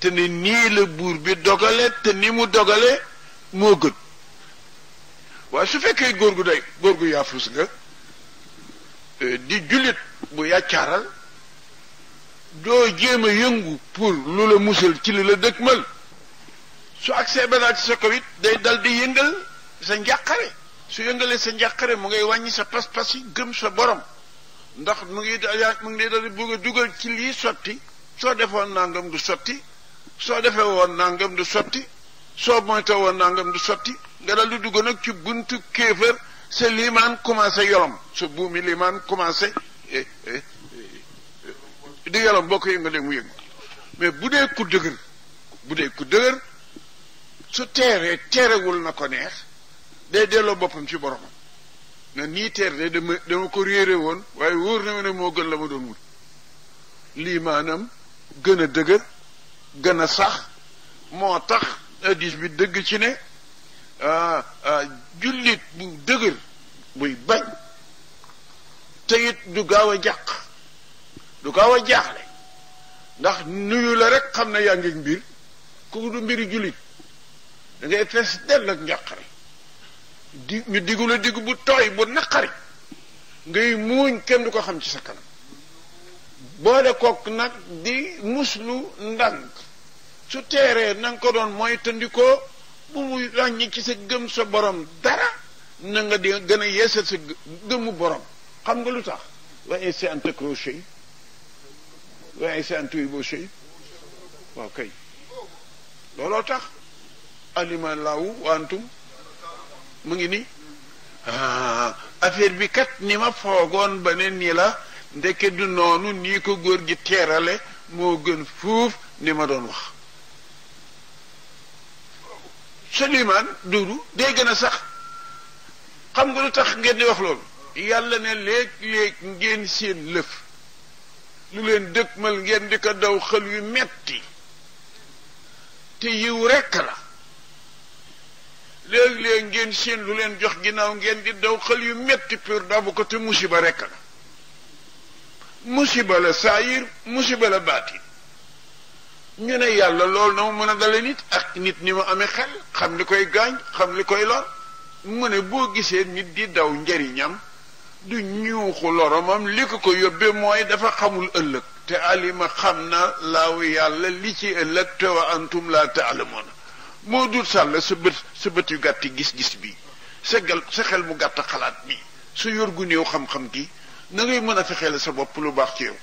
te ni nii la buur bi dogale te ni mu dogale moo gën waaye su fekkee góor gu day góor gu yaafus nga euh, di jullit bu yàccaaral doo jéem a yëngu pour lu la musal ci li la dëkkmal su agsee banaa ci sa kawit day dal di yëngal sa njàqare su yëngalee sa njàqare mu ngay wàññi sa pas-pas yi gëm sa borom ndax mu ngi mu ngi dal di bëgg a dugal ci lii sotti soo defoon nangam du sotti soo defee woon nangam du sotti soo moytoo woon nangam du sotti nga dal du dugg nag ci buntu kéefër sa liimaan commencé yolom sa buumi liimaan commencé eh, eh, eh, di yolom boo ko yëngalee mu yëngu mais bu dee ku dëgër bu dee ku dëgër su teeree teerewul na ko neex day delloo boppam ci boromam na nii teer de dama dama ko réere woon waaye wóor na ma ne moo gën la ma doon wut lii gën a dëgër gën a sax moo tax hadiis bi dëgg ci ne jullit bu dëgër buy bañ te du gaaw a jàq du gaaw a jaaxle ndax nuyu la rek xam na yaa ngi mbir kooku du mbiri jullit da fees dell ak njàqare di ñu diggu la diggu bu tooy bu naqari ngay muuñ kenn du ko xam ci sa kanam boole kook nag di muslu ndànk su teeree na ko doon mooy tandikoo bu mu wàññi ci sa gëm sa borom dara na nga di gën a yeesal sa gëmu borom xam nga lu tax wa insi an takro chey wa insi looloo tax alima laawu wantum mu ngi nii ah, affaire bi kat ni ma foogoon ba ne nii la ndeke du noonu nii ko góor gi teerale moo gën fuuf ni ma doon wax sa limaan duudu day gën sax xam nga lu tax ngeen di wax loolu yàlla ne léeg-léeg ngeen seen lëf lu leen dëkk dëkkmal ngeen di ko daw xël yu metti te yiw rekk la léeg-léeg ngeen seen lu leen jox ginnaaw ngeen di daw xël yu metti pour dabu ko te musiba rekk la musiba la saayir musiba la baatin ñu ne yàlla loolu na mu mën a dale nit ak nit ni ma amee xel xam li koy gaañ xam li koy lor mu ne boo gisee nit di daw njariñam du ñuuxu loromam li ko ko yóbbee mooy dafa xamul ëllëg te alima xam na laaw yàlla li ci ëllëg te wa antum la taalamoon moo dul sàll sa bët sa bët yu gàtt gis-gis bi sa gal sa xel mu gàtt xalaat bi su yor gu néew xam-xam gi na ngay mën a fexeel sa bopp lu baax ci yow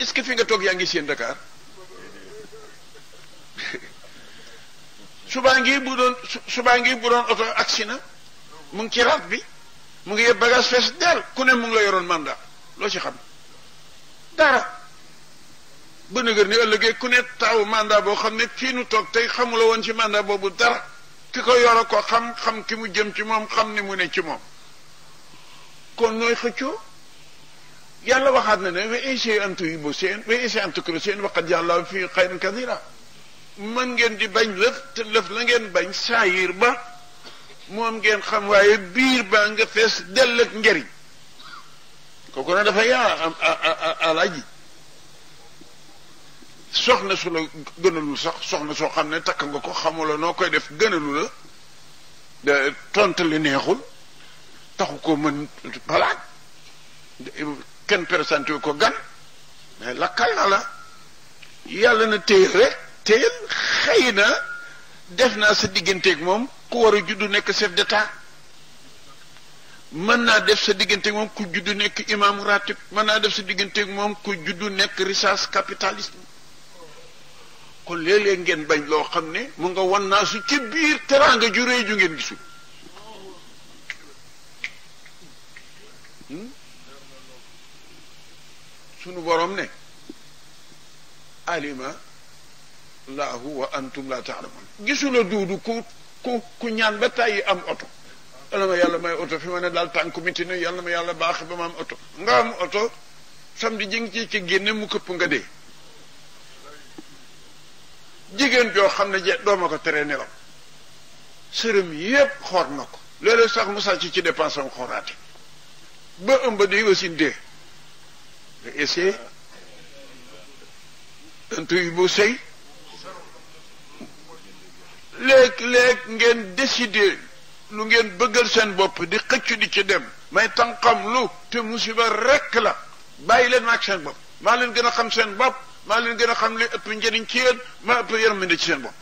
est-ce que fi nga toog yaa ngi seen Dakar subaa ngi bu doon subaa ngi bu doon oto agsi na mu ci raat bi mu ngi yëpp bagage fees del ku ne mu la yoroon mandat loo ci xam dara ba nëgër ni ëllëgee ku ne taaw mandat boo xam ne fii nu tey xamula woon ci mandat boobu dara ki ko yoro ko xam xam ki mu jëm ci moom xam ni mu ne ci moom kon nooy xëccoo yàlla waxaat na ne wa in shay'an tuhibbu shay'an wa in shay'an takrahu shay'an wa qad ja'ala Allahu fiihi khayran kathiran mën ngeen di bañ lëf te lëf la ngeen bañ saayir ba moom ngeen xam waaye biir baa nga fees dell ak njëriñ kooku na dafa yaa soxna su la gënalul sax soxna soo xam ne takk nga ko xamula noo koy def gënalu la tontu li neexul taxu ko mën xalaat kenn présenté wu ko gan mais lakkal na la yàlla na téyel rek téyel xëy na def naa sa digganteeg moom ku war a juddu nekk chef d'état mën naa def sa digganteeg moom ku juddu nekk imam ratib mën naa def sa digganteeg moom ku juddu nekk richesse capitalisme kon léeg-léeg ngeen bañ loo xam ne mu nga wan naa su ci biir teraanga ju réy ju ngeen gisul sunu borom ne alima laahu wa antum la taalamun gisula duudu ku ku ñaan ba tàyyi am oto yàlla ma yàlla may oto fi ma ne daal tànku miti na yàlla ma yàlla baax ba ma am oto nga am oto samedi ji ngi ci ci mu këpp nga dee jigéen joo xam ne je dooma ko tere nelaw sërëm yépp xoor na ko léeg sax mu sàcc ci dépense am xoraate ba ëmb day wasin dee nga essayé antuy bu sëy léeg-léeg ngeen décider lu ngeen bëggal seen bopp di xëcc di ci dem may tànqam lu te musiba rekk la bàyyi leen maag seen bopp maa leen gën a xam seen bopp maa leen gën a xam li ëpp njëriñ ci yéen maa ëpp yërmande ci seen bopp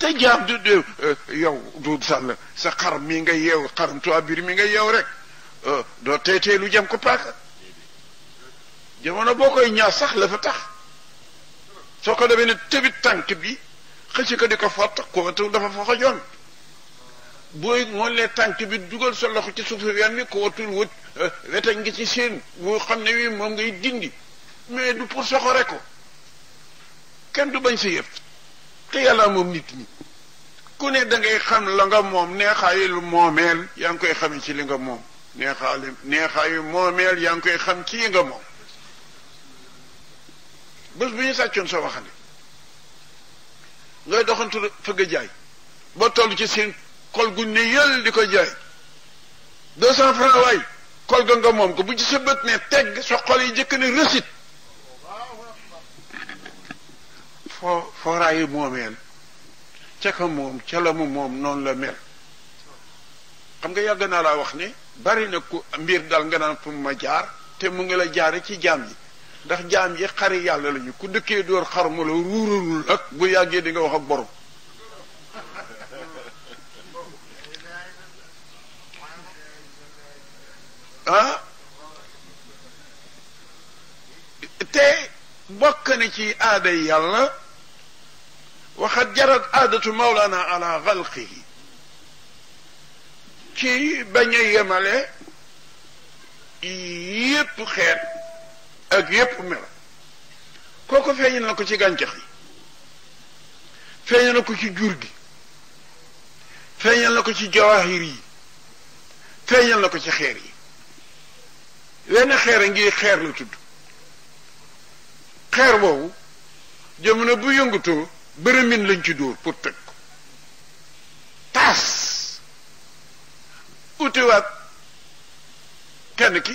te jaam du de euh, yow du sàll sa xar mi nga yeew xaram tubaab biir mi nga yeew rek Euh, doo tey tey lu jam ko paaka jamono boo koy ñaas sax la fa tax soo ko demee ne tëbit tànk bi xëcc ko di ko fott ko dafa fa xajoon booy moolee tànk bi dugal sa loxo ci suufu ween bi kowatul wët euh, wete ngi ci seen boo xam ne wi moom ngay dindi mais du pour soxore ko kenn du bañ si yëf te yàlla moom nit ñi ku ne da ngay xam la nga moom neexaayi lu moomeel yaa ngi koy xamee ci li nga moom neexaale neexaayu moomeel yaa ngi koy xam kii nga moom bés bu ñu sàccoon sa waxande ngay doxantu fëgg jaay ba toll ci seen kol guñ ne yël di ko jaay deux cent franc kol ga nga moom ko bu ci sa bët ne tegg sa xol yi jëkk ne rësit foo fooraayu moomeel ca ka moom ca la mu moom noonu la mel xam nga yàgg naa laa wax ne bari na ku mbir dal nga naan fu ma jaar te mu ngi la jaare ci jaam yi ndax jaam yi xari yàlla lañu ku dëkkee door xar mu la ruuralul ak bu yàggee di nga wax ak borom ah? te bokk ci aada yàlla waxat jarat aadatu mawlana ala xalqihi ci bañ a yemale yépp xeet ak yépp melo kooku feeñ na ko ci gàncax yi feeñ na ko ci jur gi feeñal na ko ci jawahir yi feeñal na ko ci xeer yi wenn xeer a ngi xeer la tudd xeer boobu jamono bu yëngatoo bërëmin lañ ci dóor pour teg ko taas utiwaat kenn ki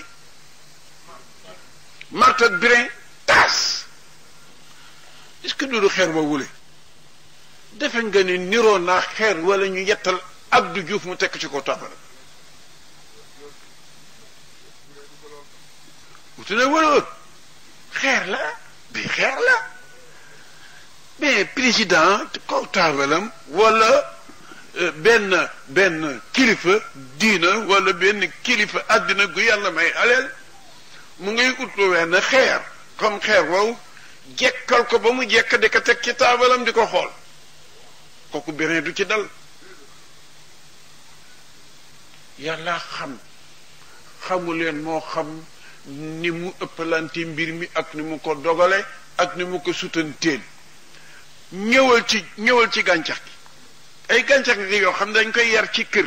marta birin taas est-ce que dudu xeer ba wule defe nga ni niroo naa xeer wala ñu yettal Abdou Diouf mu tekk ci ko toppal wutu na wala xeer la bii xeer la mais président kaw taabalam wala Ben Ben kilifa diina wala ben kilifa adina gu yalla may alel mu ngay utlu wenn xeer xam xeer waw jekkal ko ba mu jekk di ko tek kitabalam di ko xool du ci dal yalla xam xamulen mo xam ni mu ëppalante mbir mi ak ni mu ko dogale ak ni mu ko sutanteen ñëwal ci ñëwal ci gàncax gi ay gàncax gi yoo xam ne dañ koy yar ci kër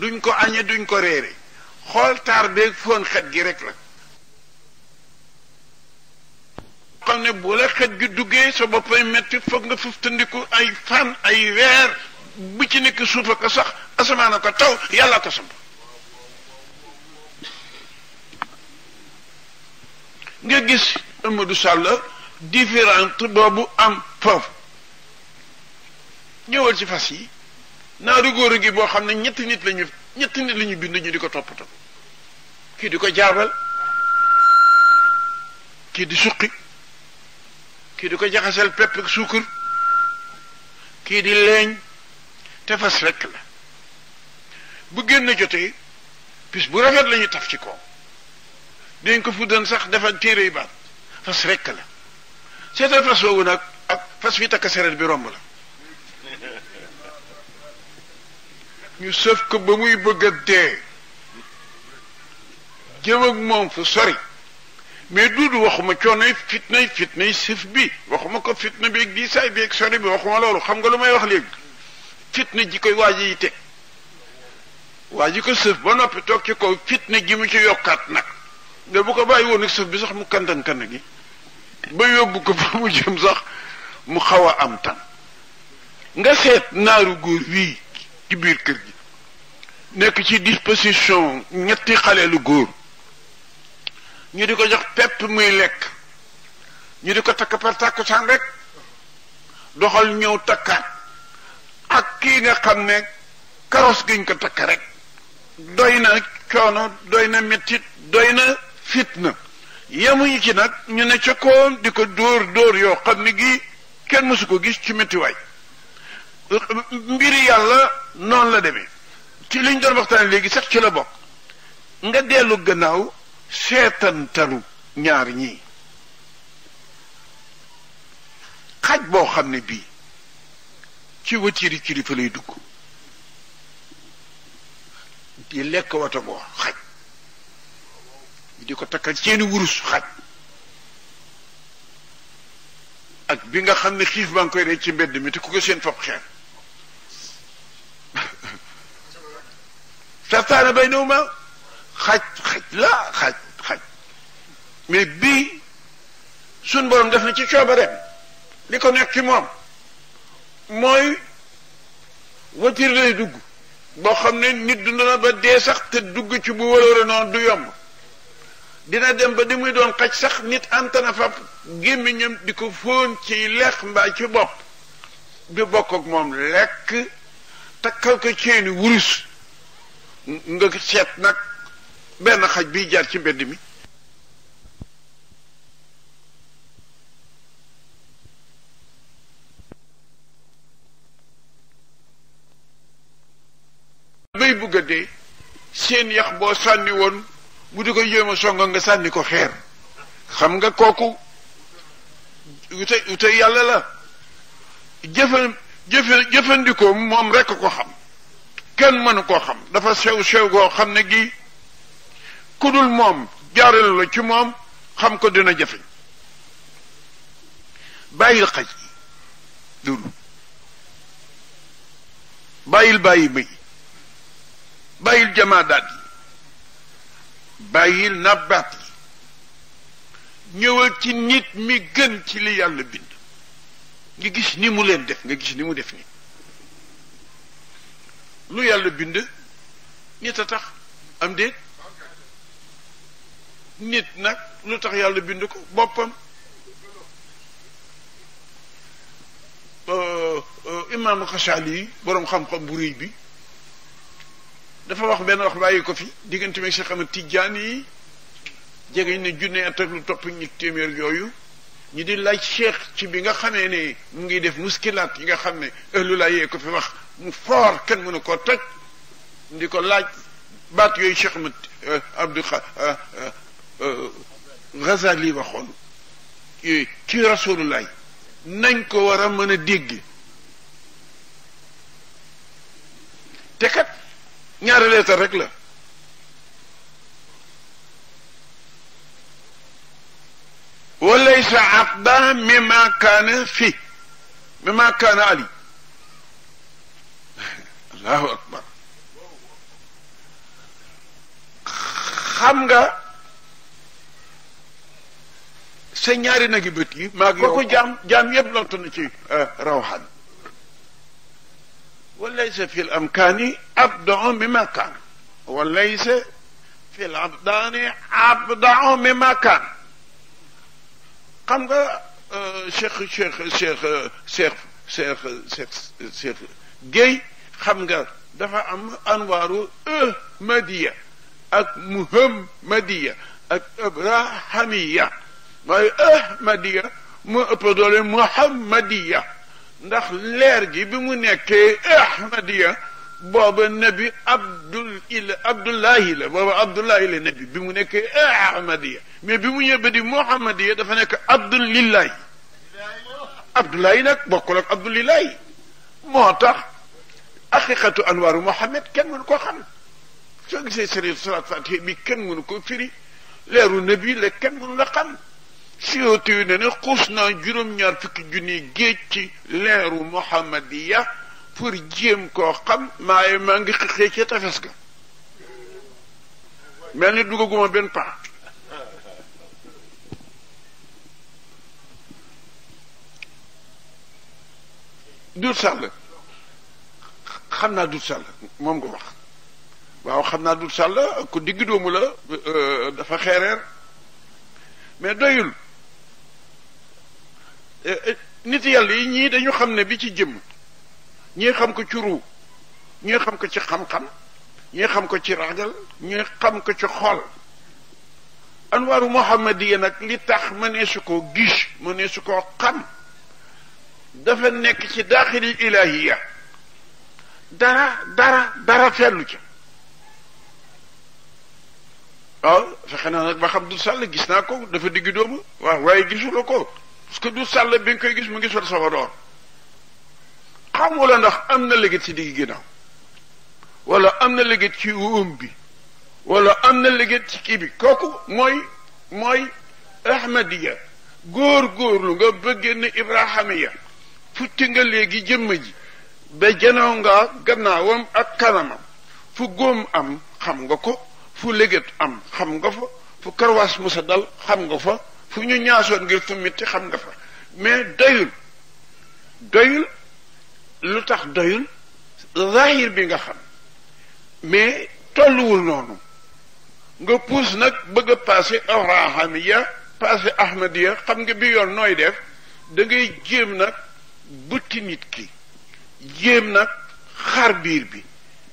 duñ ko añe duñ ko reere xool taar beeg foon xet gi rek la xam ne bu la xet gi duggee sa boppay metti foog nga fuftandiku ay fan ay weer bu ci nekk suufa ko sax asamaana ko taw yàlla ko samp nga gis Amadou Sall différent boobu am foofu ñëwal ci fas yi naaru góor ngi boo xam ne ñetti nit lañu ñetti nit lañu bind ñu di ko toppatoo kii di ko jaabal kii di suqi kii di ko jaxasel pepp ak kii di leeñ te fas rek la bu génn jotee bis bu rafet lañu taf ci kaw dañ ko fuddan sax defal téere fas rek la seetal fas nag ak fas fi takk bi romb ñu sëf ko ba muy bëgg a dee jëm ak moom fu sori mais duudu waxuma coonay fitnay fitnay sëf bi waxuma ko fitna bi ak diisaay bi ak sori bi waxuma loolu xam nga lu may wax léegi fitna ji koy waaji yi teg waa ji ko sëf ba noppi toog ci kaw fitna ji mu ci yokkaat nag nga bu ko bàyyi woon ak sëf bi sax mu kantan kan gi ba yóbbu ko fa mu jëm sax mu xaw a am tan nga seet naaru góor wii ci biir kër gi nekk ci disposition ñetti xale lu góor ñu di ko jox pepp muy lekk ñu di ko takk par tàkkusaan rek doxal ñëw takkaat ak kii nga xam ne karos giñ ko takk rek doy na coono doy na mettit doy na fitna yemuñu ci nag ñu ne ca di ko dóor dóor yoo xam ne gi kenn mësu ko gis ci mettiwaay mbiri yàlla noonu la demee ci liñ doon waxtaan léegi sax ci la bokk nga dellu gannaaw seetantalu ñaar ñii xaj boo xam ne bii ci wëtiiri kilifa lay dugg di lekk wata xaj di ko takkal seeni wurus xaj ak bi nga xam ne xiif baa ngi koy rey ci mbedd mi te ku ko seen fab xeer taftaana baynahuma xaj xaj la xaj xaj mais bii suñ borom def na ci coobareem li ko nekk ci moom mooy watir lay dugg boo xam ne nit dund na ba dee sax te dugg ci bu wëloore noonu du yomb dina dem ba di muy doon xaj sax nit antana fab gémmiñam di ko fóon ci leex mbaa ci bopp bi bokk ak moom lekk takkal ko ceeni wurus nga seet nag benn xaj biy jaar ci mbedd mi bay bugg a dee seen yax boo sànni woon bu di ko yéem a songo nga sànni ko xeer xam nga kooku wute wute yàlla la jëfe jëfe jëfandikoo moom rekk ko xam kenn mënu koo xam dafa sew-sew goo xam ne gi kudul moom jaarelu la ci moom xam ko dina jafe bàyyil xaj dudu bàyyil bàyyi may bàyyil jamaadaat yi bàyyil nabaat yi ñëwal ci nit mi gën ci li yàlla bind nga gis ni mu leen def nga gis ni mu def ni lu yàlla bind nit a tax am déet nit nag lu tax yàlla bind ko boppam imaamu Xasaali yi boroom xam-xam bu réy bi dafa wax benn wax bàyyi ko fi diggante meeg Cheikh Ahmad Tidiane yi jegeñ ne junne at lu topp ñi téeméer yooyu ñu di laaj cheikh ci bi nga xamee ne mu ngi def muskilaat yi nga xam ne ëllu laa yee ko fi wax mu foor ken mënu ko tej di ko laaj baat yooyu cheikh mat abdou ghazali waxoon ci rasulullah nañ ko war a mën a dégg te kat ñaari leetar rek la وليس عقدا مما كان فيه مما كان عليه الله أكبر خمغا nga sa ñaari nagi bët yi جام kooku jaam jaam yëpp lontu na وليس في الأمكان أبدع مما كان وليس في الأبدان أبدع مما كان خمغا شيخ شيخ شيخ شيخ شيخ شيخ شيخ جاي xam nga dafa am anwaaru ahmadiya ak muhammadiya ak ibrahimiya waaye ahmadiya moo ëpp doole muhammadiya ndax leer gi bi mu nekkee ahmadiya booba nabi abdul il abdullahi la booba abdullahi la nabi bi mu nekkee ahmadiya mais bi mu ñëbbe di muhammadiya dafa nekk abdulillahi abdullahi nag bokkul ak abdulillahi moo tax aqiqatu anwaaru Muhammad kenn mënu koo xam soo gisee sëriñ salaat fatiha bi kenn mënu ko firi leeru nabi la kenn mënu la xam siyoote yu ne ne xuus naa juróom-ñaar fukki junni géej ci leeru muhammadiya pour jéem koo xam maaye maa ngi xëxee ca tafes ga mel ni dugaguma benn paa dur sàll xam naa dut sàll moom nga wax waaw xam naa dut sàll ku digg doomu la euh, dafa xeereer mais doyul euh, euh, nit yàlla yi ñii dañu xam ne bi ci jëm ñii xam ko ci ruu ñii xam ko ci xam-xam ñii xam ko ci ragal ñii xam ko ci xol anwaaru muhammadiya nag li tax mënee su koo gis mënee su koo xam dafa nekk ci daaxili ilaahiya dara dara dara fenn ca waaw fexe naa nag ba xam du sàll gis naa ko dafa digg doomu waaw waaye gisula ko parce que du sàll bi nga koy gis mu ngi sol sama door xamula ndax am na léegi ci digg ginnaaw wala am na léegi ci wóom bi wala am na léegi ci kii bi kooku mooy mooy ahmadiya góor góorlu nga bëggee ne ibrahimiya futti nga léegi jëmm ji ba janoo nga gannaawam ak kanamam fu góom am xam nga ko fu léget am xam nga fa fu karwaas musa dal xam nga fa fu ñu ñaasoon ngir fu mitti xam nga fa mais doyul doyul lu tax doyul zahir bi nga xam mais tolluwul noonu nga puus nag bëgg a passé abrahamiya passé ahmadiya xam nga bi yoon nooy def da ngay jéem nag butti nit ki jéem nag xar biir bi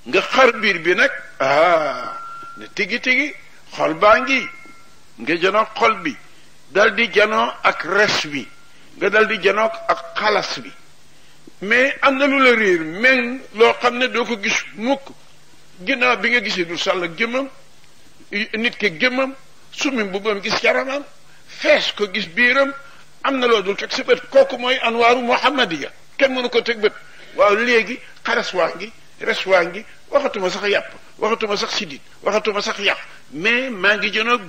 nga xar biir bi nag ah ne tigi tigi xol baa ngi nga janoo xol bi dal di janoo ak res bi nga dal di janoo ak xalas bi mais am na lu la réer meng loo xam ne doo ko gis mukk ginnaaw bi nga gisee du sàll ak jëmmam nit ki jëmmam summi mbubbam gis yaramam fees ko gis biiram am na loo dul teg sa bët kooku mooy anwaaru muhammadiya kenn mënu ko teg bët waaw léegi xaras waa ngi res waa ngi waxatuma sax yàpp waxatuma sax sidit waxatuma sax yàpp mais maa ngi jënoog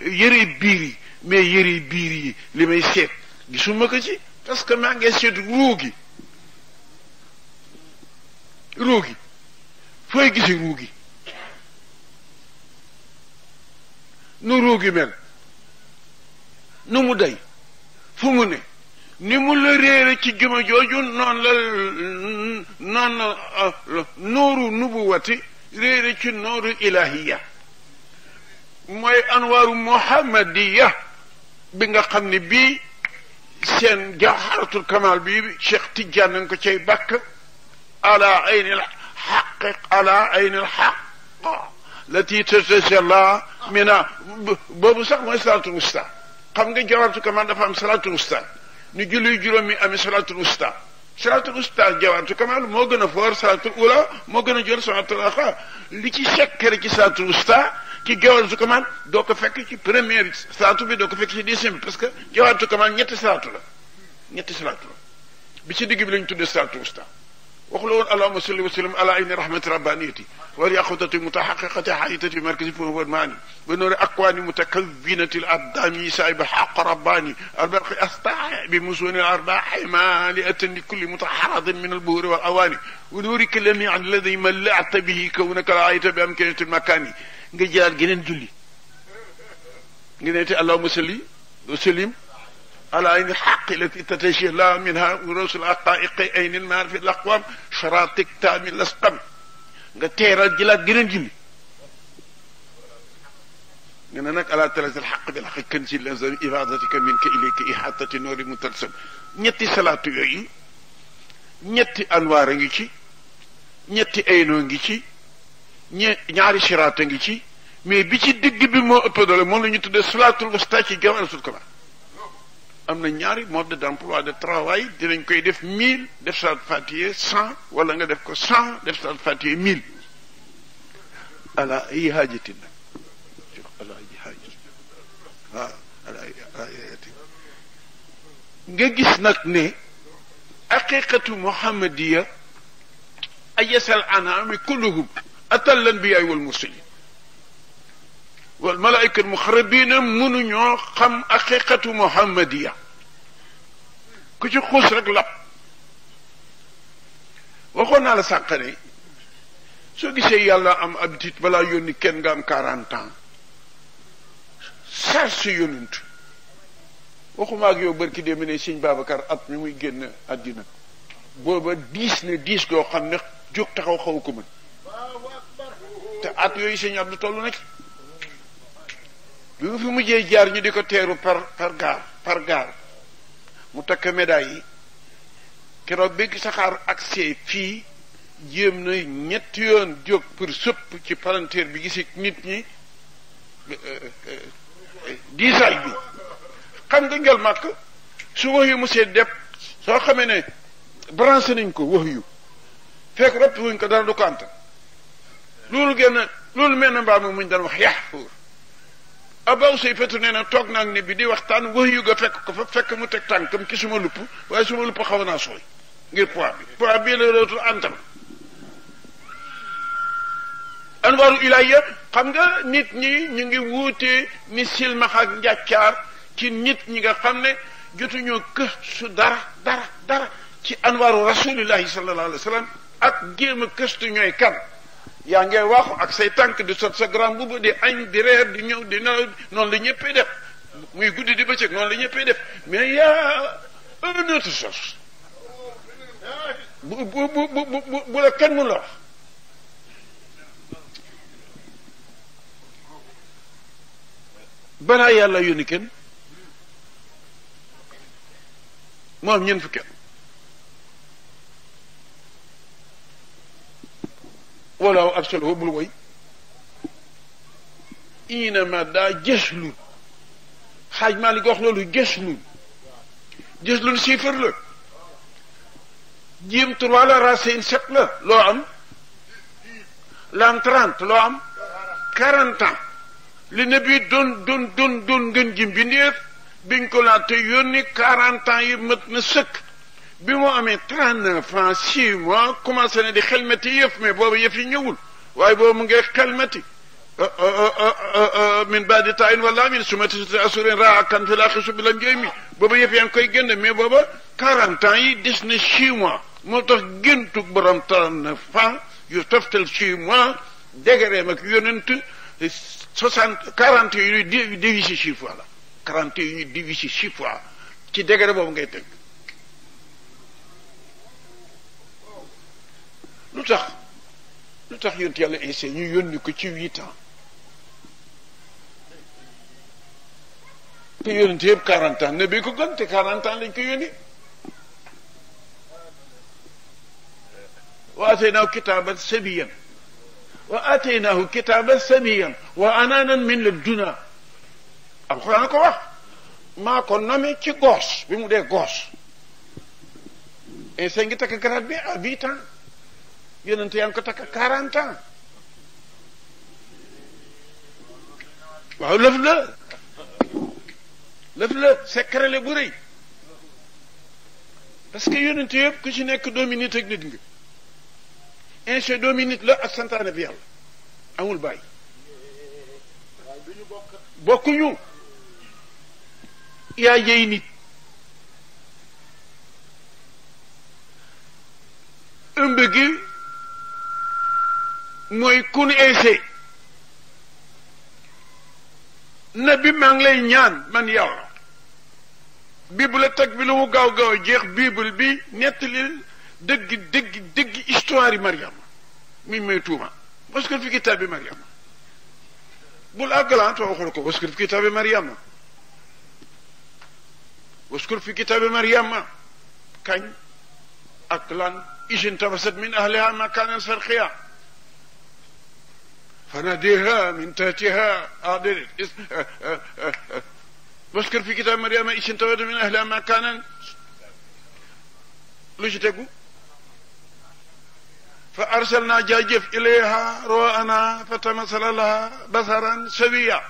yëre biir yi mais yëre biir yi li may seet gisuma ko ci parce que maa ngi seet ruugi ruugi fooy gisi ruugi nu ruugi mel nu mu day fu ne ni mu la réere ci juma jooju noonu la noonu la nooru nubuwati réere ci nooru ilahiya mooy anwaru muhammadiya bi nga xam ne bii seen jawharatul kamal bi cheikh tijjaan nañ ko cay bàkk ala ayni ala ayni الحق على lati الحق mina تتجلى sax بابو صاح ما xam nga قام kamal dafa am صلاه المستعان ni julli juróom yi amee salaatul usta salaatul usta jawaatu kamal moo gën a foor salaatul ula moo gën a jor salaatul axa li ci sekkere ci salaatul usta ci jawaatu kamal doo ko fekk ci première bi salaatu bi doo ko fekk ci dixième bi parce que jawaatu kamal ñetti salaatu la ñetti salaatu la bi ci digg bi lañ tuddee salaatul usta وخلون اللهم صل وسلم على عين رحمة ربانيتي وليأخذة متحققة حياتي مركزي فهو الماني بنور أكوان متكونة الأبدان سايب حق رباني البرق أستع بمسون الأرباح مالئة لكل متحرض من البهور والأواني ونورك عن الذي ملعت به كونك رأيت بأمكنة المكان نجال جنن جلي نجال اللهم صل وسلم على عين الحق التي تتجلى منها وروس الحقائق عين المعرفة الأقوام شراطك تامي الأسقم غتيرا جلا جرين جلي نناك على تلاز الحق بالحق كنز لازم إفادتك منك إليك إحاطة نور مترسم نتي صلاة يعي نتي أنوار يجي نتي أينو يجي نياري شراط يجي مي بيجي دي بي مو أبدال مولي نتو دي صلاة الوسطى جوان رسول كمان am na ñaari mode d' emploi de travail dinañ koy def mille def salaat fatiye cent wala nga def ko cent def salaat fatiye mille ala ay haajatin ala ay haajatin waaw ala ay haajatin nga gis nag ne aqiqatu muhammadiya ayasal anami kulluhum atallan bi ay wal mursalin والملائكه المخربين من نيو خم حقيقه محمديه كوتي خوس رك لاب وخونا لا ساقني سو غيسي يالا ام ابتيت بلا يوني كين غام 40 عام يوني يونت وخوما اك يو بركي دي مني سيني بابكار ات مي موي ген ادينا بوبا 10 ن جو خن جوك تاخو خاوكو من الله اكبر تا عبد تولو نك bi mu fi mujjee jaar ñi di ko teeru par par gaar par gaar mu takk médaille yi keroog bi saxaar ak accès fii jéem na ñetti yoon jóg pour sëpp ci palanteer bi gisi nit ñi euh, euh, diisaay bi xam nga ngel màkk su wax yu monsieur dep soo xamee ne branché nañ ko wax yu fekk ropp wuñ ko dara du ko antal loolu génn loolu mel na mbaa mu muñ daan wax yaxfuur abaw ah, say fetu nee na toog naa ne bi di waxtaan wax yu ga fekk ko fa fekk mu teg tànkam ci suma lupp waaye suma lupp xaw naa sooy ngir poids bi poids bii la rootul antam anwaaru ilahiya xam nga nit ñi ñu ngi wuutee ni silmax ak ci nit ñi nga xam ne jotuñoo kë su dara dara dara ci anwaaru rasulillahi sallallahu alayhi ak géem a këstu ñooy kan yaa ngeen wax ak say tànk di sot sa grand mbubb di añ di reer di ñëw di na noon la ñëppay def muy guddi di bëccëg noonu la ñëppay def mais yaa un autre chose bu bu bu bu bu la kenn mun la wax balaa yàlla yónni kenn moom ñeent fukki at ولا ولو أرسله بالوي إنما دا جسل حاج مالك أخنا له جسل جسل سيفر له جيم طوال راسين سبلا لو عم لان ترانت لو عم كارانتا لنبي دون دون دون دون دون جيم بنير بنكولاتي يوني كارانتا يمت نسك bi mu amee trente-neuf ans mois commencé na di xelmati yëf mais boobu yëf yi ñëwul waaye boobu mu ngi xelmati euh, euh, euh, min baadi taayin wala min sumati suti asurin raakan fi laaxi subi la njooy mi booba yëf yaa koy génne mais booba quarante ans yi des na mois moo tax géntu borom trente-neuf ans yu toftal six mois dégré ak yonent soixante quarante yu ñuy divisé six fois fois ci dégré boobu ngay teg lu tax lu tax yonent yàlla Iisaa ñu yónni ko ci huit ans te yonent yëpp quarante ans bi ko gën te quarante ans lañ ko yónni wa aataynaahu kitaaban sabiyyan wa aataynaahu kitaaban sabiyyan wa anaanan min laddunaa ko wax maa ko nommé ci goos bi mu dee goos Iisaa ngi takk garaat bi à huit yonent yaa ngi ko takk ans waaw lëf la lëf la secret bu rëy parce que yonent yëpp ku ci nekk doomi nit ak nit nga incha doomi nit la ak santaane bi yàlla amul bàyyi bokkuñu yaa jëy nit ëmb gi mooy ku nu eesee na bi maa ngi lay ñaan man yàlla bible tag bi lu mu gaaw gaaw jeex bible bi nettali dëgg dëgg dëgg histoire yi Mariama mi may tuuma waskun fi kitaabi Mariama bul àggalant waxul ko waskun fi kitaabi Mariama waskun fi kitaabi Mariama kañ ak lan isin tabasat min ahliha ma kaanal sarxiya فناديها من تحتها أعدلت واذكر في كتاب مريم إيش انتوت من أهلها ما كان ليش تقول فأرسلنا جاجف إليها رواءنا فتمثل لها بصرا سويا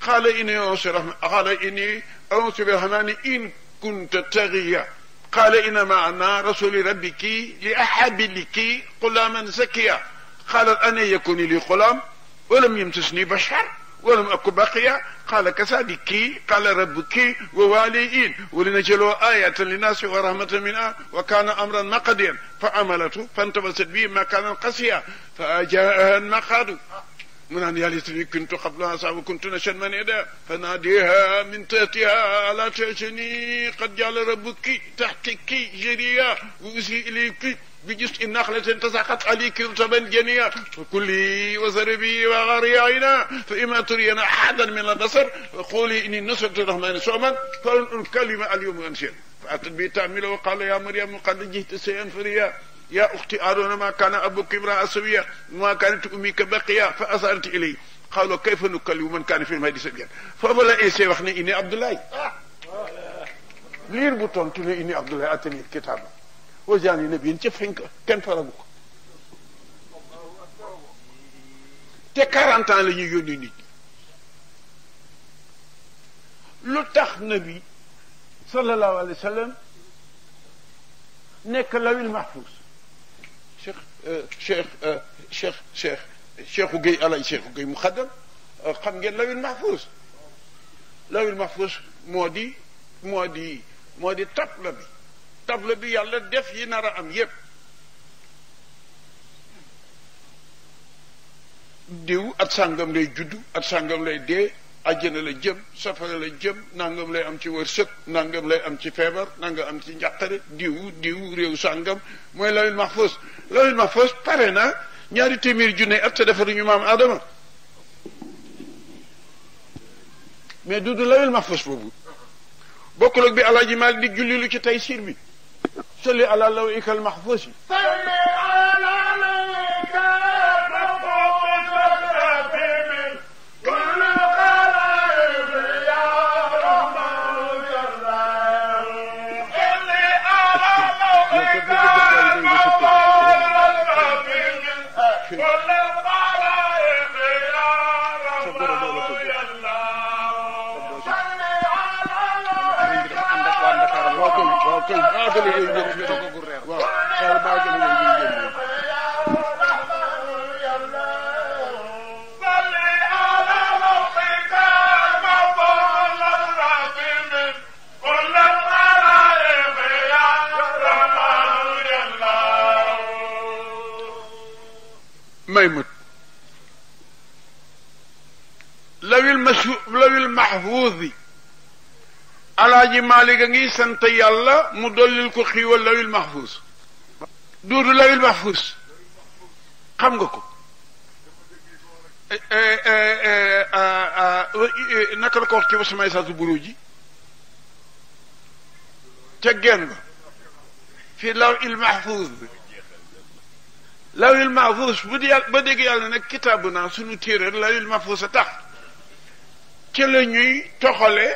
قال إني أوصي قال إني أوصي بالرحمن إن كنت تغيا قال إنما أنا رسول ربك لأحب لك غلاما زكيا قالت أنا يكون لي غلام ولم يمسسني بشر ولم أكن بقية قال كذلك قال ربك وواليين ولنجعله آية للناس ورحمة منها وكان أمرا مقديا فعملته فانتبست به مكانا قسيا فأجاءها المقاد من أن يالتني كنت قبلها صعب كنت نشد من يدا فناديها من تحتها ألا تعشني قد جعل ربك تحتك جريا وأسيء إليك بجزء نخلة تساقط عليك رطبا جنيا وكلي وزربي وغري عينا فإما ترينا أحدا من البصر قولي إني نصرت الرحمن صوما فالكلمة اليوم أنسين فأتت به تعمله وقال يا مريم قد جئت شيئا فريا يا أختي أرون ما كان أبوك امرأة سوية ما كانت أمك بقية فأثرت إلي قالوا كيف نكلم من كان في المهدي سبيا فبلا إيسي وخني إني عبد الله آه. لير بطنت إني عبد الله أتني الكتاب وجاني نبي نجف هنك كن فرقوك تي 40 ans لي يوني نيت لوتاخ نبي صلى الله عليه وسلم نيك لوي المحفوظ شيخ شيخ شيخ شيخ شيخ غي علي شيخ غي مخدم خم نغي لوي المحفوظ لوي المحفوظ مودي مودي مودي تاب table bi yàlla def yi nar a am yépp diw at sàngam lay juddu at sàngam lay dee àjjana la jëm safara la jëm nangam lay am ci wërsëg nangam lay am ci feebar nangam am ci njàqare diw diw réew sàngam mooy lawil mahfos lawil mahfos pare na ñaari téeméeri junne at sa defaruñu maam Adama mais du du lawil mahfos boobu bokkul ak bi alaaji Maalik di julli ci tey siir bi صلي على لويك المحفوظ صلي على لويك المحفوظ ما يموت لو المسؤول لو المحفوظ على جمالك غي سنت يالا مدلل كو خيو لو المحفوظ دور لو المحفوظ خم غكو إيه، إيه، إيه، نكر كو تي وسماي سات بروجي تيغن في لو المحفوظ lawil mahfous bu di ba dégg yàlla nag kitaabu naa sunu téere lawil mahfous a tax ca la ñuy toxale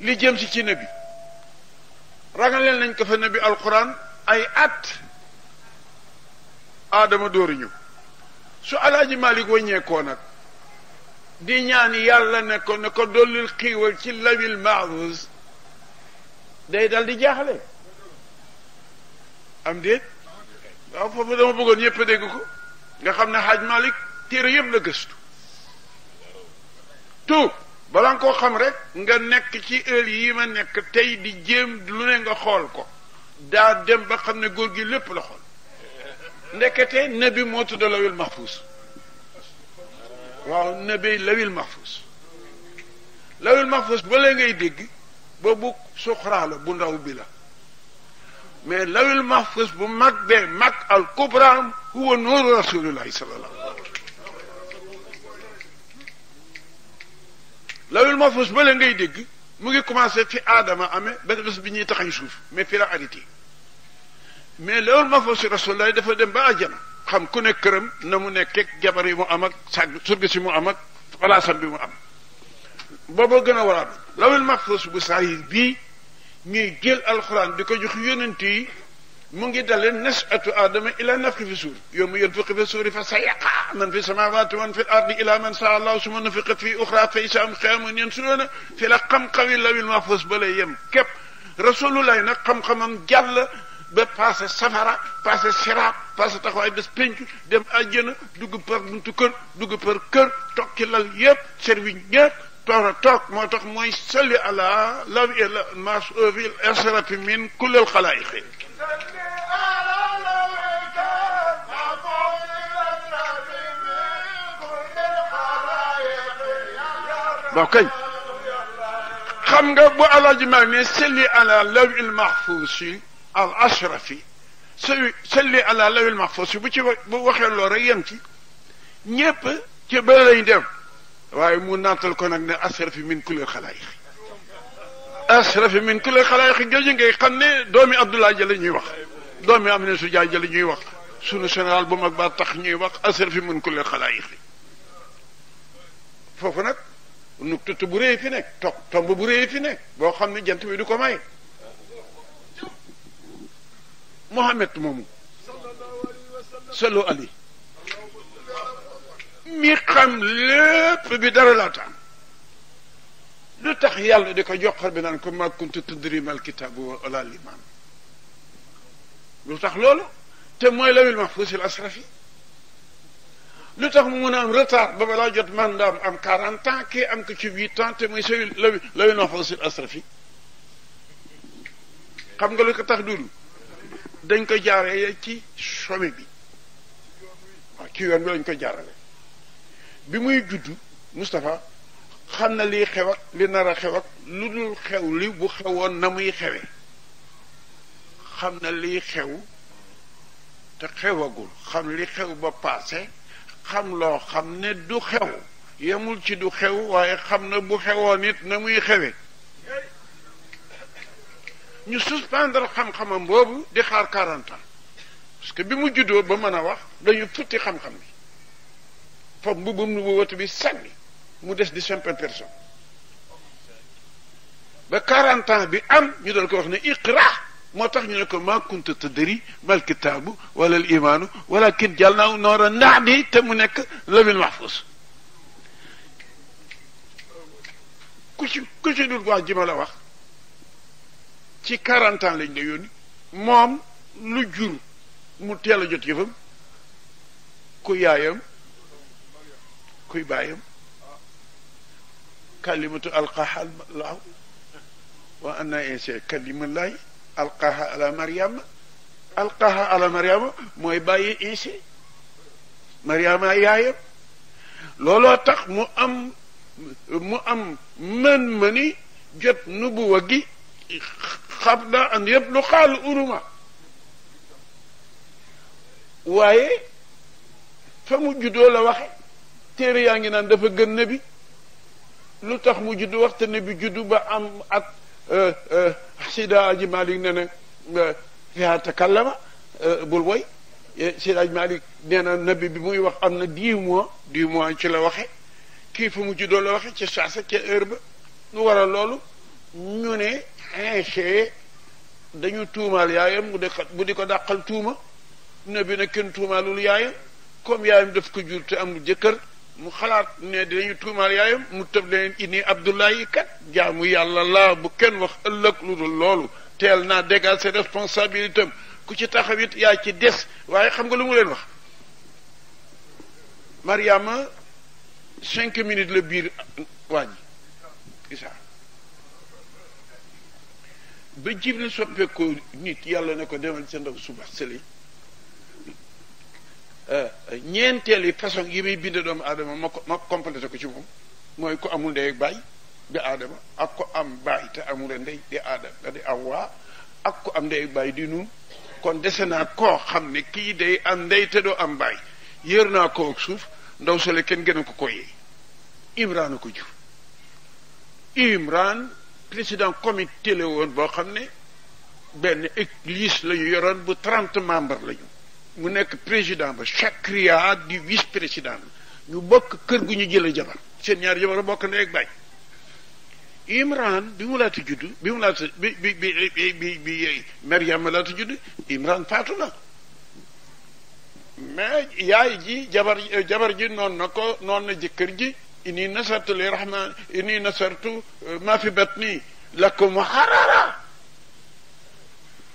li jëm si ci nabi ragaleel nañ ko fa nabi alquran ay at aadama dóoruñu su alaaji malik wàññeekoo nag di ñaan yàlla ne ko ne ko dollil xiiwal ci lawil mahfous day dal di jaaxle am déet waaw foofu dama bëggoon ñëpp a dégg ko nga xam ne xaaj Malick téere yépp la gëstu tout balaa nga koo xam rek nga nekk ci ël yi ma nekk tey di jéem lu ne nga xool ko daa dem ba xam ne góor gi lépp la xool ndekete nabi moo tudd lawil mahfuus waaw nabi lawil mahfuus lawil mahfuus ba lee ngay dégg boobu suxraa la bu ndaw bi la mais lawil mahfuz bu mag bee mag al kubra huwa nuuru rasulillahi sallallahu alayhi wa sallam lawil mahfuz ba la ngay dégg mu ngi commencé fi aadama amee ba bés bi ñuy taxañ suuf mais fi la arrêté mais lawil mahfuz si rasulillahi dafa dem ba àjjana xam ku nekk këram na mu nekkeeg jabar yi mu am ak sàgg surga si mu am ak palaasam bi mu am booba gën a waraat lawil mahfuz bu saa yi bii ngir jël alquran diko jox yonenti mu ngi dale nasatu adama ila nafqi fi sur yom mu fi sur fa sayqa man fi samawati man fi l ardi ila man saa allahu suma nufiqat fi ukhra fa isam xiyaamun yansuruuna fi laqam xam-xawi lawil mahfus ba lay yem rasulullah nak xam-xamam jàll ba passé safara passé sira passé taxawaay bés penc dem aljana dug par buntu kër dugg par keur tokki lal yeb serwiñ ñëpp ترى توك ما توك ما يصلي على لا ما في الأسرة من كل الخلائق بوكي خم جب على جمال يصلي على لو المحفوظ الأشرف سلي على لو المحفوظ بوكي بوكي لو ريمتي نيب تبالي دم waaye mu nattal ko nag ne asrafi min kulli xalaayiq asrafi min kulli xalaayiq géej ngay xam ne doomi Abdoulaye Jalle ñuy wax doomi Amina su Jaay Jalle ñuy wax sunu général bu mag ba tax ñuy wax asrafi min kulli xalaayiq foofu nag nuktatu bu rëy fi tomb bu rëy fi nekk boo xam ne jant bi du ko may Mohamed moomu ali mi xam lépp bi dara laataan lu tax yàlla di ko joxar bi naan ko ma kuntu tudri mal kitaabu wala liman lu tax loolu te mooy lawil mahfuusil asrafi lu tax mu mun a am retard ba balaa jot mandaam am quarante ans kii am ko ci huit ans te mooy sawil lawi lawil mahfuusil asrafi xam nga lu ko tax dudu dañ ko jaaree ci sommet bi waaw ci yoon bi lañ ko jaarale bi muy judd Moustapha xam na liy xew ak li nar a xew ak lu dul xew li bu xewoon na muy xewe xam na liy xew te xewagul xam li xew ba paase xam loo xam ne du xew yemul ci du xew waaye xam na bu xewoon it na muy xewe ñu suspendre xam-xamam boobu di xaar 40 ans parce que bi mu juddoo ba mën a wax dañu futti xam-xam bi fab mbubbum nubuwatu bi sànni mu des di simple personne ba 40 ans bi am ñu doon ko wax ne iqra moo tax ñu ne ko maa kunta tadri mal kitaabu wala al imaanu walakin jàllnaaw noora naadi te mu nekk lamin mahfus ku ci ku ci dul wax ji ma la wax ci 40 ans lañ la yónni moom lu jur mu teel a jot yëfam ku yaayam kuy bàyyam kalimatu alqaha lahu wa anna insa kalimullahi alqaha ala maryama alqaha ala maryama mooy bàyyi isa maryama yaayam looloo tax mu am mu am mën-mëni jot nubuwa gi xam naa an yëpp lu xaalu uruma waaye fa mu la waxe téere yaa ngi naan dafa gën nabi lu tax mu juddu waxta nabi juddu ba am at sida aji malik ne ne fiha takallama bul woy sida aji malik nee na nabi bi muy wax am na dix mois dix mois ci la waxe kii fu mu juddoo la waxe ci saasa ca heure ba lu waral loolu ñu ne inche dañu tuumaal yaayam mu deka mu di ko dàqal tuuma nabi ne kenn tuumaalul yaayam comme yaayam daf ko jur te amul jëkkër mu xalaat ne dinañu tuumaal yaayam mu tëb leen inni abdullahi kat mu yàlla laa bu kenn wax ëllëg lu dul loolu teel naa dégal ses responsabilités ku ci taxaw it yaa ci des waaye xam nga lu mu leen wax mariama cinq minutes la biir wàññi isa ba jibril soppeekoo nit yàlla ne ko demal sa ndaw suba sëli ñeenteel yi façon yi muy bind doomu aadama ma ma complété ko ci moom mooy ko amul ndey ak baay di ak ko am baay te amul ndey di aadama di awwaa ak ko am ndey ak di nun kon dese naa koo xam ne kii day am ndey te doo am baay yéer naa ko ak suuf ndaw sole kenn gën a ko ko yee ko jur Imraan président comité la woon boo xam ne benn église lañu ñu yoroon bu trente membres la mu nekk président ba chacria di vice président ñu bokk kër gu ñu jëlee jabar seen ñaari jabar a bokk ndey ak baay imran bi mu laata judd bi mu laata bi bi bi bi bi mariama laata judd imran faatu na mais yaay ji jabar jabar ji noonu na ko noonu na jëkkër ji inni nasartu li rahman inni nasartu ma fi batni lakum harara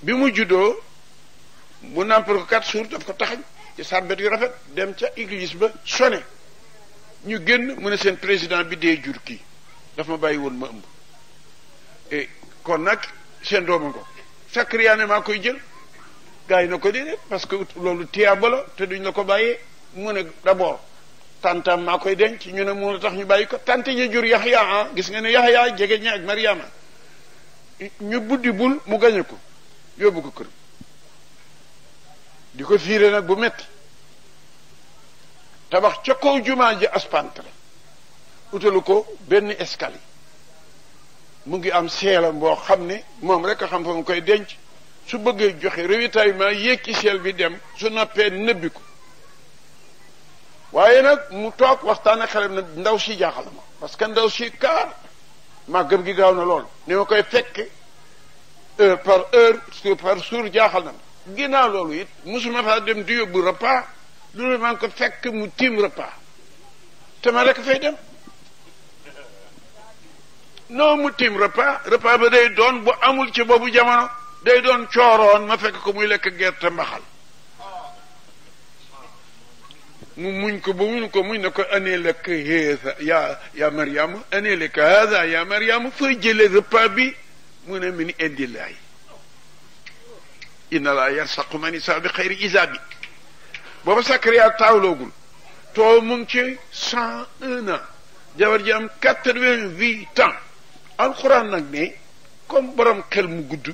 bi mu juddoo mu nàmpal ko quatre jours daf ko taxañ ci sàmbet yu rafet dem ca église ba sone ñu génn mu ne seen président bi dee jur kii daf ma bàyyi woon ma ëmb et kon nag seen dooma ko Sakariya ne maa koy jël gars yi na ko déedéet parce que loolu tiyaaba la te duñ la ko bàyyee mu ne d'abord tantam maa koy ci ñu ne moo tax ñu bàyyi ko tante jur Yaxya ah gis nga ne Yaxya jege ñi ak Mariama ñu buddi bul mu gañe ko yóbbu ko kër diko ko nak bu metti tabax ci ko jumaa ji aspantre utalu ko benn escalier mu ngi am selam bo xamné mom rek xam fa mu koy denc su bëggé joxe ravitaillement yéeg ci sel bi dem su noppee nëbbi waye nak mu tok waxtana ak na ndaw ci jaxaluma parce que ndaw ci si ma gëm gi gaaw na lool ni ma koy fekk par heure par jour jaaxal na ginaaw loolu it musuma faa dem di yóbbu repas lu maa ngi ko fekk mu tiim repas te ma rek fay dem noo mu tiim repas repas ba day doon bu amul ci boobu jamono day doon cooroon ma fekk ko muy lekk gerte mbaxal mu muñ ko ba muñ ko muñ ne ko année lekk yeesa yaa yaa mariama année lekk haasa yaa mariama fay jëlee repas bi mu ne mi ni indi laay inna laa yarsaqu man isaa bi xayri isaabi booba Sakariya taawloogul too mu ci cent un jabar ji am quatre vingt alxuraan nag ne comme borom xel mu gudd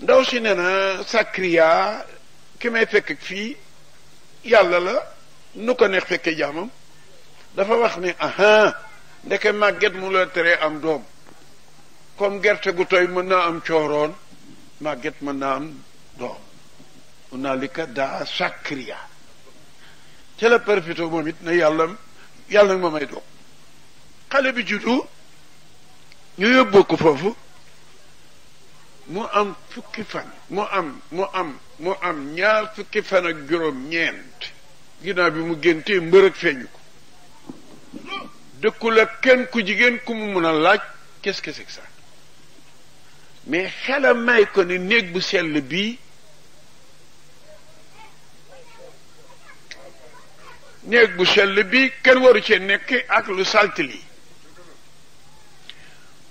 ndaw si ne na Sakariya ki may fekk fii yàlla la nu ko neex fekkee jaamam dafa wax ne aha ndeke màgget mu la teree am doom comme gerte gu tooy mën na am cooroon màgget mën naa am bon unaalika daa sakria ca la perfito moom it na yàlla yàlla nag ma may doom xale bi juddu ñu yóbboo ko foofu mu am fukki fan mu am mu am mu am ñaar fukki fan ak juróom ñeent ginnaaw bi mu géntee mbërëg feeñu ko dëkkul ak kenn ku jigéen ku mu mun a laaj qu'est-ce que c'est mais xela may ko ni néeg bu sell bii néeg bu sell bii kenn waru ci nekk ak lu salt li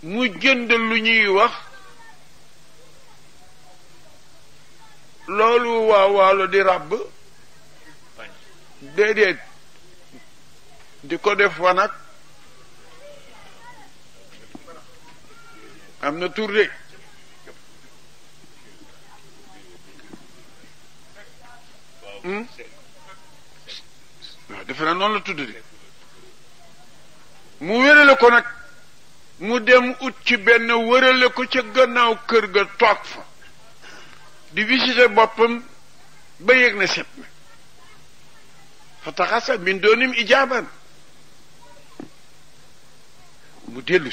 mu jënd lu ñuy wax loolu waa di ràbb déedéet di ko def wanag am na tur Hmm? waaw defe na noonu la tudd di mu wérale ko nag mu dem ut ci benn wërale ko ca gannaaw kër ga toog fa di visité boppam ba yëg na set na fa taxasa min doonim ijaaban mu dellu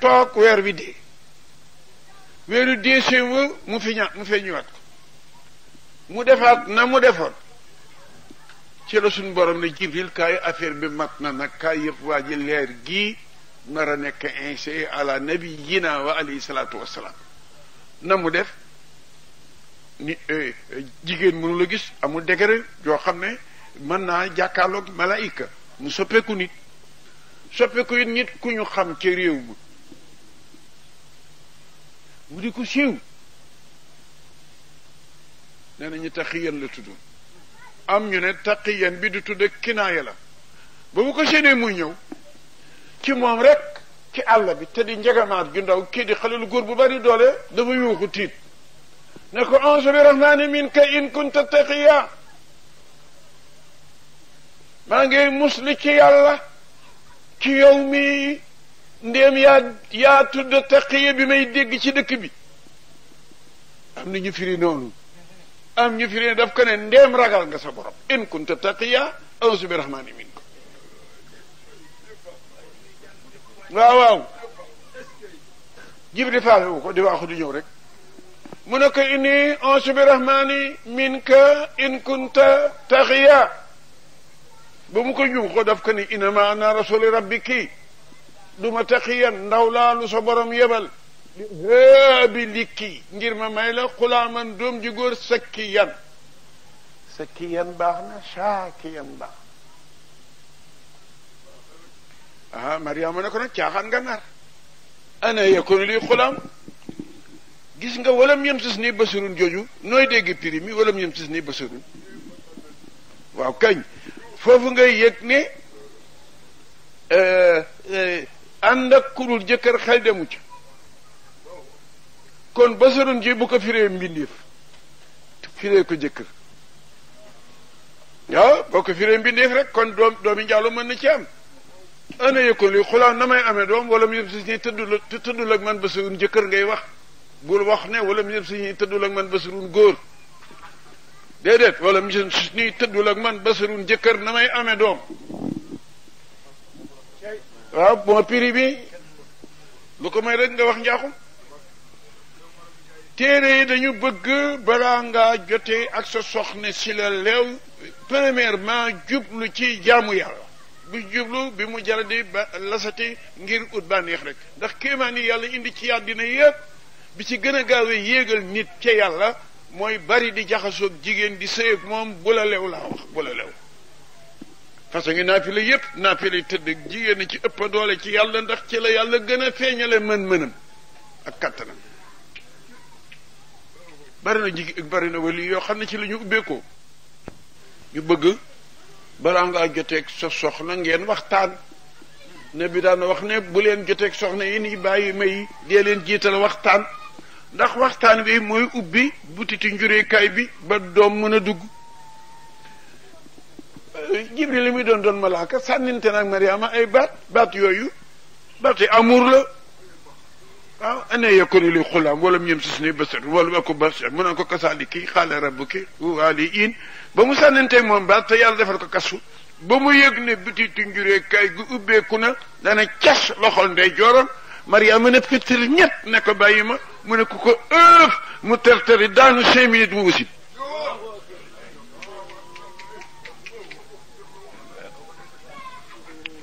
toog weer wi dee weeru dee seen mu fi ña mu defaat na mu defoon ci la suñu borom ne jibril kaay affaire bi mat na nag kaay yëpp waa ji leer gii nar a nekk inché ala nabi yina wa alayhi salaatu wasalaam na mu def ni e, jigéen mënu la gis amul degré yoo xam ne mën naa jàkkaarloog malaayika mu soppeeku nit soppeeku nit ku ñu xam ci réew mi mu di ko siiw nena ñi ñu taqiyan la tuddu am ñu ne taqiyan bi du tudd kinaaya la ba bu ko séenee muy ñëw ci moom rek ci àlla bi te di njegamaat gi ndaw kii di xale góor bu bari doole dafa yuuxu tiit ne ko ange bi rahmani min ka in kunta taqiya maa ngay musli ci yàlla ci yow mi ndéem yaa yaa tudd taqiya bi may dégg ci dëkk bi am na ñu firi noonu ام يفرين دفكن ندم رغال غسبر ان كنت تقيا او سبح منك لا واو جيب لي فاله كو دي واخو دي منك اني او سبح منك ان كنت تقيا بمكو نيو كو انما انا رسول ربك دوما تقيا ندولا لو يبل bi likki ngir ma may la xulaaman doom ji góor sakki yan sakki yan baax na saaki yan baax ah mariama ne ko nag caaxaan nga nar ana yakunu lii xulaam gis nga walam yem sis nii basirun jooju nooy dégg piri mi walam yem sis nii basirun waaw kañ foofu ngay yëg ne eh, eh, ànd ak kurul jëkkër xel ci kon basarun ji bu ko firee mbindeef firee ko jëkkër waaw boo ko firee mbindeef rek kon doom doomi njaaloo mën na ci am ana yëkkul yi na may amee doom wala mu yëpp si ak man basarun jëkkër ngay wax bul wax ne wala mu yëpp si ñuy tëddul man basarun góor wala mu yëpp si ñuy ak man basarun jëkkër na may amee doom waaw moo piri bi lu ko may rek nga wax njaaxum téere yi dañu bëgg balaa nga jotee ak sa soxna si la leew premièrement jublu ci jaamu yàlla bu jublu bi mu jara di ba lasati ngir ut bànneex rek ndax kéemaan yi yàlla indi ci yàddina yépp bi ci gën a gaawee yéegal nit ca yàlla mooy bari di jaxasoog jigéen di sëyeeg moom bu la lew laa wax bu la lew façon ngi naafila yépp naafila tëdd jigéen ci ëpp doole ci yàlla ndax ci la yàlla gën a feeñale mën-mënam ak kattanam bari na jig bari na wali yoo xam ne ci la ñu ubbeekoo ñu bëgg balaa ngaa joteeg sa soxna ngeen waxtaan ne bi daana wax ne bu leen joteeg soxna yi nii bàyyi may dee leen jiital waxtaan ndax waxtaan wi mooy ubbi butiti njureekaay bi ba doom mën a dugg jibril muy doon doon malaaka sànninte nag mariama ay baat baat yooyu baati amour la انا يكون لي غلام ولم يمسسني بشر ولم اكن بشر من انكو كسالك قال ربك هو عليين بمو سننتي موم بات يال ديفال كو كاسو بمو يغني بتي تنجوري كاي غو اوبي كنا دا نا كاش لوخول ندي جورم مريم نفكتر نيت نكو بايما من كو اوف مترتري دانو سيمي دوسي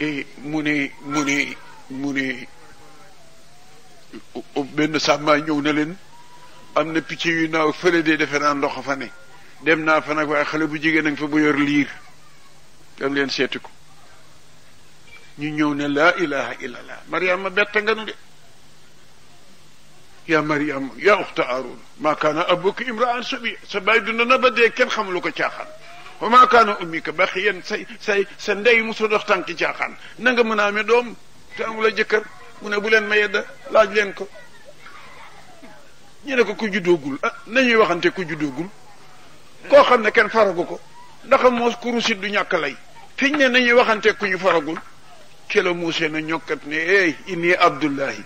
إيه، موني موني موني o benn sàmmaa ñëw na leen am na picc yu naaw fële de defe naa ndox fa ne dem naa fa nag waaye xale bu jigéen a fa bu yor liir dem leen seetu ko ñu ñëw ne laa ilaha illallah mariama bett nga nu de yaa mariama yaa uxta aaron maa kaana abuka imraan sabi sa bàyyi dund na ba dee kenn xamulu ko caaxaan wa maa kaana ummika baxiyan say say sa ndey musu dox tànki caaxaan nanga mën a amee doom te amula jëkkër mu ne bu leen ma yedda laaj leen ko ñu ne ko ku juddoogul ah nañuy waxante ku juddoogul koo xam ne kenn faragu ko ndax moos kurusit du ñàkk lay fiñ ne nañuy waxante ku ñu faragul ci la muuse na ñokkat ne ey inni abdullahi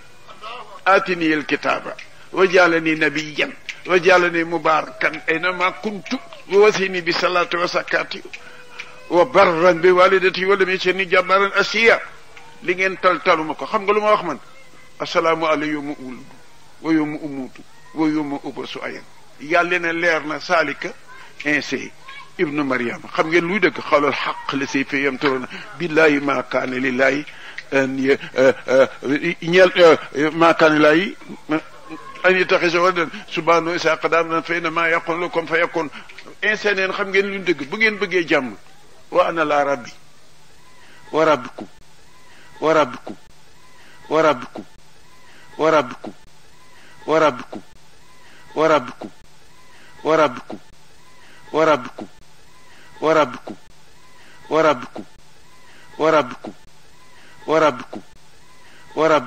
atini alkitaaba wa jaalani nabiyan wa jaalani mubarakan aynama kuntu wa wasini bi salaati wa sakkaati wa barran bi walidati wa lam yaj'alni jabbaran asiya li ngeen tal taluma ko xam nga lu ma wax man asalaamu alaykum wuludu wa yawma umutu wa yawma ubasu ayan yàlla ne leer na saalika insi ibnu mariama xam ngeen luy dëgg xawlal xaq la say yam turoona billahi ma kaane lillahi ñeel ma kaane lillahi an yattaxisa waladan subhanahu isa qadam na inna ma yaqul lakum fa yakun xam ngeen luñ dëgg bu ngeen bëggee jàmm wa ana la rabbi wa rabbikum وربكم وربكم وربكم وربكم وربكم وربكم وربكم وربكم وربكم وربكم وربكم ورب